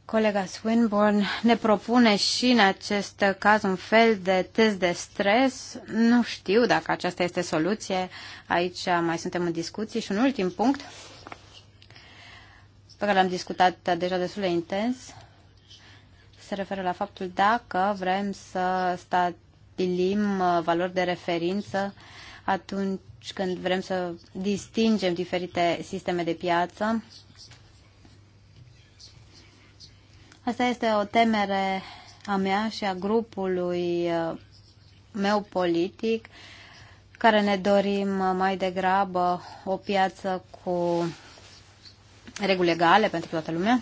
Colega Swinburne ne propune și în acest caz un fel de test de stres. Nu știu dacă aceasta este soluție. Aici mai suntem în discuții. Și un ultim punct pe care l-am discutat deja destul de intens se referă la faptul dacă vrem să stabilim uh, valori de referință atunci când vrem să distingem diferite sisteme de piață. Asta este o temere a mea și a grupului uh, meu politic, care ne dorim uh, mai degrabă o piață cu reguli egale pentru toată lumea.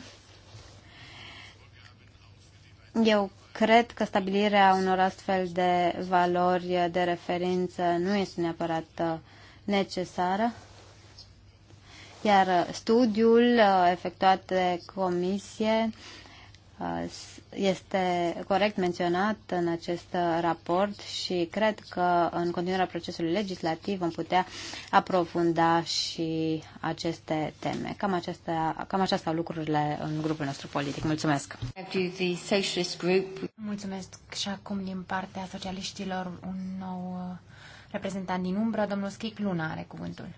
Eu cred că stabilirea unor astfel de valori de referință nu este neapărat uh, necesară, iar studiul uh, efectuat de comisie uh, este corect menționat în acest raport și cred că în continuarea procesului legislativ vom putea aprofunda și aceste teme. Cam acestea, cam acestea au lucrurile în grupul nostru politic. Mulțumesc! Mulțumesc și acum din partea socialiștilor un nou reprezentant din umbră, domnul Schic Luna are cuvântul.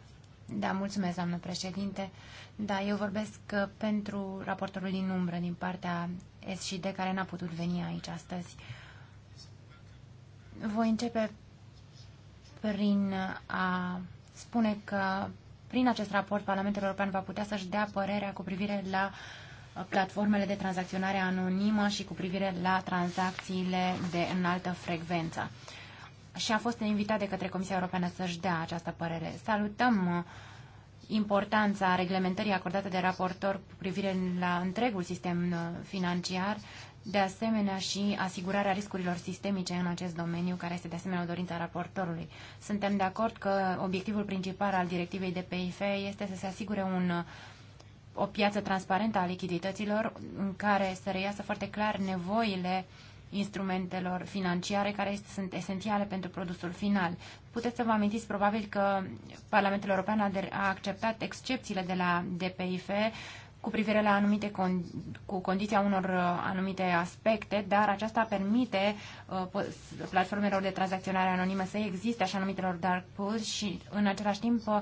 Da, mulțumesc, doamnă președinte. Da, eu vorbesc pentru raportorul din umbră, din partea S și D, care n-a putut veni aici astăzi. Voi începe prin a spune că prin acest raport Parlamentul European va putea să-și dea părerea cu privire la platformele de tranzacționare anonimă și cu privire la tranzacțiile de înaltă frecvență. Și a fost invitat de către Comisia Europeană să-și dea această părere. Salutăm uh, importanța reglementării acordate de raportor cu privire la întregul sistem uh, financiar, de asemenea și asigurarea riscurilor sistemice în acest domeniu, care este de asemenea o dorință a raportorului. Suntem de acord că obiectivul principal al directivei de PIF este să se asigure un, uh, o piață transparentă a lichidităților în care să reiasă foarte clar nevoile uh, instrumentelor financiare care sunt esențiale pentru produsul final. Puteți să vă amintiți probabil că Parlamentul European a acceptat excepțiile de la DPIF cu privire la anumite con- cu condiția unor uh, anumite aspecte, dar aceasta permite uh, platformelor de tranzacționare anonimă să existe așa numitelor dark pools și în același timp uh,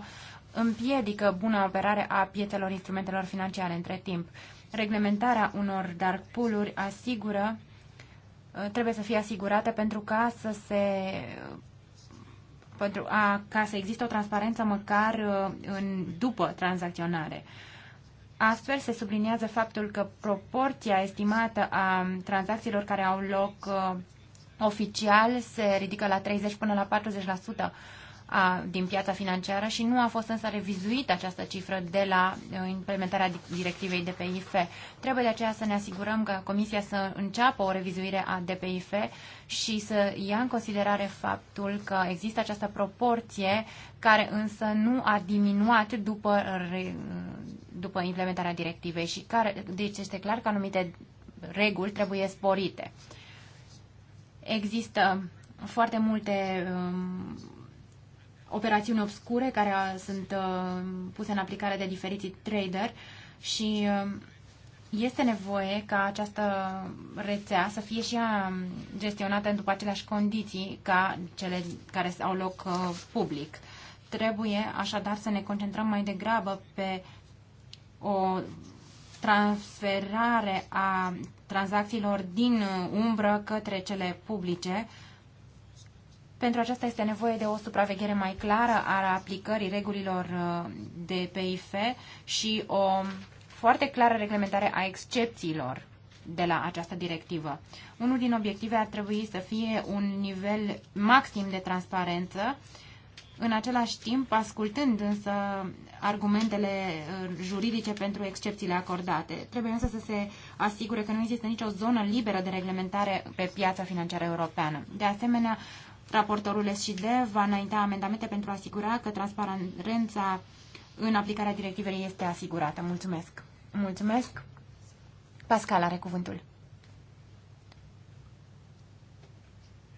împiedică buna operare a piețelor instrumentelor financiare între timp. Reglementarea unor dark pool-uri asigură uh, trebuie să fie asigurate pentru ca să se pentru a, ca să existe o transparență măcar uh, în, după tranzacționare. Astfel se subliniază faptul că proporția estimată a tranzacțiilor care au loc uh, oficial se ridică la 30 până la 40% a, din piața financiară și nu a fost însă revizuită această cifră de la uh, implementarea directivei DPIF. Trebuie de aceea să ne asigurăm că Comisia să înceapă o revizuire a DPIF și să ia în considerare faptul că există această proporție care însă nu a diminuat după, după implementarea directivei și care, deci este clar că anumite reguli trebuie sporite. Există foarte multe um, operațiuni obscure care sunt uh, puse în aplicare de diferiți trader și uh, este nevoie ca această rețea să fie și ea um, gestionată după aceleași condiții ca cele care au loc uh, public. Trebuie așadar să ne concentrăm mai degrabă pe o transferare a tranzacțiilor din umbră către cele publice pentru aceasta este nevoie de o supraveghere mai clară a aplicării regulilor uh, de PIF și o foarte clară reglementare a excepțiilor de la această directivă. Unul din obiective ar trebui să fie un nivel maxim de transparență, în același timp ascultând însă argumentele uh, juridice pentru excepțiile acordate. Trebuie însă să se asigure că nu există nicio zonă liberă de reglementare pe piața financiară europeană. De asemenea, Raportorul SCD va înainta amendamente pentru a asigura că transparența în aplicarea directivei este asigurată. Mulțumesc! Mulțumesc! Pascal are cuvântul.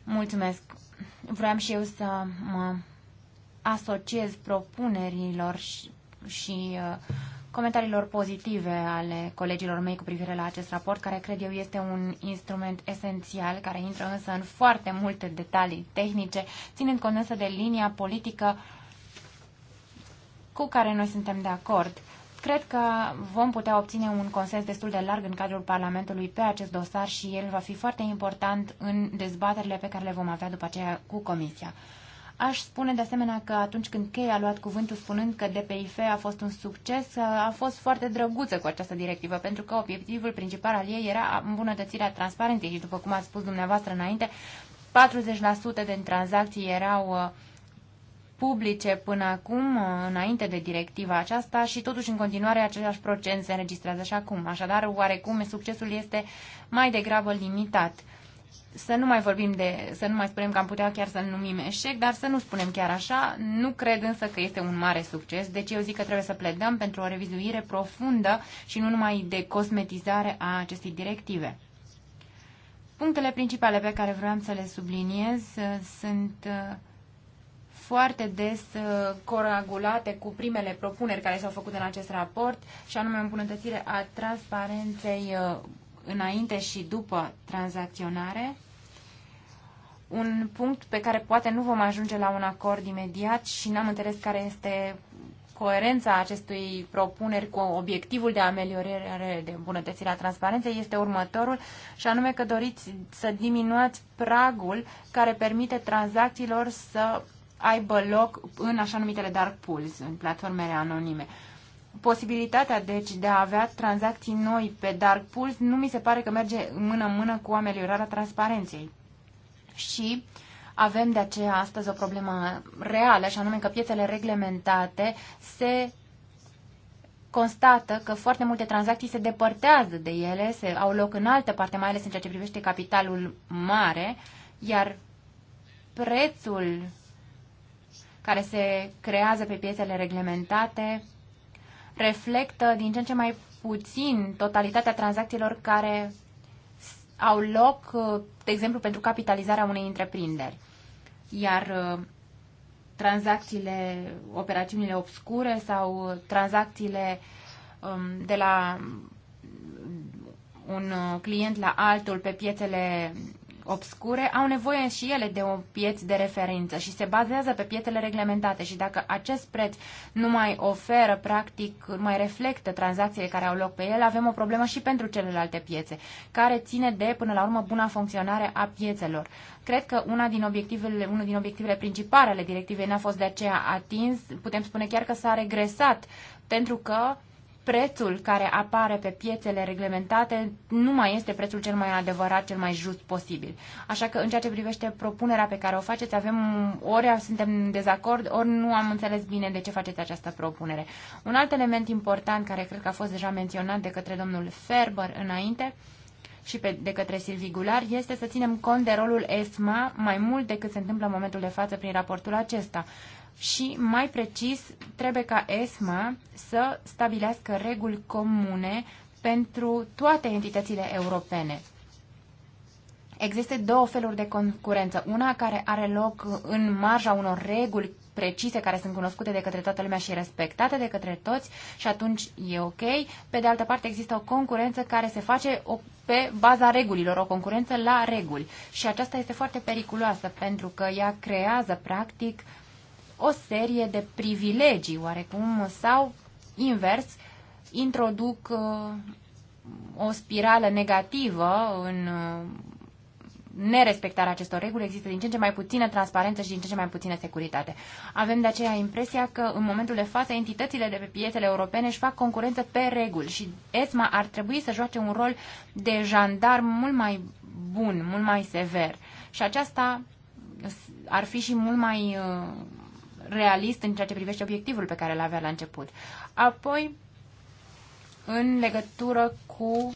Mulțumesc! Vreau și eu să mă asociez propunerilor și, și uh, comentariilor pozitive ale colegilor mei cu privire la acest raport, care cred eu este un instrument esențial, care intră însă în foarte multe detalii tehnice, ținând cont însă de linia politică cu care noi suntem de acord. Cred că vom putea obține un consens destul de larg în cadrul Parlamentului pe acest dosar și el va fi foarte important în dezbaterile pe care le vom avea după aceea cu Comisia. Aș spune de asemenea că atunci când Kay a luat cuvântul spunând că DPIF a fost un succes, a fost foarte drăguță cu această directivă, pentru că obiectivul principal al ei era îmbunătățirea transparenței și, după cum ați spus dumneavoastră înainte, 40% din tranzacții erau uh, publice până acum, uh, înainte de directiva aceasta și totuși în continuare același procent se înregistrează și acum. Așadar, oarecum, succesul este mai degrabă limitat să nu mai vorbim de, să nu mai spunem că am putea chiar să-l numim eșec, dar să nu spunem chiar așa. Nu cred însă că este un mare succes, deci eu zic că trebuie să pledăm pentru o revizuire profundă și nu numai de cosmetizare a acestei directive. Punctele principale pe care vreau să le subliniez uh, sunt uh, foarte des uh, coragulate cu primele propuneri care s-au făcut în acest raport, și anume îmbunătățire a transparenței înainte și după tranzacționare, un punct pe care poate nu vom ajunge la un acord imediat și n-am înțeles care este coerența acestui propuneri cu obiectivul de ameliorare de îmbunătățirea transparenței este următorul, și anume că doriți să diminuați pragul care permite tranzacțiilor să aibă loc în așa numitele dark pools, în platformele anonime. Posibilitatea, deci, de a avea tranzacții noi pe dark pools nu mi se pare că merge mână-mână cu ameliorarea transparenței și avem de aceea astăzi o problemă reală, și anume că piețele reglementate se constată că foarte multe tranzacții se depărtează de ele, se au loc în altă parte, mai ales în ceea ce privește capitalul mare, iar prețul care se creează pe piețele reglementate reflectă din ce în ce mai puțin totalitatea tranzacțiilor care au loc, uh, de exemplu, pentru capitalizarea unei întreprinderi. Iar uh, tranzacțiile, operațiunile obscure sau uh, tranzacțiile um, de la un client la altul pe piețele obscure au nevoie și ele de o pieț de referință și se bazează pe pietele reglementate și dacă acest preț nu mai oferă, practic, nu mai reflectă tranzacțiile care au loc pe el, avem o problemă și pentru celelalte piețe, care ține de, până la urmă, buna funcționare a piețelor. Cred că una din obiectivele, unul din obiectivele principale ale directivei n-a fost de aceea atins, putem spune chiar că s-a regresat, pentru că prețul care apare pe piețele reglementate nu mai este prețul cel mai adevărat, cel mai just posibil. Așa că în ceea ce privește propunerea pe care o faceți, avem ori suntem în dezacord, ori nu am înțeles bine de ce faceți această propunere. Un alt element important care cred că a fost deja menționat de către domnul Ferber înainte, și pe, de către Silvi Gular este să ținem cont de rolul ESMA mai mult decât se întâmplă în momentul de față prin raportul acesta și, mai precis, trebuie ca ESMA să stabilească reguli comune pentru toate entitățile europene. Există două feluri de concurență. Una care are loc în marja unor reguli precise care sunt cunoscute de către toată lumea și respectate de către toți și atunci e ok. Pe de altă parte există o concurență care se face o, pe baza regulilor, o concurență la reguli. Și aceasta este foarte periculoasă pentru că ea creează practic uh, o serie de privilegii oarecum sau invers introduc uh, o spirală negativă în uh, nerespectarea acestor reguli, există din ce în ce mai puțină transparență și din ce în ce mai puțină securitate. Avem de aceea impresia că în momentul de față entitățile de pe piețele europene își fac concurență pe reguli și ESMA ar trebui să joace un rol de jandarm mult mai bun, mult mai sever. Și aceasta ar fi și mult mai uh, realist în ceea ce privește obiectivul pe care îl avea la început. Apoi, în legătură cu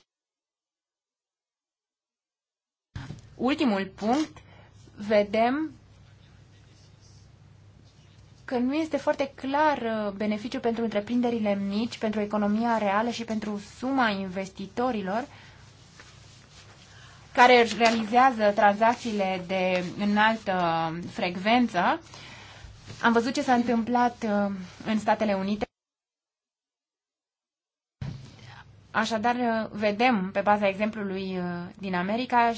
ultimul punct, vedem că nu este foarte clar uh, beneficiul pentru întreprinderile mici, pentru economia reală și pentru suma investitorilor care realizează tranzacțiile de înaltă frecvență am văzut ce s-a întâmplat uh, în Statele Unite. Așadar, uh, vedem, pe baza exemplului uh, din America,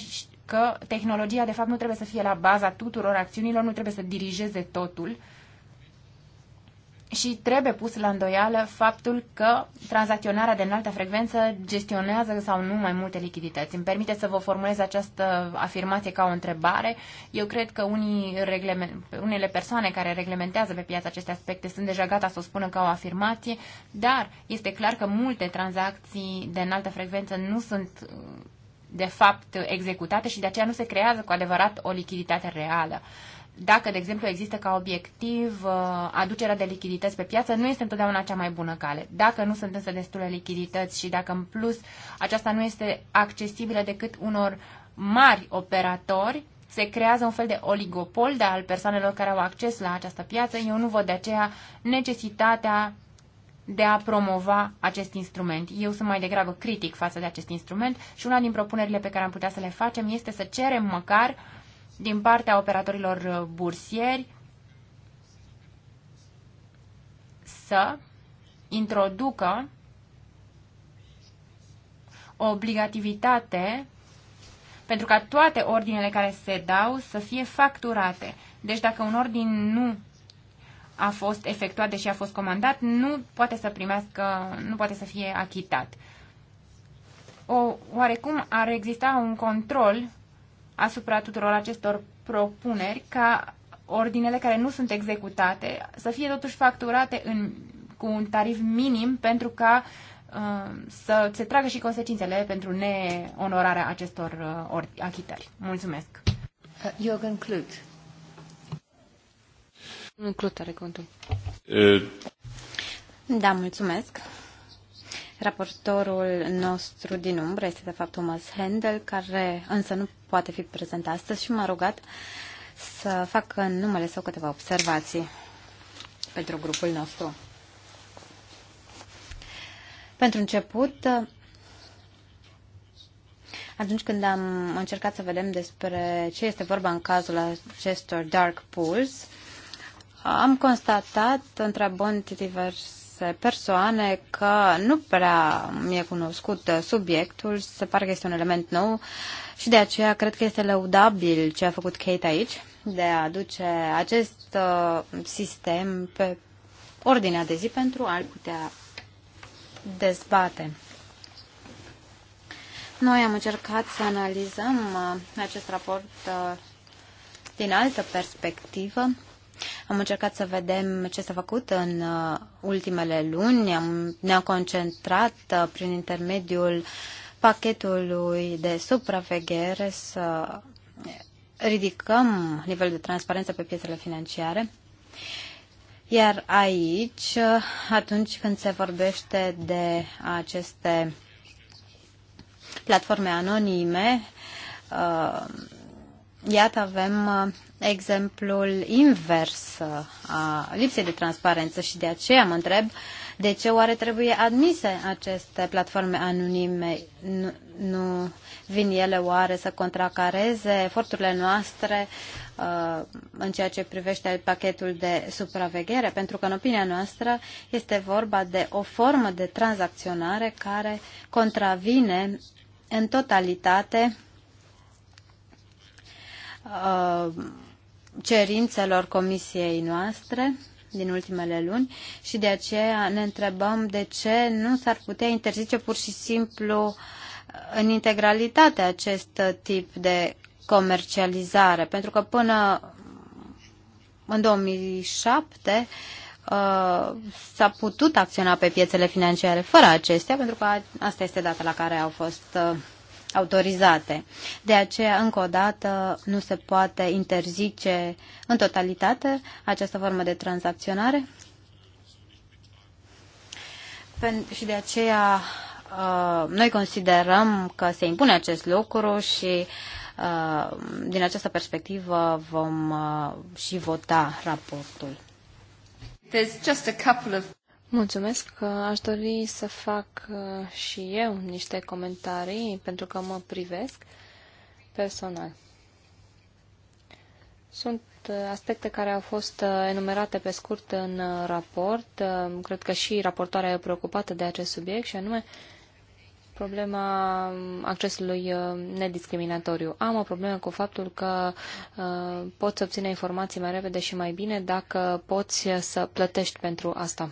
că tehnologia, de fapt, nu trebuie să fie la baza tuturor acțiunilor, nu trebuie să dirigeze totul, și trebuie pus la îndoială faptul că tranzacționarea de înaltă frecvență gestionează sau nu mai multe lichidități. Îmi permite să vă formulez această afirmație ca o întrebare. Eu cred că unii unele persoane care reglementează pe piață aceste aspecte sunt deja gata să o spună ca o afirmație, dar este clar că multe tranzacții de înaltă frecvență nu sunt de fapt executate și de aceea nu se creează cu adevărat o lichiditate reală dacă, de exemplu, există ca obiectiv uh, aducerea de lichidități pe piață, nu este întotdeauna cea mai bună cale. Dacă nu sunt însă destule lichidități și dacă, în plus, aceasta nu este accesibilă decât unor mari operatori, se creează un fel de oligopol de al persoanelor care au acces la această piață. Eu nu văd de aceea necesitatea de a promova acest instrument. Eu sunt mai degrabă critic față de acest instrument și una din propunerile pe care am putea să le facem este să cerem măcar uh, din partea operatorilor uh, bursieri să introducă o obligativitate pentru ca toate ordinele care se dau să fie facturate. Deci dacă un ordin nu a fost efectuat, deși a fost comandat, nu poate să primească, nu poate să fie achitat. O, oarecum ar exista un control asupra tuturor acestor propuneri ca ordinele care nu sunt executate să fie totuși facturate în, cu un tarif minim pentru ca uh, să se tragă și consecințele pentru neonorarea acestor uh, achitări. Mulțumesc. Uh, Jürgen Klut. Klut are contul. Da, mulțumesc. Raportorul nostru din umbră este de fapt Thomas Handel, care însă nu poate fi prezent astăzi și m-a rugat să fac în numele său câteva observații pentru grupul nostru. Pentru început, atunci când am încercat să vedem despre ce este vorba în cazul acestor dark pools, am constatat, întrebând divers diverse persoane că nu prea mi-e cunoscut subiectul, se pare că este un element nou și de aceea cred că este lăudabil ce a făcut Kate aici de a aduce acest uh, sistem pe ordinea de zi pentru a-l putea dezbate. Noi am încercat să analizăm uh, acest raport uh, din altă perspectivă, am încercat să vedem ce s-a făcut în uh, ultimele luni. Am, ne-am concentrat uh, prin intermediul pachetului de supraveghere să ridicăm nivelul de transparență pe piețele financiare. Iar aici, uh, atunci când se vorbește de aceste platforme anonime, iată avem exemplul invers uh, a lipsei de transparență și de aceea mă întreb de ce oare trebuie admise aceste platforme anonime? Nu, nu vin ele oare să contracareze eforturile noastre uh, în ceea ce privește pachetul de supraveghere? Pentru că, în opinia noastră, este vorba de o formă de tranzacționare care contravine în totalitate uh, cerințelor comisiei noastre din ultimele luni și de aceea ne întrebăm de ce nu s-ar putea interzice pur și simplu uh, în integralitate acest uh, tip de comercializare, pentru că până mm, în 2007 uh, s-a putut acționa pe piețele financiare fără acestea, pentru că asta este data la care au fost autorizate. De aceea, încă o dată, nu se poate interzice în totalitate această formă de tranzacționare. Și de aceea uh, noi considerăm că se impune acest lucru și uh, din această perspectivă vom uh, și vota raportul. There's just a couple of Mulțumesc. Aș dori să fac uh, și eu niște comentarii pentru că mă privesc personal. Sunt uh, aspecte care au fost uh, enumerate pe scurt în raport. Cred că și raportoarea e preocupată de acest subiect și anume problema um, accesului nediscriminatoriu. Am o problemă cu faptul că poți obține informații mai repede și mai bine dacă poți să plătești pentru asta.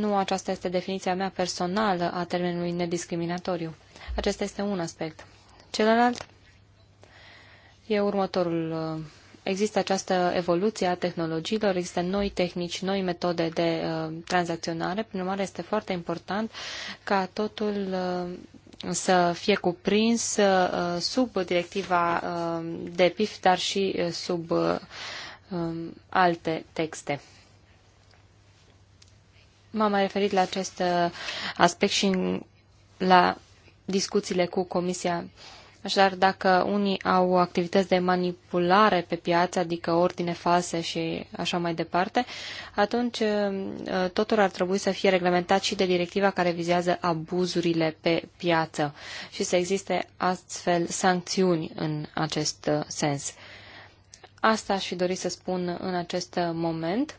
Nu aceasta este definiția mea personală a termenului nediscriminatoriu. Acesta este un aspect. Celălalt e următorul. Există această evoluție a tehnologiilor, există noi tehnici, noi metode de uh, tranzacționare, prin urmare este foarte important ca totul uh, să fie cuprins uh, sub directiva uh, de PIF, dar și uh, sub uh, um, alte texte. M-am mai referit la acest uh, aspect și la discuțiile cu Comisia. Așadar, dacă unii au activități de manipulare pe piață, adică ordine false și așa mai departe, atunci uh, totul ar trebui să fie reglementat și de directiva care vizează abuzurile pe piață și să existe astfel sancțiuni în acest uh, sens. Asta aș fi dorit să spun în acest moment.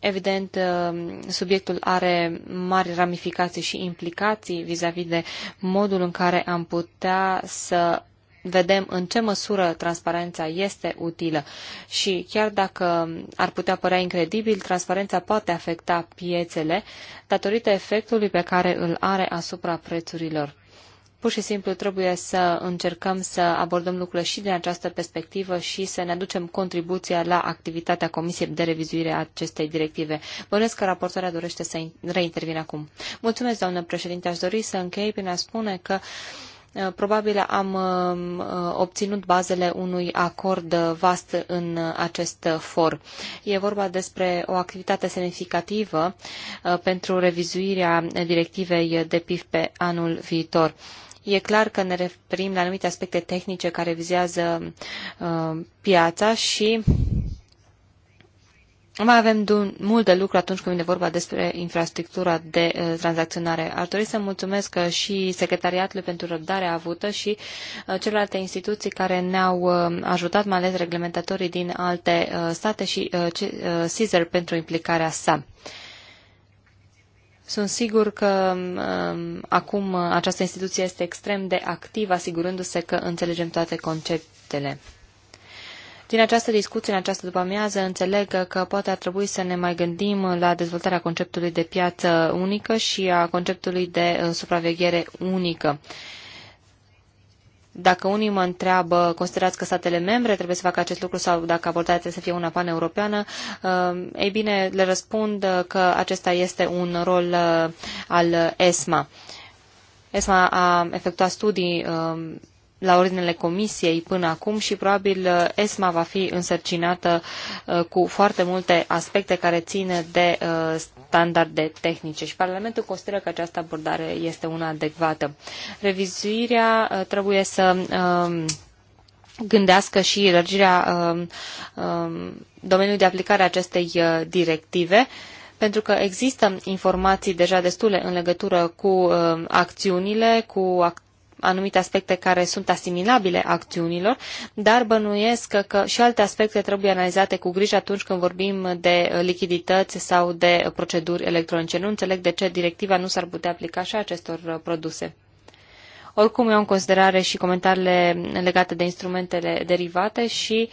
Evident, uh, subiectul are mari ramificații și implicații vis-a-vis -vis de modul în care am putea să vedem în ce măsură transparența este utilă. Și chiar dacă ar putea părea incredibil, transparența poate afecta piețele datorită efectului pe care îl are asupra prețurilor. Pur și simplu trebuie să încercăm să abordăm lucrurile și din această perspectivă și să ne aducem contribuția la activitatea Comisiei de revizuire a acestei directive. Bănuiesc că raportoarea dorește să reintervină acum. Mulțumesc, doamnă președinte. Aș dori să închei prin a spune că uh, probabil am uh, uh, obținut bazele unui acord vast în acest for. E vorba despre o activitate semnificativă pentru revizuirea directivei de PIF pe anul viitor. E clar că ne referim la anumite aspecte tehnice care vizează uh, piața și mai avem mult de lucru atunci când vine vorba despre infrastructura de uh, tranzacționare. Aș dori să mulțumesc uh, și secretariatului pentru răbdarea avută și uh, celelalte instituții care ne-au uh, ajutat, mai ales reglementatorii din alte uh, state și uh, CISER uh, pentru implicarea sa. Uh, sunt sigur că um, acum uh, această instituție este extrem de activă, asigurându-se că înțelegem toate conceptele. Din această discuție, în această după-amiază, înțeleg că poate ar trebui să ne mai gândim la dezvoltarea conceptului de piață unică și a conceptului de uh, supraveghere unică. Uh, dacă unii mă întreabă, considerați că statele membre trebuie să facă acest lucru sau dacă abordarea trebuie să fie una paneuropeană, uh, ei bine, le răspund uh, că acesta este un rol uh, al ESMA. ESMA a efectuat studii la ordinele comisiei până acum și probabil uh, ESMA va fi însărcinată uh, cu foarte multe aspecte care țin de uh, standarde tehnice și Parlamentul consideră că această abordare este una adecvată. Revizuirea trebuie să um, gândească și lărgirea um, um, domeniului de aplicare a acestei directive pentru că există informații deja destule în legătură cu acțiunile, cu act anumite aspecte care sunt asimilabile acțiunilor, dar bănuiesc că și alte aspecte trebuie analizate cu grijă atunci când vorbim de lichidități sau de proceduri electronice. Nu înțeleg de ce directiva nu s-ar putea aplica și acestor produse. Oricum, iau în considerare și comentariile legate de instrumentele derivate și uh,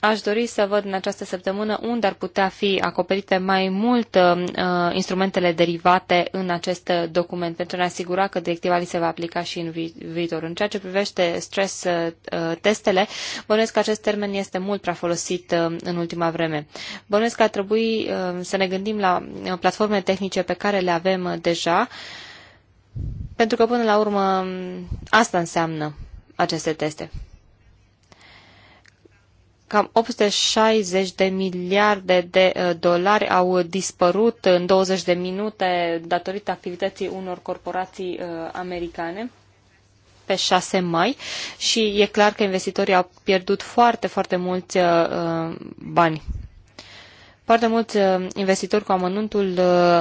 Aș dori să văd în această săptămână unde ar putea fi acoperite mai mult uh, instrumentele derivate în acest document, pentru a ne asigura că directiva li se va aplica și în vi viitor. În ceea ce privește stress uh, testele, bănuiesc că acest termen este mult prea folosit uh, în ultima vreme. Bănuiesc că ar trebui uh, să ne gândim la uh, platforme tehnice pe care le avem uh, deja, pentru că până la urmă um, asta înseamnă aceste teste cam 860 de miliarde de uh, dolari au dispărut în 20 de minute datorită activității unor corporații uh, americane pe 6 mai și e clar că investitorii au pierdut foarte, foarte mulți uh, bani. Foarte mulți investitori cu amănuntul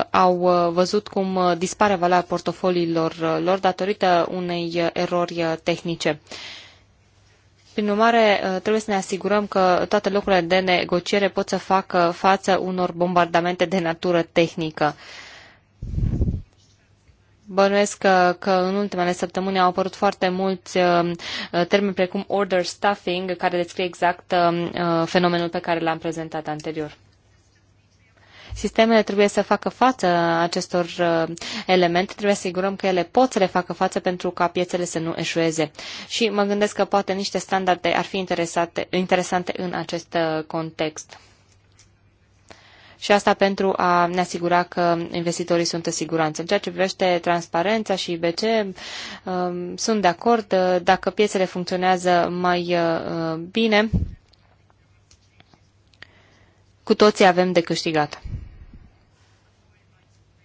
au văzut cum dispare valoarea portofoliilor lor datorită unei erori tehnice. Prin urmare, uh, trebuie să ne asigurăm că toate locurile de negociere pot să facă față unor bombardamente de natură tehnică. Bănuiesc că, că în ultimele săptămâni au apărut foarte mulți uh, uh termeni precum order stuffing, care descrie exact uh, uh fenomenul pe care l-am prezentat anterior. Sistemele trebuie să facă față acestor uh, elemente, trebuie să asigurăm că ele pot să le facă față pentru ca piețele să nu eșueze. Și mă gândesc că poate niște standarde ar fi interesate, interesante în acest uh, context. Și asta pentru a ne asigura că investitorii sunt în siguranță. În ceea ce privește transparența și IBC, um, sunt de acord. Dacă piețele funcționează mai uh, bine, cu toții avem de câștigat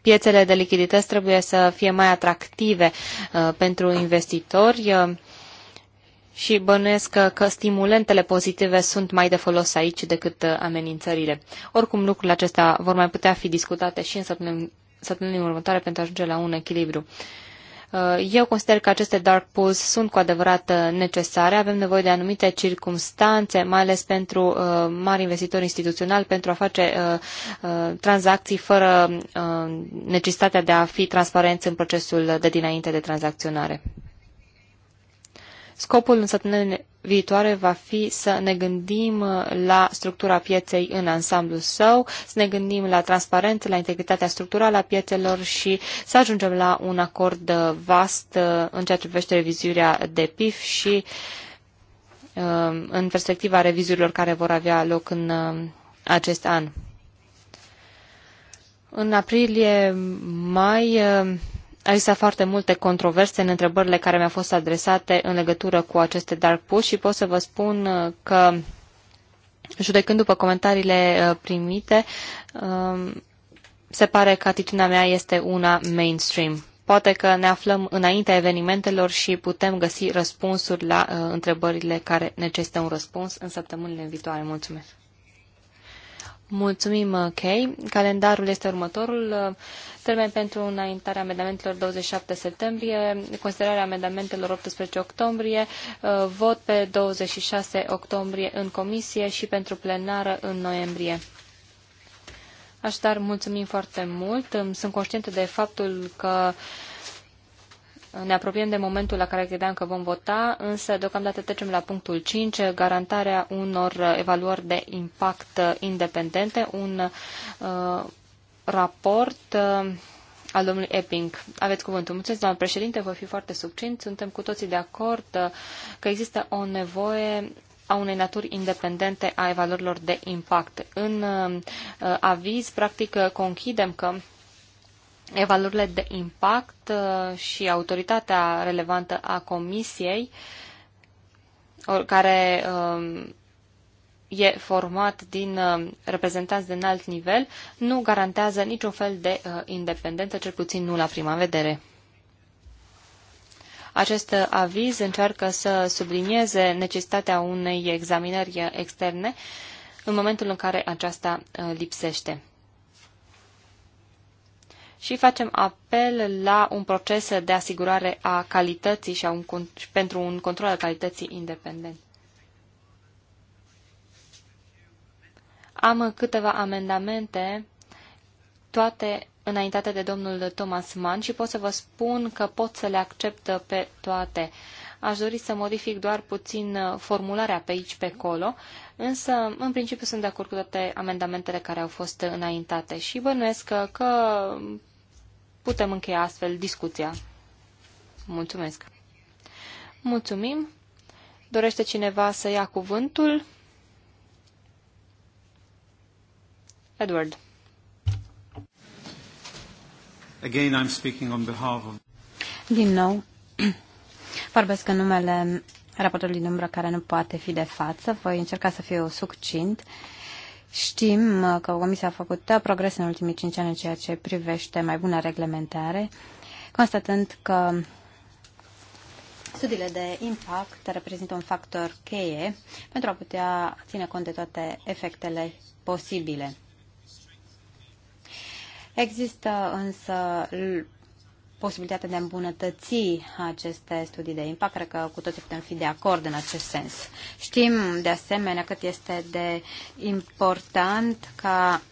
piețele de lichidități trebuie să fie mai atractive uh, pentru investitori uh, și bănuiesc că, că stimulentele pozitive sunt mai de folos aici decât uh, amenințările. Oricum, lucrurile acestea vor mai putea fi discutate și în săptămâna următoare pentru a ajunge la un echilibru. Uh, eu consider că aceste dark pools sunt cu adevărat uh, necesare. Avem nevoie de anumite circumstanțe, mai ales pentru uh, mari investitori instituționali, pentru a face tranzacții fără necesitatea de a fi transparenți în procesul de dinainte de tranzacționare. Scopul în săptămâna viitoare va fi să ne gândim uh, la structura pieței în ansamblu său, să ne gândim la transparență, la integritatea structurală a piețelor și să ajungem la un acord uh, vast uh, în ceea ce privește revizuirea de PIF și în perspectiva revizurilor care vor avea loc în acest an. În aprilie, mai, au existat foarte multe controverse în întrebările care mi-au fost adresate în legătură cu aceste dark pools și pot să vă spun uh, că, judecând după comentariile uh, primite, um, se pare că atitudinea mea este una mainstream. Poate că ne aflăm înaintea evenimentelor și putem găsi răspunsuri la uh, întrebările care necesită un răspuns în săptămânile viitoare. Mulțumesc! Mulțumim, uh, Kay. Calendarul este următorul. Uh, termen pentru înaintarea amendamentelor 27 septembrie, considerarea amendamentelor 18 octombrie, uh, vot pe 26 octombrie în comisie și pentru plenară în noiembrie. Așadar, mulțumim foarte mult. Sunt conștientă de faptul că uh, ne apropiem de momentul la care credeam că vom vota, însă deocamdată trecem la punctul 5, garantarea unor evaluări de impact independente, un uh, raport uh, al domnului Epping. Aveți cuvântul. Mulțumesc, doamnă președinte, voi fi foarte succint. Suntem cu toții de acord uh, că există o nevoie a unei naturi independente a evaluărilor de impact. În uh, aviz, practic, conchidem că evaluările de impact uh, și autoritatea relevantă a comisiei care um, e format din uh, reprezentanți de înalt nivel, nu garantează niciun fel de uh, independență, cel puțin nu la prima vedere. Acest aviz încearcă să sublinieze necesitatea unei examinări externe în momentul în care aceasta lipsește și facem apel la un proces de asigurare a calității și, a un, și pentru un control al calității independent. Am câteva amendamente, toate înaintate de domnul Thomas Mann și pot să vă spun că pot să le accept pe toate. Aș dori să modific doar puțin formularea pe aici, pe acolo, însă, în principiu, sunt de acord cu toate amendamentele care au fost înaintate și bănuiesc că, că putem încheia astfel discuția. Mulțumesc! Mulțumim! Dorește cineva să ia cuvântul? Edward. Again, I'm speaking on behalf of... Din nou, vorbesc în numele din umbră care nu poate fi de față. Voi încerca să fiu succint. Uh, Știm uh, că Comisia a făcut uh, progrese în ultimii cinci ani în ceea ce privește mai bună reglementare, constatând că studiile de impact reprezintă un factor cheie pentru a putea ține cont de toate efectele posibile. Există însă posibilitatea de a îmbunătăți aceste studii de impact. Cred că cu toții putem fi de acord în acest sens. Știm de asemenea cât este de important ca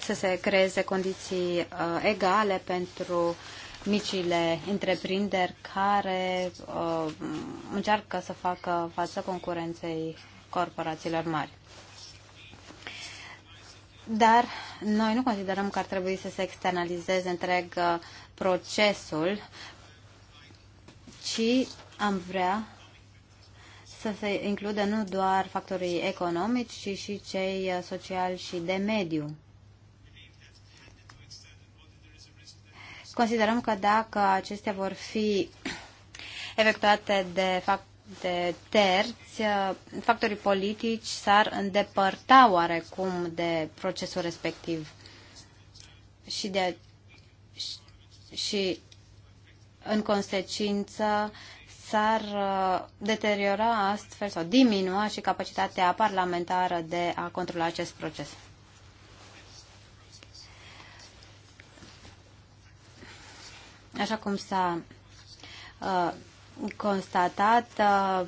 să se creeze condiții uh, egale pentru micile întreprinderi care uh, încearcă să facă față concurenței corporațiilor mari. Dar noi nu considerăm că ar trebui să se externalizeze întreg uh, procesul, ci am vrea să se includă nu doar factorii economici, ci și cei uh, sociali și de mediu. Considerăm că dacă acestea vor fi efectuate de fapt de terți, uh, factorii politici s-ar îndepărta oarecum de procesul respectiv. Și, de, și, și în consecință, s-ar uh, deteriora astfel sau diminua și capacitatea parlamentară de a controla acest proces. Așa cum s-a uh, constatat uh,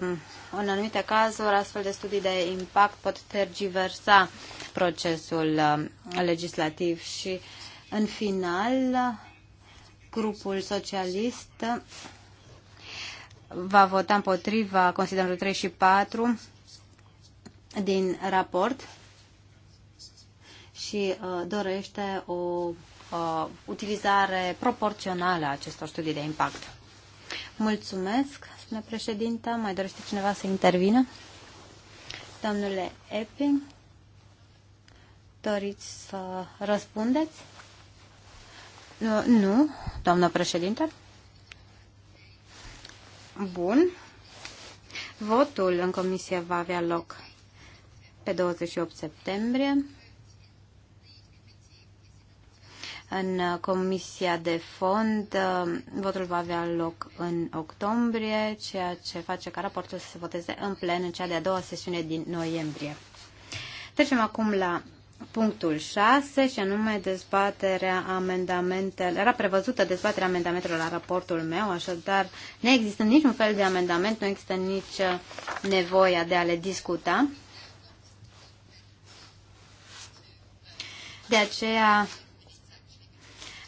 în anumite cazuri astfel de studii de impact pot tergiversa procesul uh, legislativ și în final grupul socialist va vota împotriva considerul 3 și 4 din raport și uh, dorește o uh, utilizare proporțională a acestor studii de impact. Mulțumesc, spune președinta. Mai dorește cineva să intervină? Domnule Epping, doriți să răspundeți? Nu, nu doamnă președinte. Bun. Votul în comisie va avea loc pe 28 septembrie. În uh, Comisia de Fond, uh, votul va avea loc în octombrie, ceea ce face ca raportul să se voteze în plen în cea de-a doua sesiune din noiembrie. Trecem acum la punctul 6 și anume dezbaterea amendamentelor. Era prevăzută dezbaterea amendamentelor la raportul meu, așadar nu există niciun fel de amendament, nu există nici uh, nevoia de a le discuta. De aceea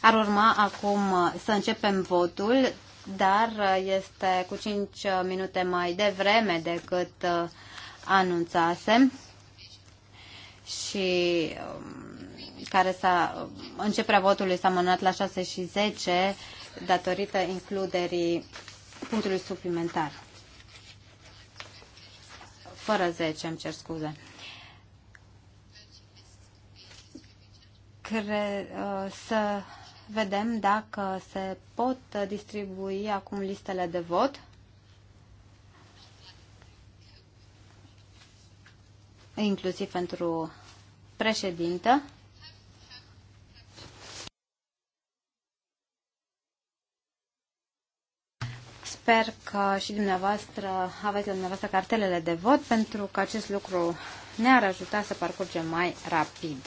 ar urma acum uh, să începem votul, dar uh, este cu 5 uh, minute mai devreme decât anunțasem și um, care s-a, începerea votului s-a mânat la 6 și 10 datorită includerii punctului suplimentar. Fără 10, îmi cer scuze. Cred, uh, să vedem dacă se pot distribui acum listele de vot. inclusiv pentru președintă. Sper că și dumneavoastră aveți la dumneavoastră cartelele de vot pentru că acest lucru ne-ar ajuta să parcurgem mai rapid.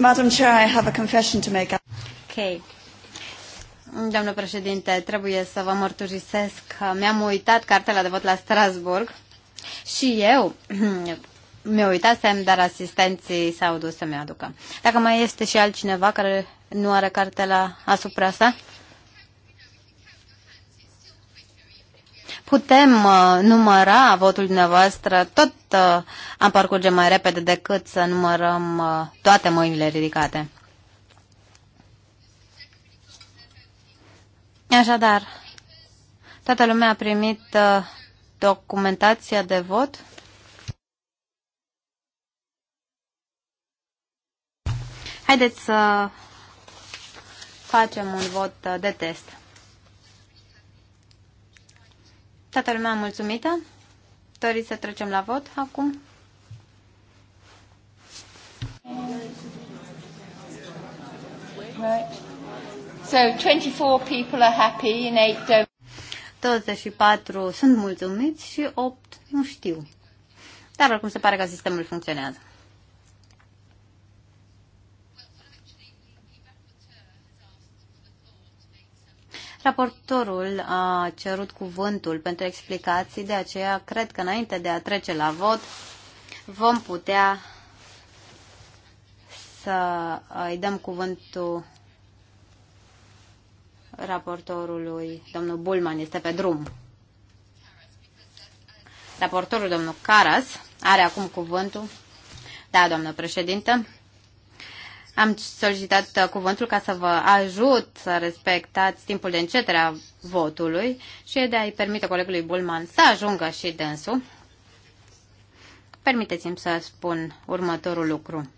Madam Chair, I have a confession to make. Okay. Doamnă președinte, trebuie să vă mărturisesc că mi-am uitat cartela de vot la Strasburg și eu mi uitat uitasem, dar asistenții s-au dus să-mi aducă. Dacă mai este și altcineva care nu are cartela asupra sa? putem uh, număra votul dumneavoastră, tot uh, am parcurge mai repede decât să numărăm uh, toate mâinile ridicate. Așadar, toată lumea a primit uh, documentația de vot. Haideți să facem un vot uh, de test. Toată lumea mulțumită? Doriți să trecem la vot acum? Right. So 24 people are happy and 8 don't. 24 sunt mulțumiți și 8 nu știu. Dar oricum se pare că sistemul funcționează. Raportorul a cerut cuvântul pentru explicații, de aceea cred că înainte de a trece la vot vom putea să îi dăm cuvântul raportorului. Domnul Bulman este pe drum. Raportorul, domnul Caras, are acum cuvântul. Da, doamnă președintă. Am solicitat uh, cuvântul ca să vă ajut să respectați timpul de încetere a votului și de a-i permite colegului Bulman să ajungă și dânsul. Permiteți-mi să spun următorul lucru.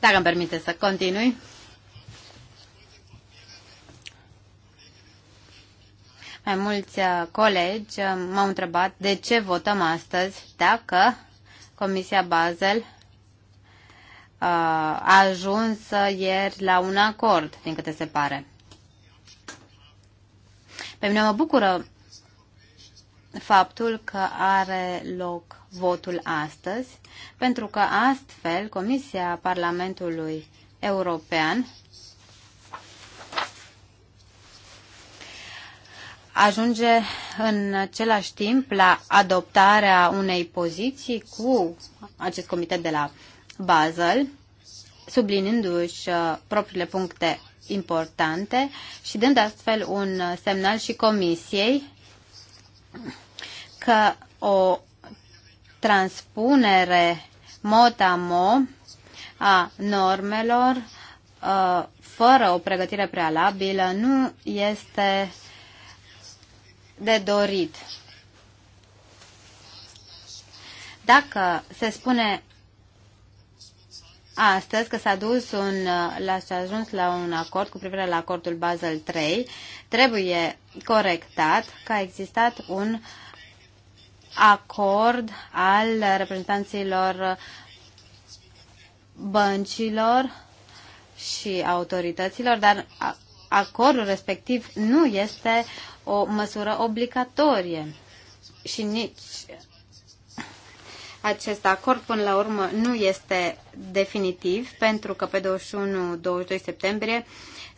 Dacă îmi permite să continui. Mai mulți uh, colegi uh, m-au întrebat de ce votăm astăzi dacă Comisia Basel uh, a ajuns ieri la un acord, din câte se pare. Pe mine mă bucură faptul că are loc votul astăzi, pentru că astfel Comisia Parlamentului European ajunge în același timp la adoptarea unei poziții cu acest comitet de la Basel, sublinindu-și uh, propriile puncte importante și dând astfel un semnal și comisiei că o transpunere motamo a normelor uh, fără o pregătire prealabilă nu este de dorit. Dacă se spune astăzi că s-a dus un, la, s-a ajuns la un acord cu privire la acordul Basel 3, trebuie corectat că a existat un acord al reprezentanților băncilor și autorităților, dar acordul respectiv nu este o măsură obligatorie și nici acest acord până la urmă nu este definitiv pentru că pe 21-22 septembrie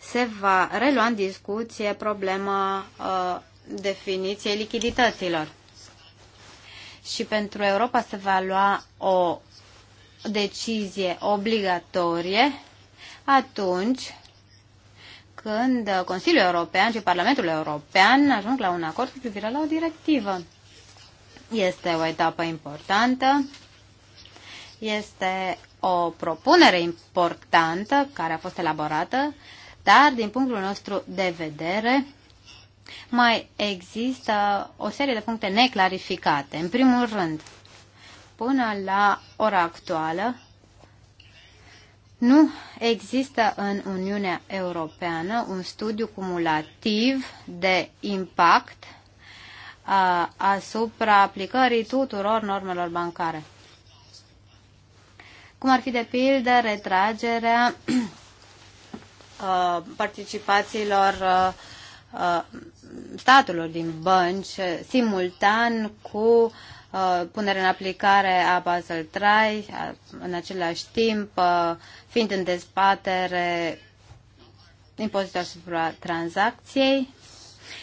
se va relua în discuție problema uh, definiției lichidităților. Și pentru Europa se va lua o decizie obligatorie atunci când Consiliul European și Parlamentul European ajung la un acord cu privire la o directivă. Este o etapă importantă, este o propunere importantă care a fost elaborată, dar din punctul nostru de vedere mai există o serie de puncte neclarificate. În primul rând, până la ora actuală, nu există în Uniunea Europeană un studiu cumulativ de impact uh, asupra aplicării tuturor normelor bancare. Cum ar fi de pildă retragerea uh, participațiilor uh, statelor din bănci simultan cu uh, Uh, punere în aplicare a Basel III, în același timp uh, fiind în dezbatere impozitul asupra tranzacției.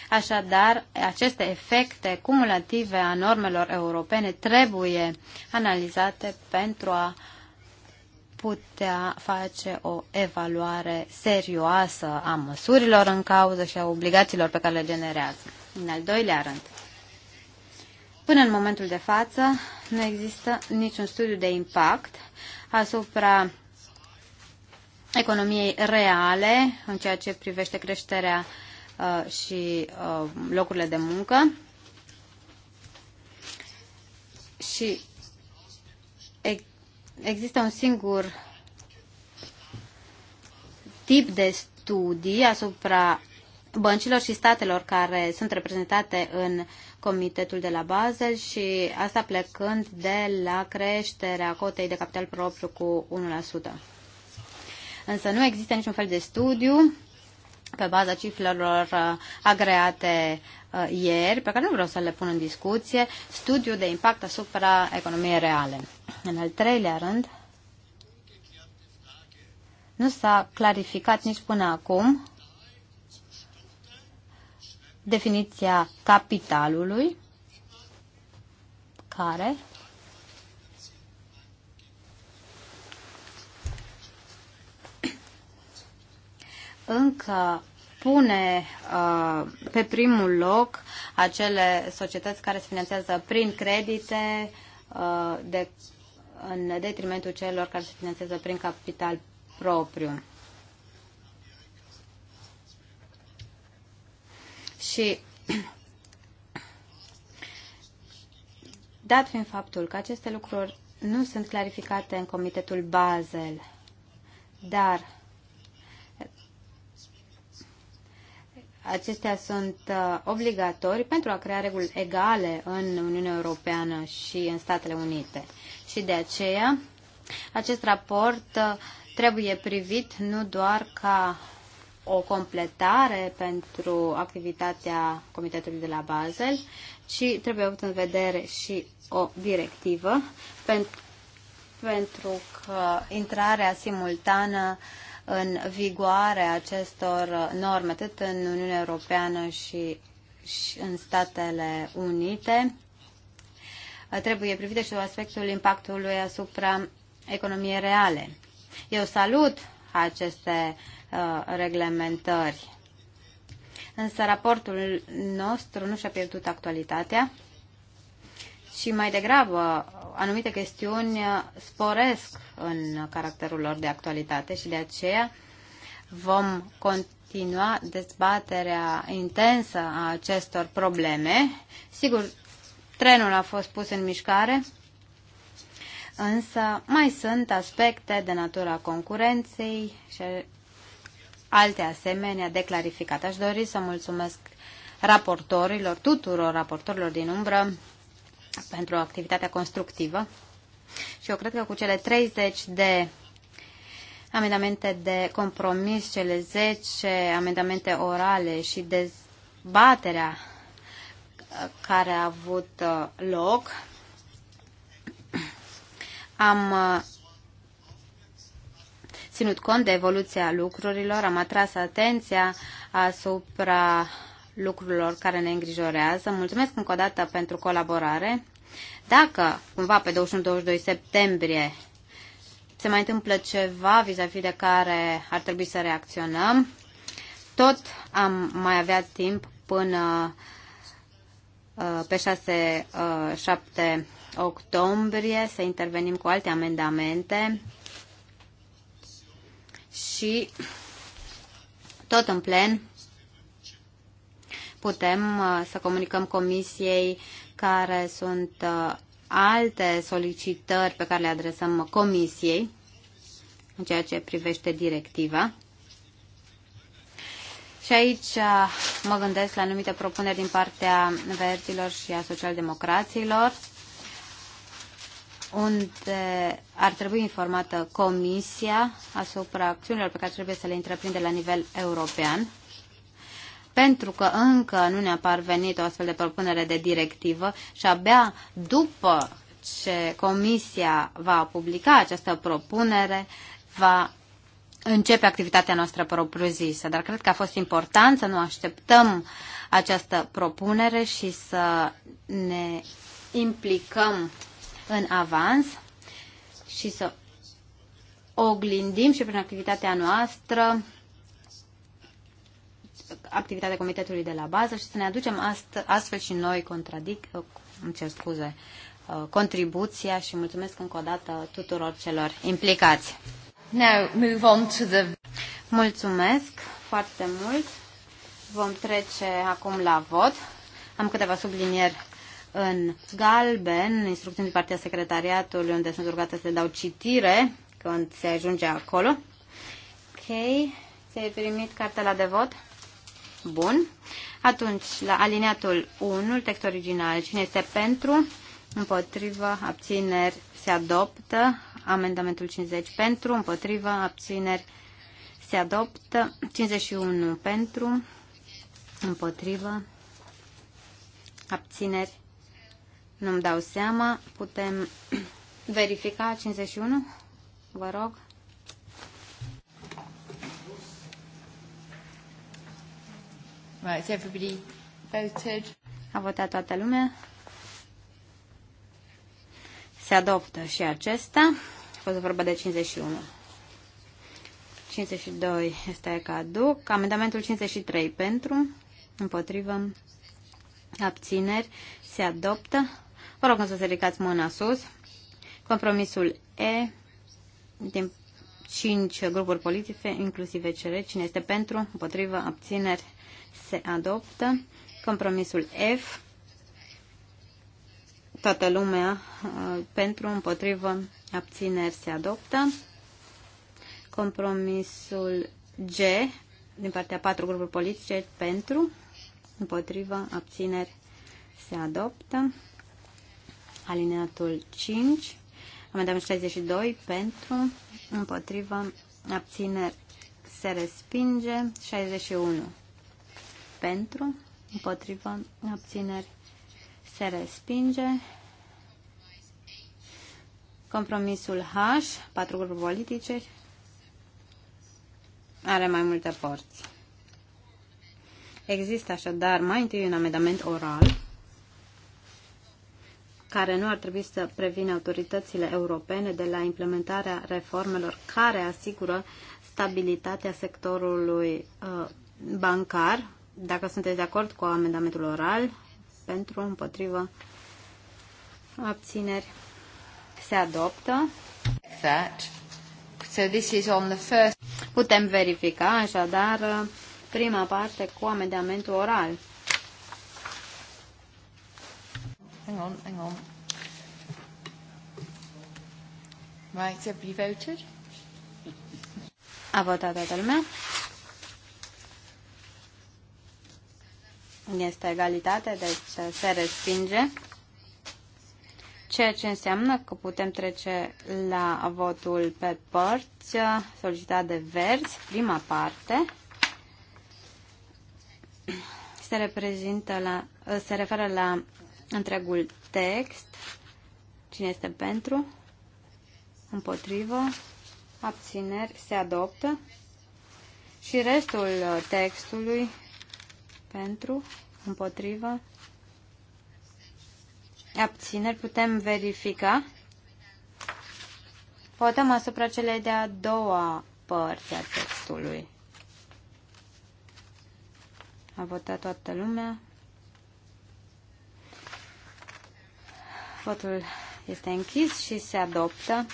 Așadar, aceste efecte cumulative a normelor europene trebuie analizate pentru a putea face o evaluare serioasă a măsurilor în cauză și a obligațiilor pe care le generează. În al doilea rând, Până în momentul de față nu există niciun studiu de impact asupra economiei reale în ceea ce privește creșterea uh, și uh, locurile de muncă. Și e- există un singur tip de studii asupra băncilor și statelor care sunt reprezentate în comitetul de la Basel și asta plecând de la creșterea cotei de capital propriu cu 1%. Însă nu există niciun fel de studiu pe baza cifrelor uh, agreate uh, ieri, pe care nu vreau să le pun în discuție, studiu de impact asupra economiei reale. În al treilea rând, nu s-a clarificat nici până acum definiția capitalului, care încă pune uh, pe primul loc acele societăți care se finanțează prin credite uh, de, în detrimentul celor care se finanțează prin capital propriu. Și dat fiind faptul că aceste lucruri nu sunt clarificate în Comitetul Basel, dar acestea sunt uh, obligatorii pentru a crea reguli egale în Uniunea Europeană și în Statele Unite. Și de aceea, acest raport uh, trebuie privit nu doar ca o completare pentru activitatea Comitetului de la Basel, ci trebuie avut în vedere și o directivă pentru, pentru că intrarea simultană în vigoare acestor norme, atât în Uniunea Europeană și, și în Statele Unite, trebuie privită și aspectul impactului asupra economiei reale. Eu salut aceste Uh, reglementări. Însă raportul nostru nu și-a pierdut actualitatea și mai degrabă anumite chestiuni sporesc în caracterul lor de actualitate și de aceea vom continua dezbaterea intensă a acestor probleme. Sigur, trenul a fost pus în mișcare, însă mai sunt aspecte de natura concurenței și alte asemenea de clarificat. Aș dori să mulțumesc raportorilor, tuturor raportorilor din umbră pentru activitatea constructivă și eu cred că cu cele 30 de amendamente de compromis, cele 10 amendamente orale și dezbaterea uh, care a avut uh, loc, am uh, ținut cont de evoluția lucrurilor, am atras atenția asupra lucrurilor care ne îngrijorează. Mulțumesc încă o dată pentru colaborare. Dacă cumva pe 21-22 septembrie se mai întâmplă ceva vis-a-vis -vis de care ar trebui să reacționăm, tot am mai avea timp până uh, pe 6-7 uh, octombrie să intervenim cu alte amendamente și tot în plen putem uh, să comunicăm comisiei care sunt uh, alte solicitări pe care le adresăm comisiei în ceea ce privește directiva. Și aici uh, mă gândesc la anumite propuneri din partea verzilor și a socialdemocraților unde ar trebui informată Comisia asupra acțiunilor pe care trebuie să le întreprinde la nivel european, pentru că încă nu ne-a parvenit o astfel de propunere de directivă și abia după ce Comisia va publica această propunere, va începe activitatea noastră propriu-zisă. Dar cred că a fost important să nu așteptăm această propunere și să ne implicăm în avans și să oglindim și prin activitatea noastră activitatea comitetului de la bază și să ne aducem ast- astfel și noi contradic, îmi cer scuze, uh, contribuția și mulțumesc încă o dată tuturor celor implicați. Now move on to the... Mulțumesc foarte mult. Vom trece acum la vot. Am câteva sublinieri în galben, instrucțiuni din partea secretariatului, unde sunt rugată să le dau citire când se ajunge acolo. Ok, ți-ai primit cartela de vot? Bun. Atunci, la aliniatul 1, text original, cine este pentru, împotrivă, abțineri, se adoptă. Amendamentul 50 pentru, împotrivă, abțineri, se adoptă. 51 pentru, împotrivă, abțineri, nu-mi dau seama. Putem verifica 51? Vă rog. Right, everybody voted. A votat toată lumea. Se adoptă și acesta. A fost vorba de 51. 52 este caduc. Amendamentul 53 pentru, împotrivă, abțineri, se adoptă. Vă rog să ridicați mâna sus. Compromisul E din 5 grupuri politice, inclusiv CR. Cine este pentru, împotrivă, abțineri, se adoptă. Compromisul F. Toată lumea uh, pentru, împotrivă, abțineri, se adoptă. Compromisul G din partea patru grupuri politice pentru, împotrivă, abțineri, se adoptă alineatul 5, amendament 62 pentru, împotriva, abțineri se respinge, 61 pentru, împotriva, abțineri se respinge, compromisul H, patru grupuri politice, are mai multe porți. Există așadar mai întâi un amendament oral care nu ar trebui să prevină autoritățile europene de la implementarea reformelor care asigură stabilitatea sectorului uh, bancar. Dacă sunteți de acord cu amendamentul oral, pentru, împotrivă, abțineri, se adoptă. That. So this is on the first... Putem verifica, așadar, prima parte cu amendamentul oral. Hang on, hang on. Right, you voted? A votat toată lumea? Este egalitate, deci se respinge. Ceea ce înseamnă că putem trece la votul pe părți solicitat de verzi, prima parte. Se, reprezintă la, se referă la întregul text. Cine este pentru? Împotrivă? Abțineri? Se adoptă. Și restul uh, textului pentru? Împotrivă? Abțineri? Putem verifica. Votăm asupra celei de-a doua părți a textului. A votat toată lumea. Votul este închis și se adoptă.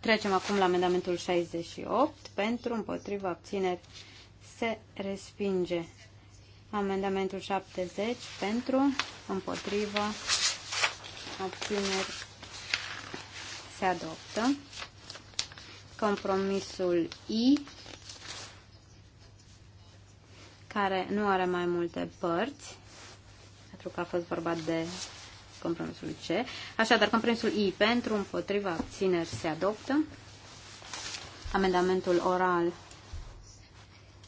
Trecem acum la amendamentul 68. Pentru, împotriva, abțineri, se respinge. Amendamentul 70. Pentru, împotriva, abțineri, se adoptă. Compromisul I, care nu are mai multe părți, pentru că a fost vorba de compromisul C. Așadar, compromisul I pentru, împotriva, abțineri se adoptă. Amendamentul oral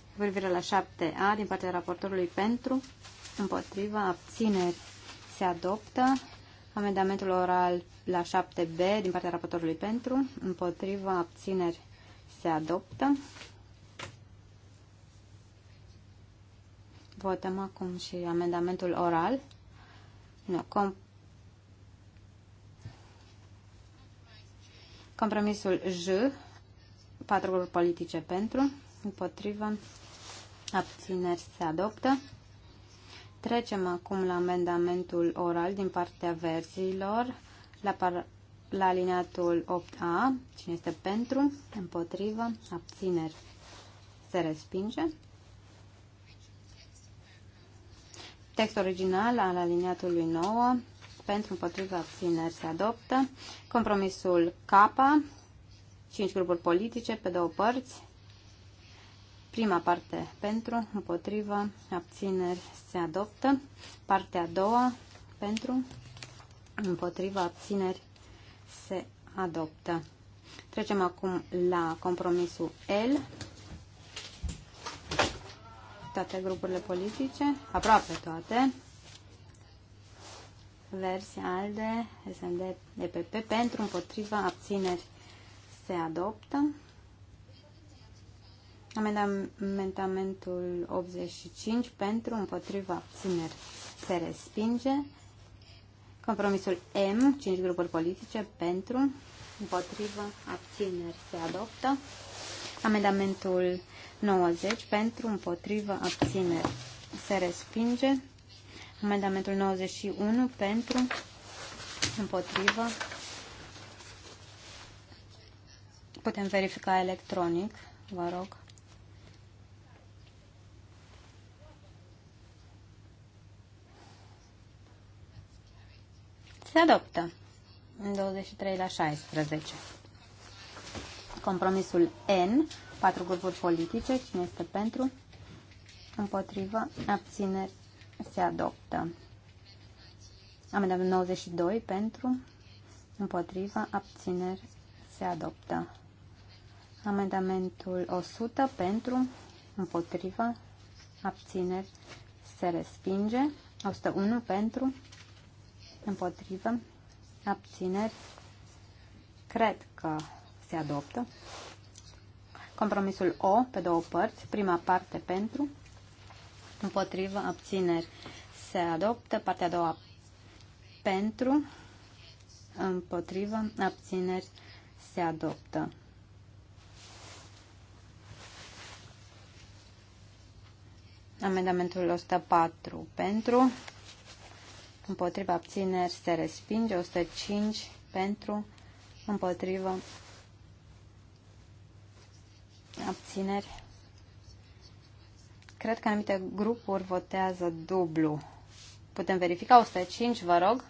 cu privire la 7A din partea raportorului pentru, împotriva, abțineri se adoptă. Amendamentul oral la 7B din partea raportorului pentru, împotriva, abțineri se adoptă. Votăm acum și amendamentul oral. No, com Compromisul J, patru grupuri politice pentru, împotrivă, abțineri se adoptă. Trecem acum la amendamentul oral din partea verzilor, la, par- la alineatul 8A. Cine este pentru, împotrivă, abțineri se respinge. Text original al aliniatului 9 pentru împotriva abțineri se adoptă. Compromisul K, 5 grupuri politice pe două părți. Prima parte pentru, împotriva, abțineri se adoptă. Partea a doua pentru, împotriva, abțineri se adoptă. Trecem acum la compromisul L. Toate grupurile politice, aproape toate, versia ALDE, SND, EPP pentru împotriva abțineri se adoptă. Amendamentul 85 pentru împotriva abțineri se respinge. Compromisul M, 5 grupuri politice pentru împotriva abțineri se adoptă. Amendamentul 90 pentru împotriva abțineri se respinge. Amendamentul 91 pentru, împotrivă. Putem verifica electronic, vă rog. Se adoptă. 23 la 16. Compromisul N, patru grupuri politice, cine este pentru, împotrivă, abțineri, se adoptă. Amendamentul 92 pentru, împotriva, abțineri, se adoptă. Amendamentul 100 pentru, împotriva, abțineri, se respinge. 101 pentru, împotriva, abțineri, cred că se adoptă. Compromisul O pe două părți, prima parte pentru, împotrivă, abțineri se adoptă. Partea a doua pentru, împotrivă, abțineri se adoptă. Amendamentul 104 pentru, Împotrivă abțineri se respinge, 105 pentru, împotrivă abțineri Cred că anumite grupuri votează dublu. Putem verifica 105, vă rog.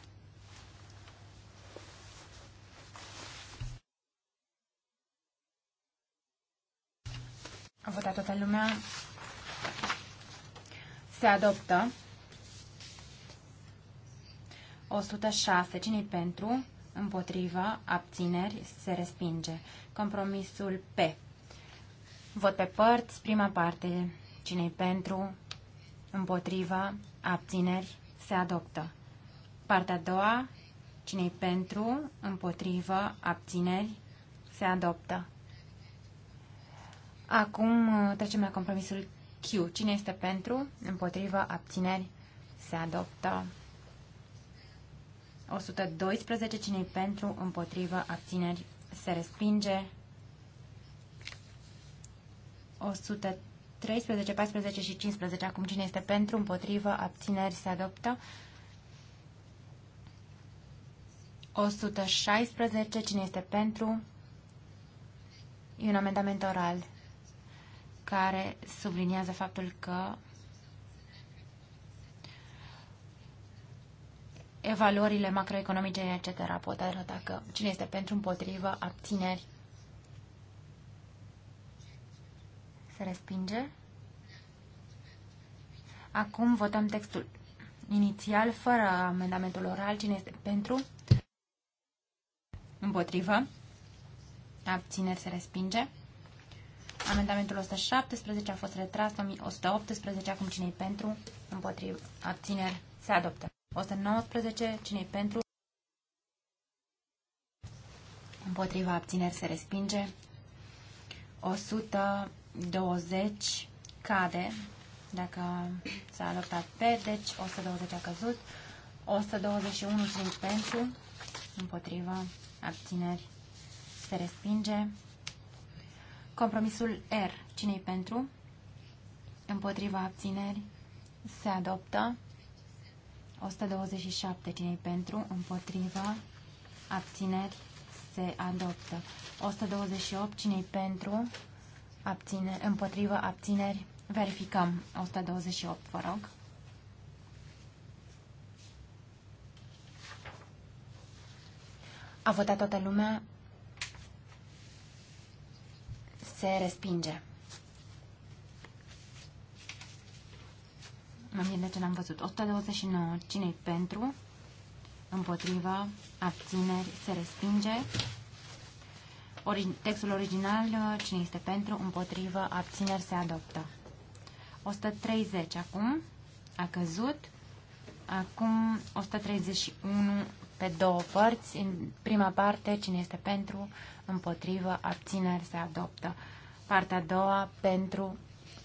A votat toată lumea. Se adoptă. 106. Cine-i pentru? Împotriva. Abțineri. Se respinge. Compromisul P. Vot pe părți. Prima parte cine pentru, împotriva, abțineri, se adoptă. Partea a doua, cine pentru, împotrivă, abțineri, se adoptă. Acum uh, trecem la compromisul Q. Cine este pentru, împotrivă, abțineri, se adoptă. 112. Cine pentru, împotrivă, abțineri, se respinge. 113. 13, 14 și 15. Acum cine este pentru, împotrivă, abțineri se adoptă. 116. Cine este pentru? E un amendament oral care subliniază faptul că evaluările macroeconomice, etc. pot arăta că cine este pentru, împotrivă, abțineri Se respinge. Acum votăm textul inițial, fără amendamentul oral. Cine este pentru? Împotrivă. Abțineri se respinge. Amendamentul 117 a fost retras, 118, acum cine pentru? Împotrivă. Abțineri se adoptă. 119, cine pentru? Împotriva abțineri se respinge. 100 20 cade, dacă s-a adoptat pe, deci 120 a căzut, 121 sunt pentru, împotriva abțineri, se respinge. Compromisul R, cine pentru? Împotriva abțineri, se adoptă. 127, cine pentru? Împotriva abțineri, se adoptă. 128, cine pentru? abține, împotrivă, abțineri, verificăm. 128, vă rog. A votat toată lumea. Se respinge. Mă mir de ce n-am văzut. 129. Cine-i pentru? Împotriva. Abțineri. Se respinge. Ori, textul original, uh, cine este pentru, împotrivă, abțineri se adoptă. 130 acum a căzut. Acum 131 pe două părți. În prima parte, cine este pentru, împotrivă, abțineri se adoptă. Partea a doua, pentru,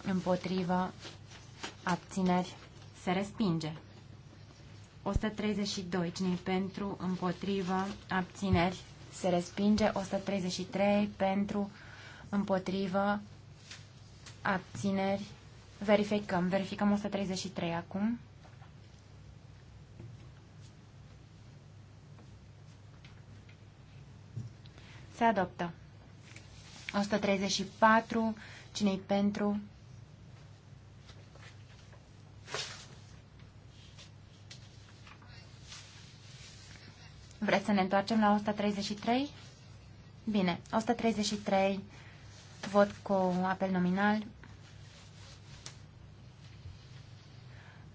împotrivă, abțineri se respinge. 132. cine pentru, împotrivă, abțineri se respinge, 133 pentru, împotrivă, abțineri, verificăm, verificăm 133 acum. Se adoptă. 134, cine pentru, Vreți să ne întoarcem la 133? Bine, 133, vot cu apel nominal.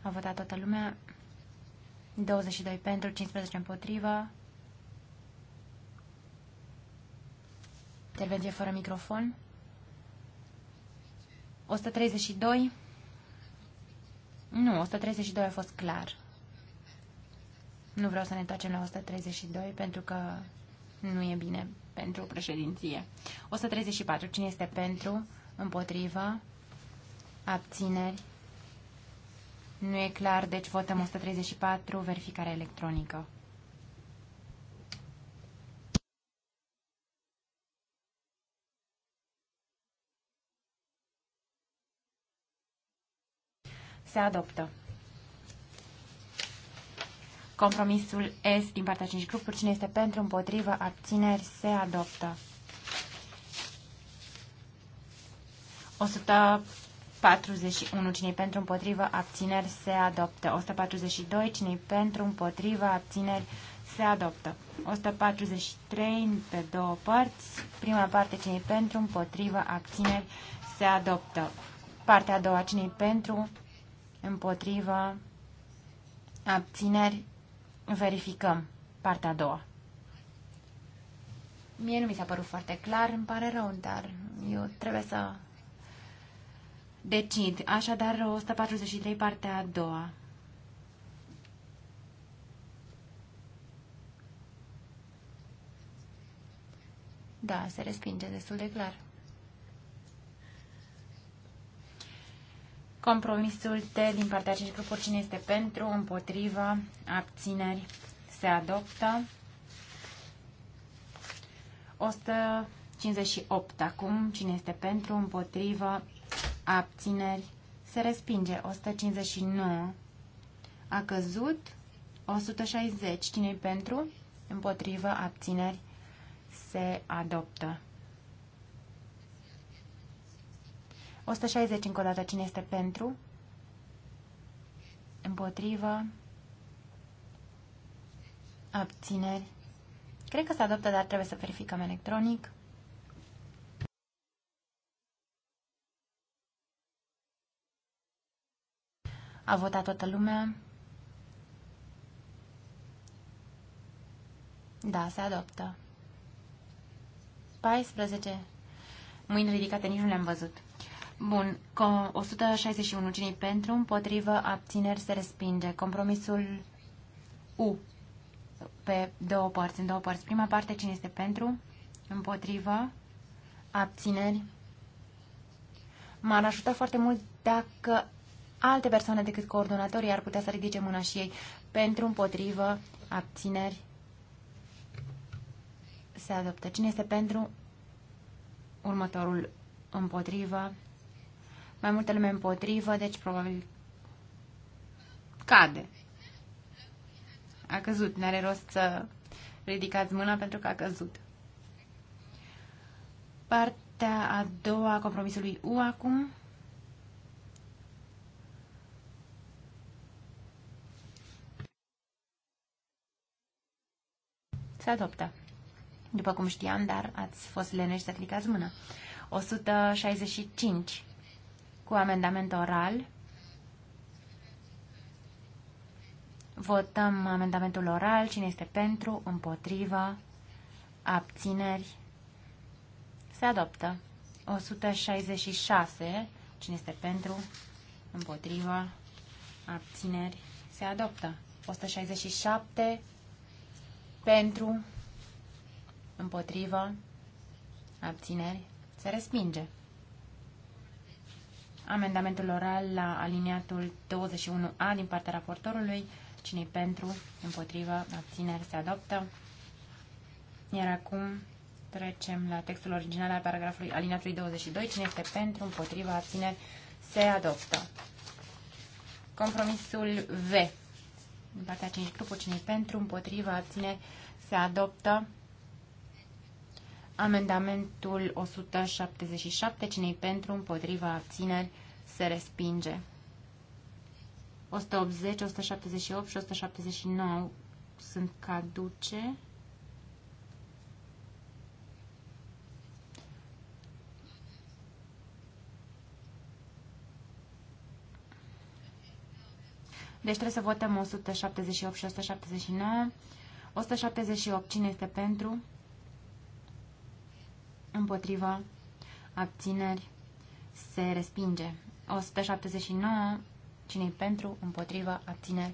A votat toată lumea. 22 pentru, 15 împotrivă. Intervenție fără microfon. 132. Nu, 132 a fost clar. Nu vreau să ne întoarcem la 132 pentru că nu e bine pentru președinție. 134. Cine este pentru? Împotriva? Abțineri? Nu e clar, deci votăm 134, verificare electronică. Se adoptă. Compromisul S din partea 5 grupuri. Cine este pentru, împotrivă, abțineri, se adoptă. 141. Cine-i pentru, împotrivă, abțineri, se adoptă. 142. Cine-i pentru, împotrivă, abțineri, se adoptă. 143 pe două părți. Prima parte, cine-i pentru, împotrivă, abțineri, se adoptă. Partea a doua, cine-i pentru, împotrivă, abțineri, Verificăm partea a doua. Mie nu mi s-a părut foarte clar, îmi pare rău, dar eu trebuie să decid. Așadar, 143, partea a doua. Da, se respinge destul de clar. Compromisul T din partea 5 grupuri, cine este pentru, împotrivă, abțineri, se adoptă. 158 acum, cine este pentru, împotrivă, abțineri, se respinge. 159 a căzut. 160, cine pentru, împotrivă, abțineri, se adoptă. 160 încă o dată. Cine este pentru? Împotrivă? Abțineri? Cred că se adoptă, dar trebuie să verificăm electronic. A votat toată lumea. Da, se adoptă. 14. Mâini ridicate nici nu le-am văzut. Bun, 161 cine pentru, împotrivă, abțineri se respinge. Compromisul U pe două părți, în două părți. Prima parte cine este pentru, împotrivă, abțineri. M-ar ajuta foarte mult dacă alte persoane decât coordonatorii ar putea să ridice mâna și ei pentru, împotrivă, abțineri. Se adoptă. Cine este pentru următorul împotrivă, mai multă lume împotrivă, deci probabil cade. A căzut, n-are rost să ridicați mâna pentru că a căzut. Partea a doua a compromisului U acum. Se adoptă. După cum știam, dar ați fost leneși să clicați mână. 165 cu amendament oral. Votăm amendamentul oral. Cine este pentru? Împotrivă? Abțineri? Se adoptă. 166. Cine este pentru? Împotrivă? Abțineri? Se adoptă. 167. Pentru? Împotrivă? Abțineri? Se respinge. Amendamentul oral la aliniatul 21A din partea raportorului. Cine-i pentru? Împotrivă? Abțineri? Se adoptă. Iar acum trecem la textul original al paragrafului aliniatului 22. Cine este pentru? Împotrivă? Abțineri? Se adoptă. Compromisul V. În partea 5 grupuri, cine pentru, împotrivă, abțineri, se adoptă amendamentul 177, cine pentru, împotriva, abțineri, se respinge. 180, 178 și 179 sunt caduce. Deci trebuie să votăm 178 și 179. 178, cine este pentru? Împotriva. Abțineri. Se respinge. 179, cine pentru, împotriva, abțineri,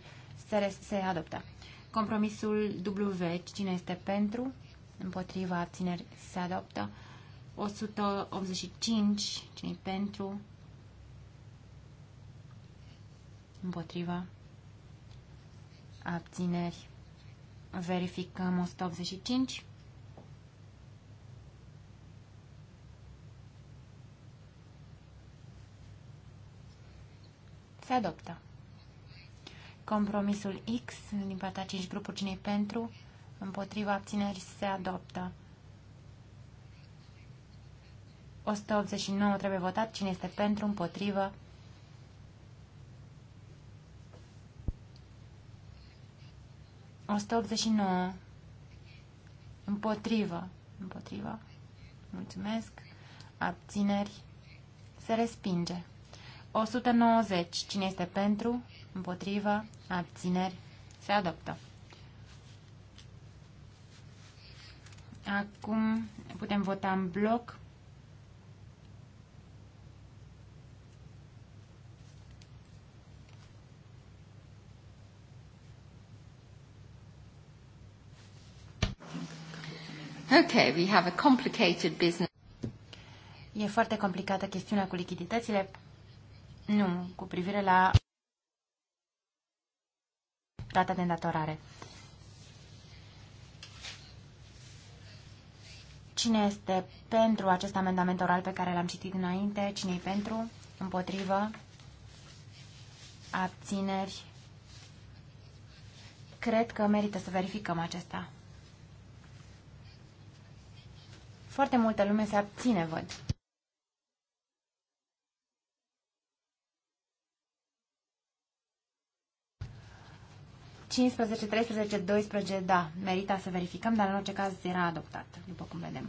se, se adoptă. Compromisul W, cine este pentru, împotriva, abțineri, se adoptă. 185, cine pentru, împotriva, abțineri, verificăm 185. Se adoptă. Compromisul X din partea 5 grupuri cine pentru, împotriva abțineri se adoptă. 189 trebuie votat. Cine este pentru, împotrivă? ...189. Împotrivă. Împotrivă. Mulțumesc. Abțineri. Se respinge. 190. Cine este pentru? Împotrivă? Abțineri? Se adoptă. Acum putem vota în bloc. Okay, we have a complicated business. E foarte complicată chestiunea cu lichiditățile. Nu, cu privire la rata de îndatorare. Cine este pentru acest amendament oral pe care l-am citit înainte? cine e pentru? Împotrivă? Abțineri? Cred că merită să verificăm acesta. Foarte multă lume se abține, văd. 15, 13, 12, da, merita să verificăm, dar în orice caz era adoptat, după cum vedem.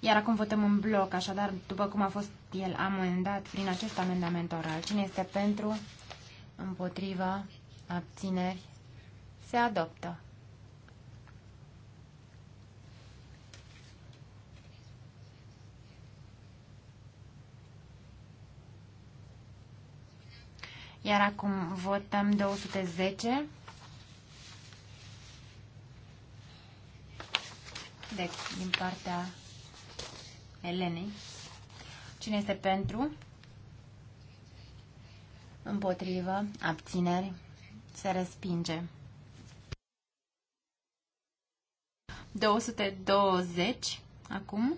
Iar acum votăm în bloc, așadar, după cum a fost el amendat prin acest amendament oral. Cine este pentru, împotriva, abțineri, se adoptă. Iar acum votăm 210. Deci, din partea Elenei. Cine este pentru? Împotrivă, abțineri, se respinge. 220 acum.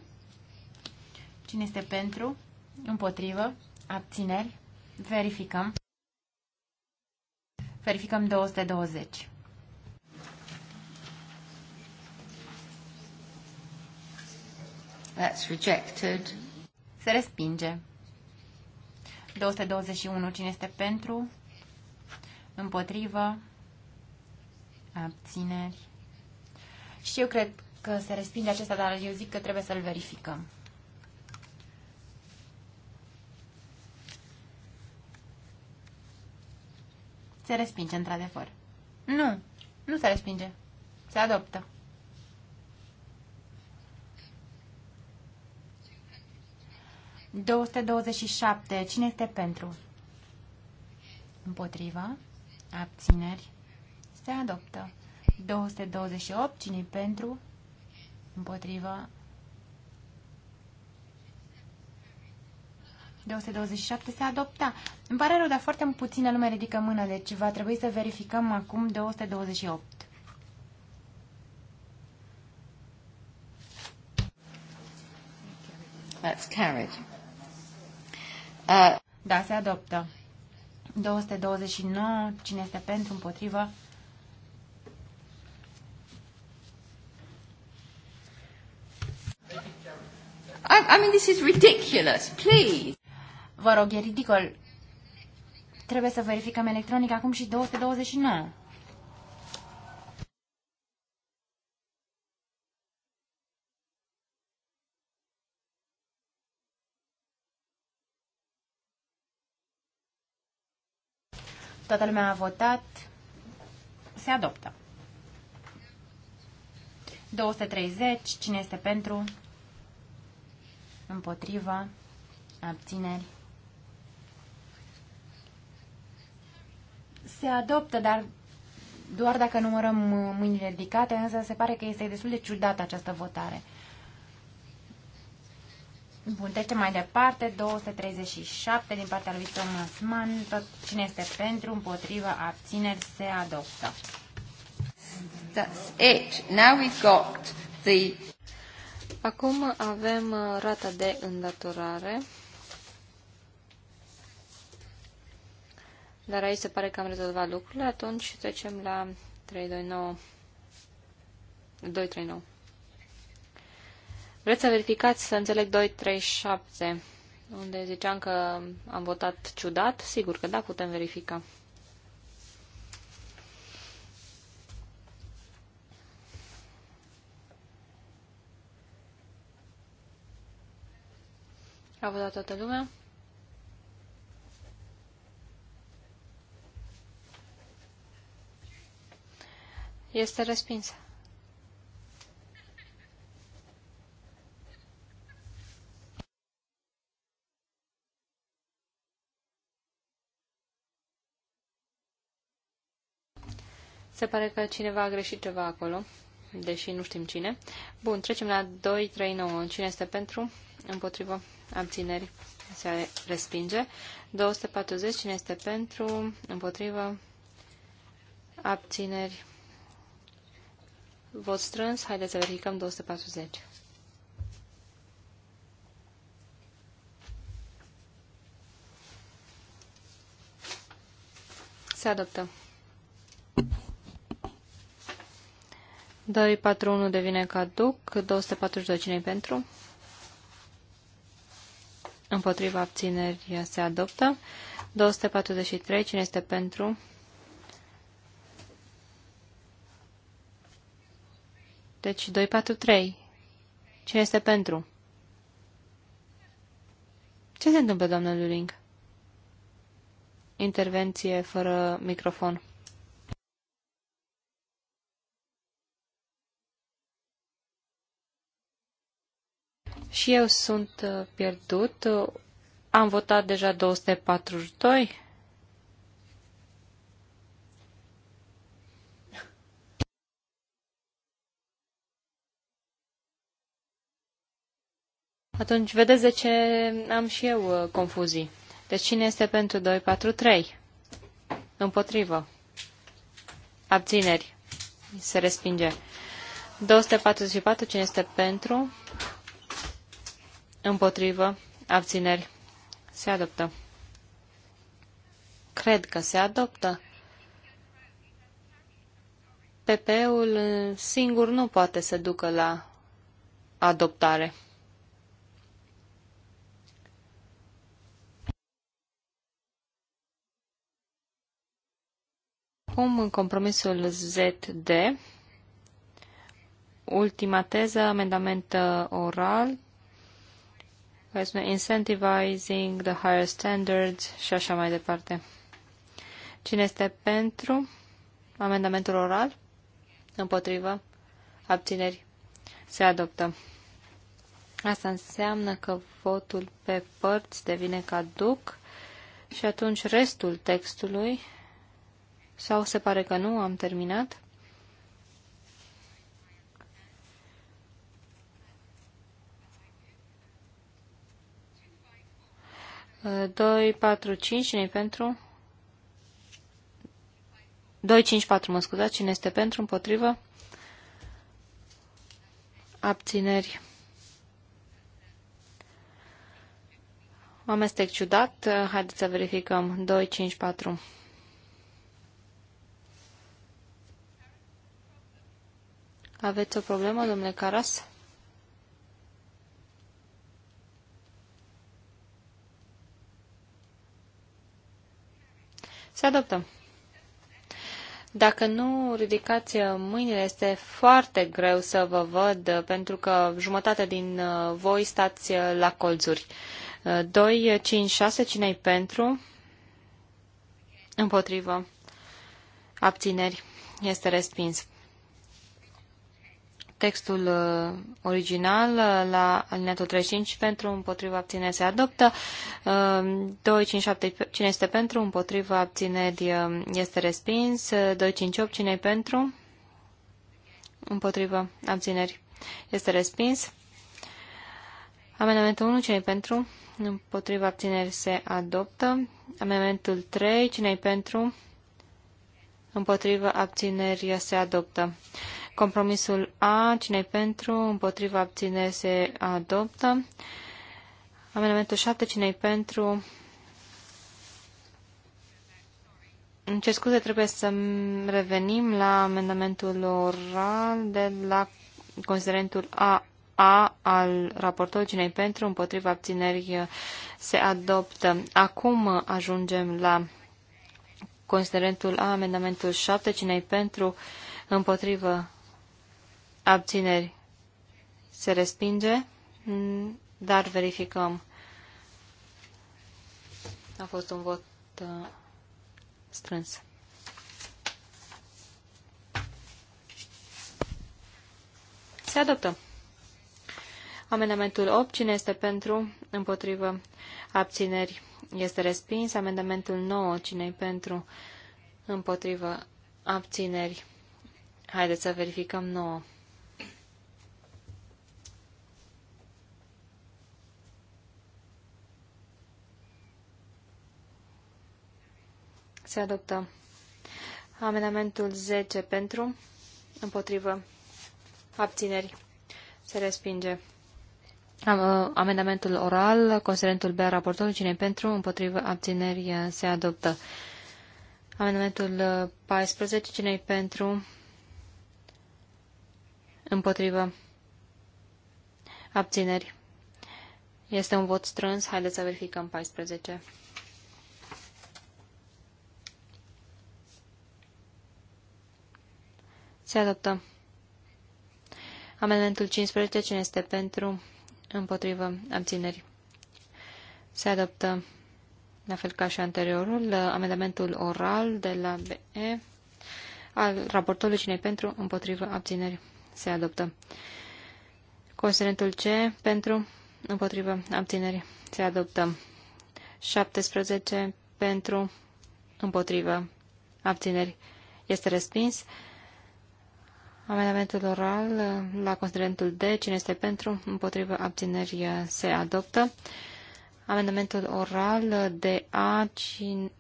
Cine este pentru? Împotrivă, abțineri, verificăm. Verificăm 220. That's rejected. Se respinge. 221. Cine este pentru? Împotrivă? Abțineri? Și eu cred că se respinge acesta, dar eu zic că trebuie să-l verificăm. Se respinge, într-adevăr. Nu, nu se respinge. Se adoptă. 227. Cine este pentru? Împotriva. Abțineri. Se adoptă. 228. cine pentru? Împotriva. 227 se adopta. Îmi pare rău, dar foarte puțină lume ridică mână, deci va trebui să verificăm acum 228. That's carried. Uh... Da, se adoptă. 229, cine este pentru, împotrivă, I, I mean, this is ridiculous. Please. Vă rog, e ridicol. Trebuie să verificăm electronic acum și 229. Toată lumea a votat. Se adoptă. 230. Cine este pentru? împotriva Abțineri. se adoptă, dar doar dacă numărăm uh, mâinile ridicate, însă se pare că este destul de ciudată această votare. Bun, trecem mai departe. 237 din partea lui Thomas Mann. Tot cine este pentru, împotriva abțineri, se adoptă. That's it. Now we've got the... Acum avem uh, rata de îndatorare. Dar aici se pare că am rezolvat lucrurile, atunci trecem la 329. 239. Vreți să verificați să înțeleg 237, unde ziceam că am votat ciudat? Sigur că da, putem verifica. A votat toată lumea? Este respinsă. Se pare că cineva a greșit ceva acolo, deși nu știm cine. Bun, trecem la 2, 3, 9. Cine este pentru? Împotrivă. Abțineri. Se respinge. 240. Cine este pentru? Împotrivă. Abțineri. Vot strâns. Haideți să verificăm 240. Se adoptă. 241 devine caduc. 242 cine pentru? Împotriva abțineri se adoptă. 243 cine este pentru? Pentru. Deci 2, 4, 3. Cine este pentru? Ce se întâmplă, doamnă Luring? Intervenție fără microfon. Și eu sunt uh, pierdut. Am votat deja 242. Atunci vedeți de ce am și eu uh, confuzii. Deci cine este pentru 2, 4, 3? Împotrivă. Abțineri. Se respinge. 244. Cine este pentru? Împotrivă. Abțineri. Se adoptă. Cred că se adoptă. PP-ul uh, singur nu poate să ducă la adoptare. Acum, în compromisul ZD, ultima teză, amendament uh, oral, care spune incentivizing the higher standards și așa mai departe. Cine este pentru amendamentul oral? Împotrivă? Abțineri? Se adoptă. Asta înseamnă că votul pe părți devine caduc și atunci restul textului sau se pare că nu, am terminat. Doi, patru, cinci, cine pentru? doi patru, mă scuzați, cine este pentru, împotrivă? Abțineri. Amestec ciudat, haideți să verificăm. doi cinci patru Aveți o problemă, domnule Caras? Se adoptă. Dacă nu ridicați mâinile, este foarte greu să vă văd, pentru că jumătate din uh, voi stați uh, la colțuri. 2, 5, 6, cine pentru? Împotrivă. Abțineri. Este respins textul uh, original uh, la alineatul 35 pentru împotriva abține se adoptă, 257 uh, cine este pentru împotriva abțineri este respins, 258 cine e pentru împotriva abțineri este respins, amendamentul 1 cine e pentru împotriva abțineri se adoptă, amendamentul 3 cine e pentru împotriva abțineri se adoptă. Compromisul A, cine pentru, împotriva abține, se adoptă. Amendamentul 7, cine pentru, În ce scuze, trebuie să revenim la amendamentul oral de la considerentul A al raportorului cinei pentru, împotriva abțineri se adoptă. Acum ajungem la considerentul A, amendamentul 7, cinei pentru, împotriva abțineri se respinge, mm, dar verificăm. A fost un vot uh, strâns. Se adoptă. Amendamentul 8. Cine este pentru? Împotrivă. Abțineri. Este respins. Amendamentul 9. Cine pentru? Împotrivă. Abțineri. Haideți să verificăm 9. se adoptă. Amendamentul 10 pentru, împotrivă, abțineri, se respinge. Am, uh, amendamentul oral, considerentul B, raportul, cine pentru, împotrivă, abțineri, uh, se adoptă. Amendamentul 14, uh, cine pentru, împotrivă, abțineri. Este un vot strâns, haideți să verificăm 14. Se adoptă. Amendamentul 15. Cine este pentru? Împotrivă. Abțineri. Se adoptă. La fel ca și anteriorul, amendamentul oral de la BE al raportului cine pentru, împotrivă, abțineri. Se adoptă. Considerentul C pentru, împotrivă, abțineri. Se adoptă. 17 pentru, împotrivă, abțineri. Este respins. Amendamentul oral la considerentul D. Cine este pentru? Împotrivă abțineri se adoptă. Amendamentul oral de A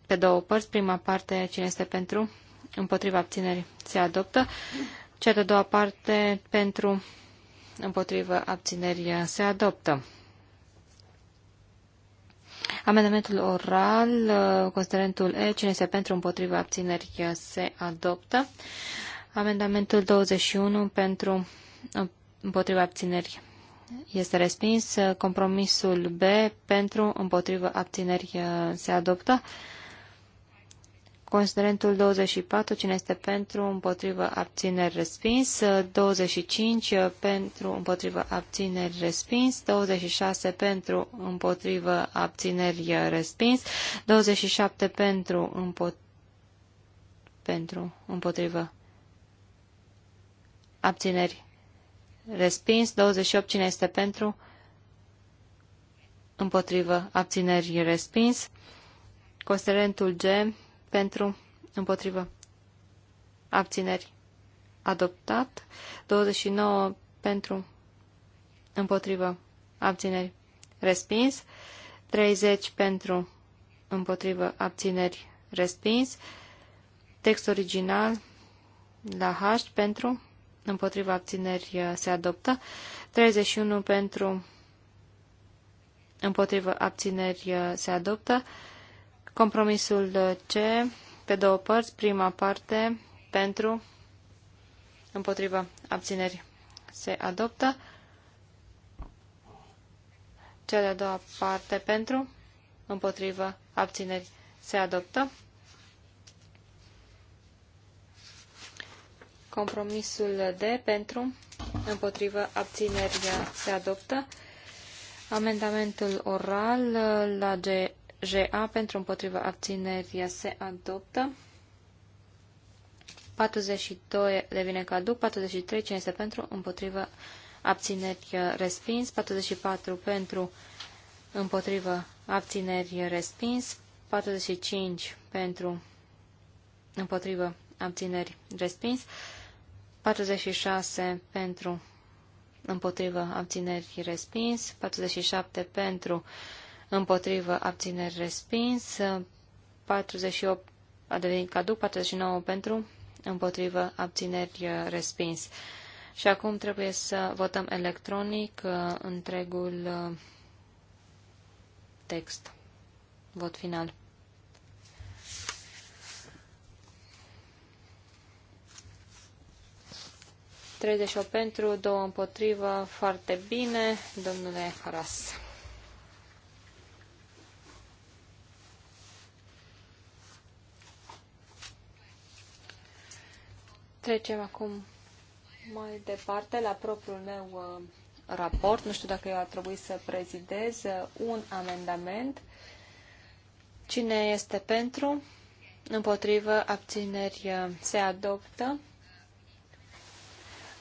pe două părți. Prima parte, cine este pentru? Împotriva abțineri se adoptă. Cea de doua parte, pentru? Împotrivă abțineri se adoptă. Amendamentul oral, considerentul E, cine este pentru, împotriva abțineri se adoptă. Amendamentul 21 pentru împotriva abținerii este respins. Compromisul B pentru împotriva abținerii uh, se adoptă. Considerentul 24, cine este pentru, împotriva abțineri, respins. 25, uh, pentru, împotriva abțineri, respins. 26, pentru, împotriva abțineri, uh, respins. 27, pentru, împo pentru abțineri, respins. 28, cine este pentru, împotrivă, abțineri, respins. Considerentul G, pentru, împotrivă, abțineri, adoptat. 29, pentru, împotrivă, abțineri, respins. 30 pentru, împotrivă, abțineri, respins. Text original la H pentru, împotriva abțineri uh, se adoptă, 31 pentru împotriva abțineri uh, se adoptă, compromisul uh, C pe două părți, prima parte pentru împotriva abțineri se adoptă, cea de-a doua parte pentru împotriva abțineri se adoptă. Compromisul D pentru, împotrivă, abțineri se adoptă. Amendamentul oral uh, la GA pentru împotrivă abțineri se adoptă. 42 devine caduc, 43 cine este pentru, împotrivă abțineri uh, respins, 44 pentru, împotrivă abțineri respins, 45 pentru, împotrivă abțineri respins, 46 pentru împotrivă abțineri respins, 47 pentru împotrivă abțineri respins, 48 a devenit caduc, 49 pentru împotrivă abțineri respins. Și acum trebuie să votăm electronic uh, întregul uh, text. Vot final. 38 pentru, 2 împotrivă. Foarte bine, domnule Haras. Trecem acum mai departe la propriul meu uh, raport. Nu știu dacă eu ar trebui să prezidez uh, un amendament. Cine este pentru? Împotrivă, abțineri uh, se adoptă.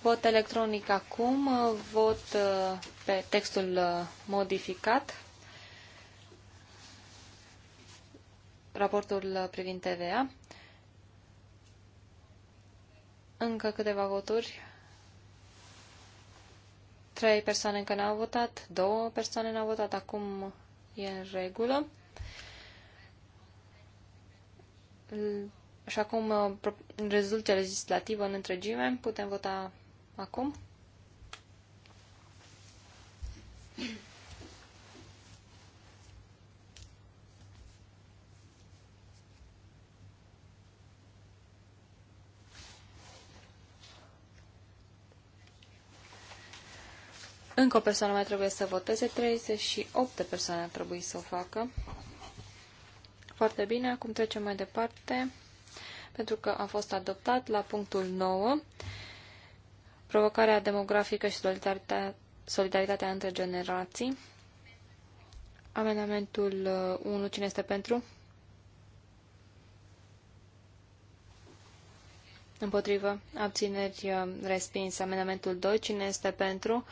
Vot electronic acum, vot uh, pe textul uh, modificat. Raportul uh, privind TVA. Încă câteva voturi. Trei persoane încă n-au votat, două persoane n-au votat, acum e în regulă. Și acum rezoluția legislativă în întregime putem vota acum. Încă o persoană mai trebuie să voteze, 38 de persoane ar trebui să o facă. Foarte bine, acum trecem mai departe, pentru că a fost adoptat la punctul 9 provocarea demografică și solidaritatea, solidaritatea între generații. Amendamentul 1, uh, cine este pentru? Împotrivă. Abțineri uh, respins. Amendamentul 2. Cine este pentru?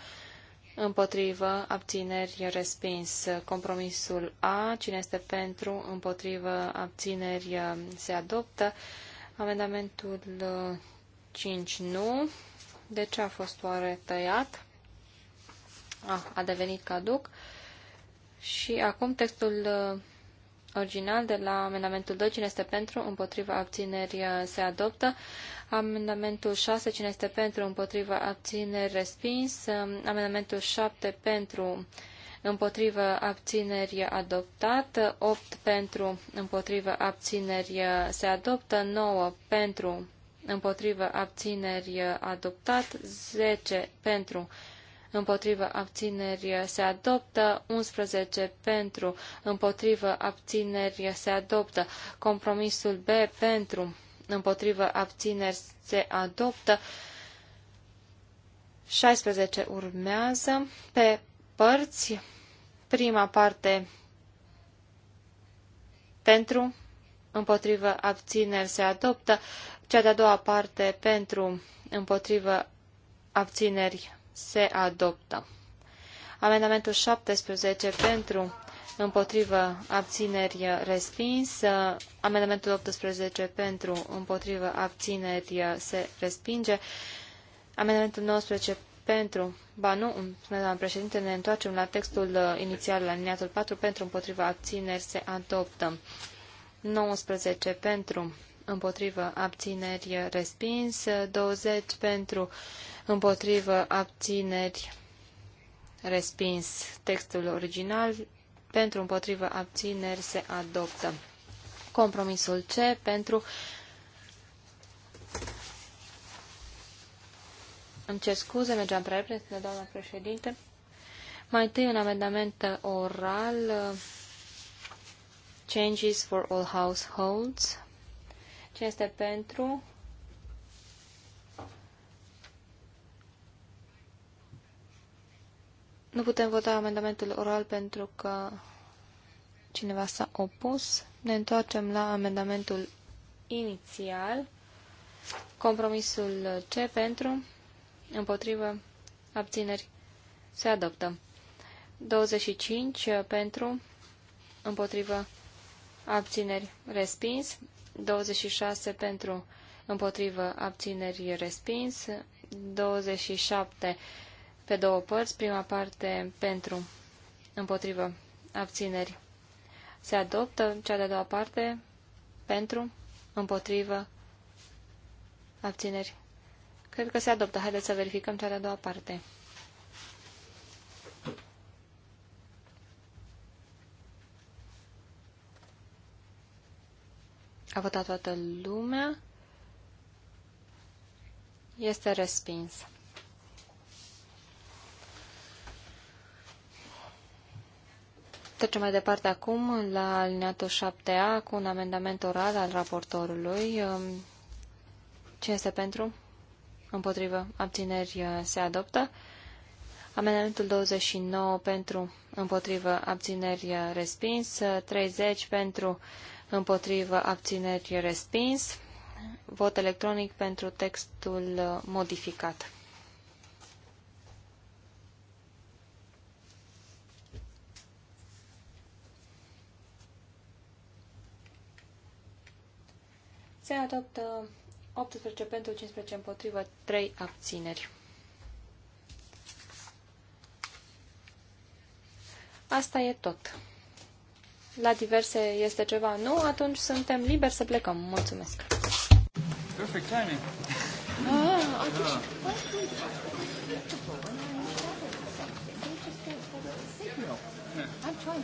Împotrivă. Abțineri respins. Compromisul A. Cine este pentru? Împotrivă. Abțineri uh, se adoptă. Amendamentul 5. Nu. De ce a fost oare tăiat? Ah, a devenit caduc. Și acum textul uh, original de la amendamentul 2, cine este pentru, împotriva abțineri uh, se adoptă. Amendamentul 6, cine este pentru, împotriva abțineri respins. Uh, amendamentul 7, pentru, împotriva abțineri adoptat, 8 pentru împotriva abțineri se adoptă, 9 pentru împotrivă abțineri adoptat, 10 pentru împotrivă abțineri se adoptă, 11 pentru împotrivă abțineri se adoptă, compromisul B pentru împotrivă abțineri se adoptă, 16 urmează pe părți, prima parte pentru împotrivă abțineri se adoptă, cea de-a doua parte pentru împotrivă abțineri se adoptă. Amendamentul 17 pentru împotrivă abțineri respins. Amendamentul 18 pentru împotrivă abțineri se respinge. Amendamentul 19 pentru, ba nu, doamna președinte, ne întoarcem la textul inițial, la liniatul 4, pentru împotriva abțineri se adoptă. 19 pentru împotrivă, abțineri, respins, 20 pentru, împotrivă, abțineri, respins. Textul original, pentru, împotrivă, abțineri, se adoptă. Compromisul C, pentru, îmi cer scuze, mergeam prea repede, doamna președinte. Mai întâi un amendament oral, uh, changes for all households, ce este pentru? Nu putem vota amendamentul oral pentru că cineva s-a opus. Ne întoarcem la amendamentul inițial. Compromisul C pentru, împotrivă, abțineri, se adoptă. 25 pentru, împotrivă, abțineri, respins. 26 pentru împotrivă abțineri respins, 27 pe două părți, prima parte pentru împotrivă abțineri se adoptă, cea de-a doua parte pentru împotrivă abțineri. Cred că se adoptă. Haideți să verificăm cea de-a doua parte. A votat toată lumea. Este respins. Trecem mai departe acum la alineatul 7A cu un amendament oral al raportorului. Um, Cine este pentru? Împotrivă. Abțineri uh, se adoptă. Amendamentul 29 pentru împotrivă abțineri uh, respins, 30 uh, pentru împotrivă, abțineri, respins. Vot electronic pentru textul modificat. Se adoptă 18 pentru, 15 împotrivă, 3 abțineri. Asta e tot la diverse este ceva nu, atunci suntem liberi să plecăm. Mulțumesc! Perfect timing. Ah, atunci, yeah. I'm trying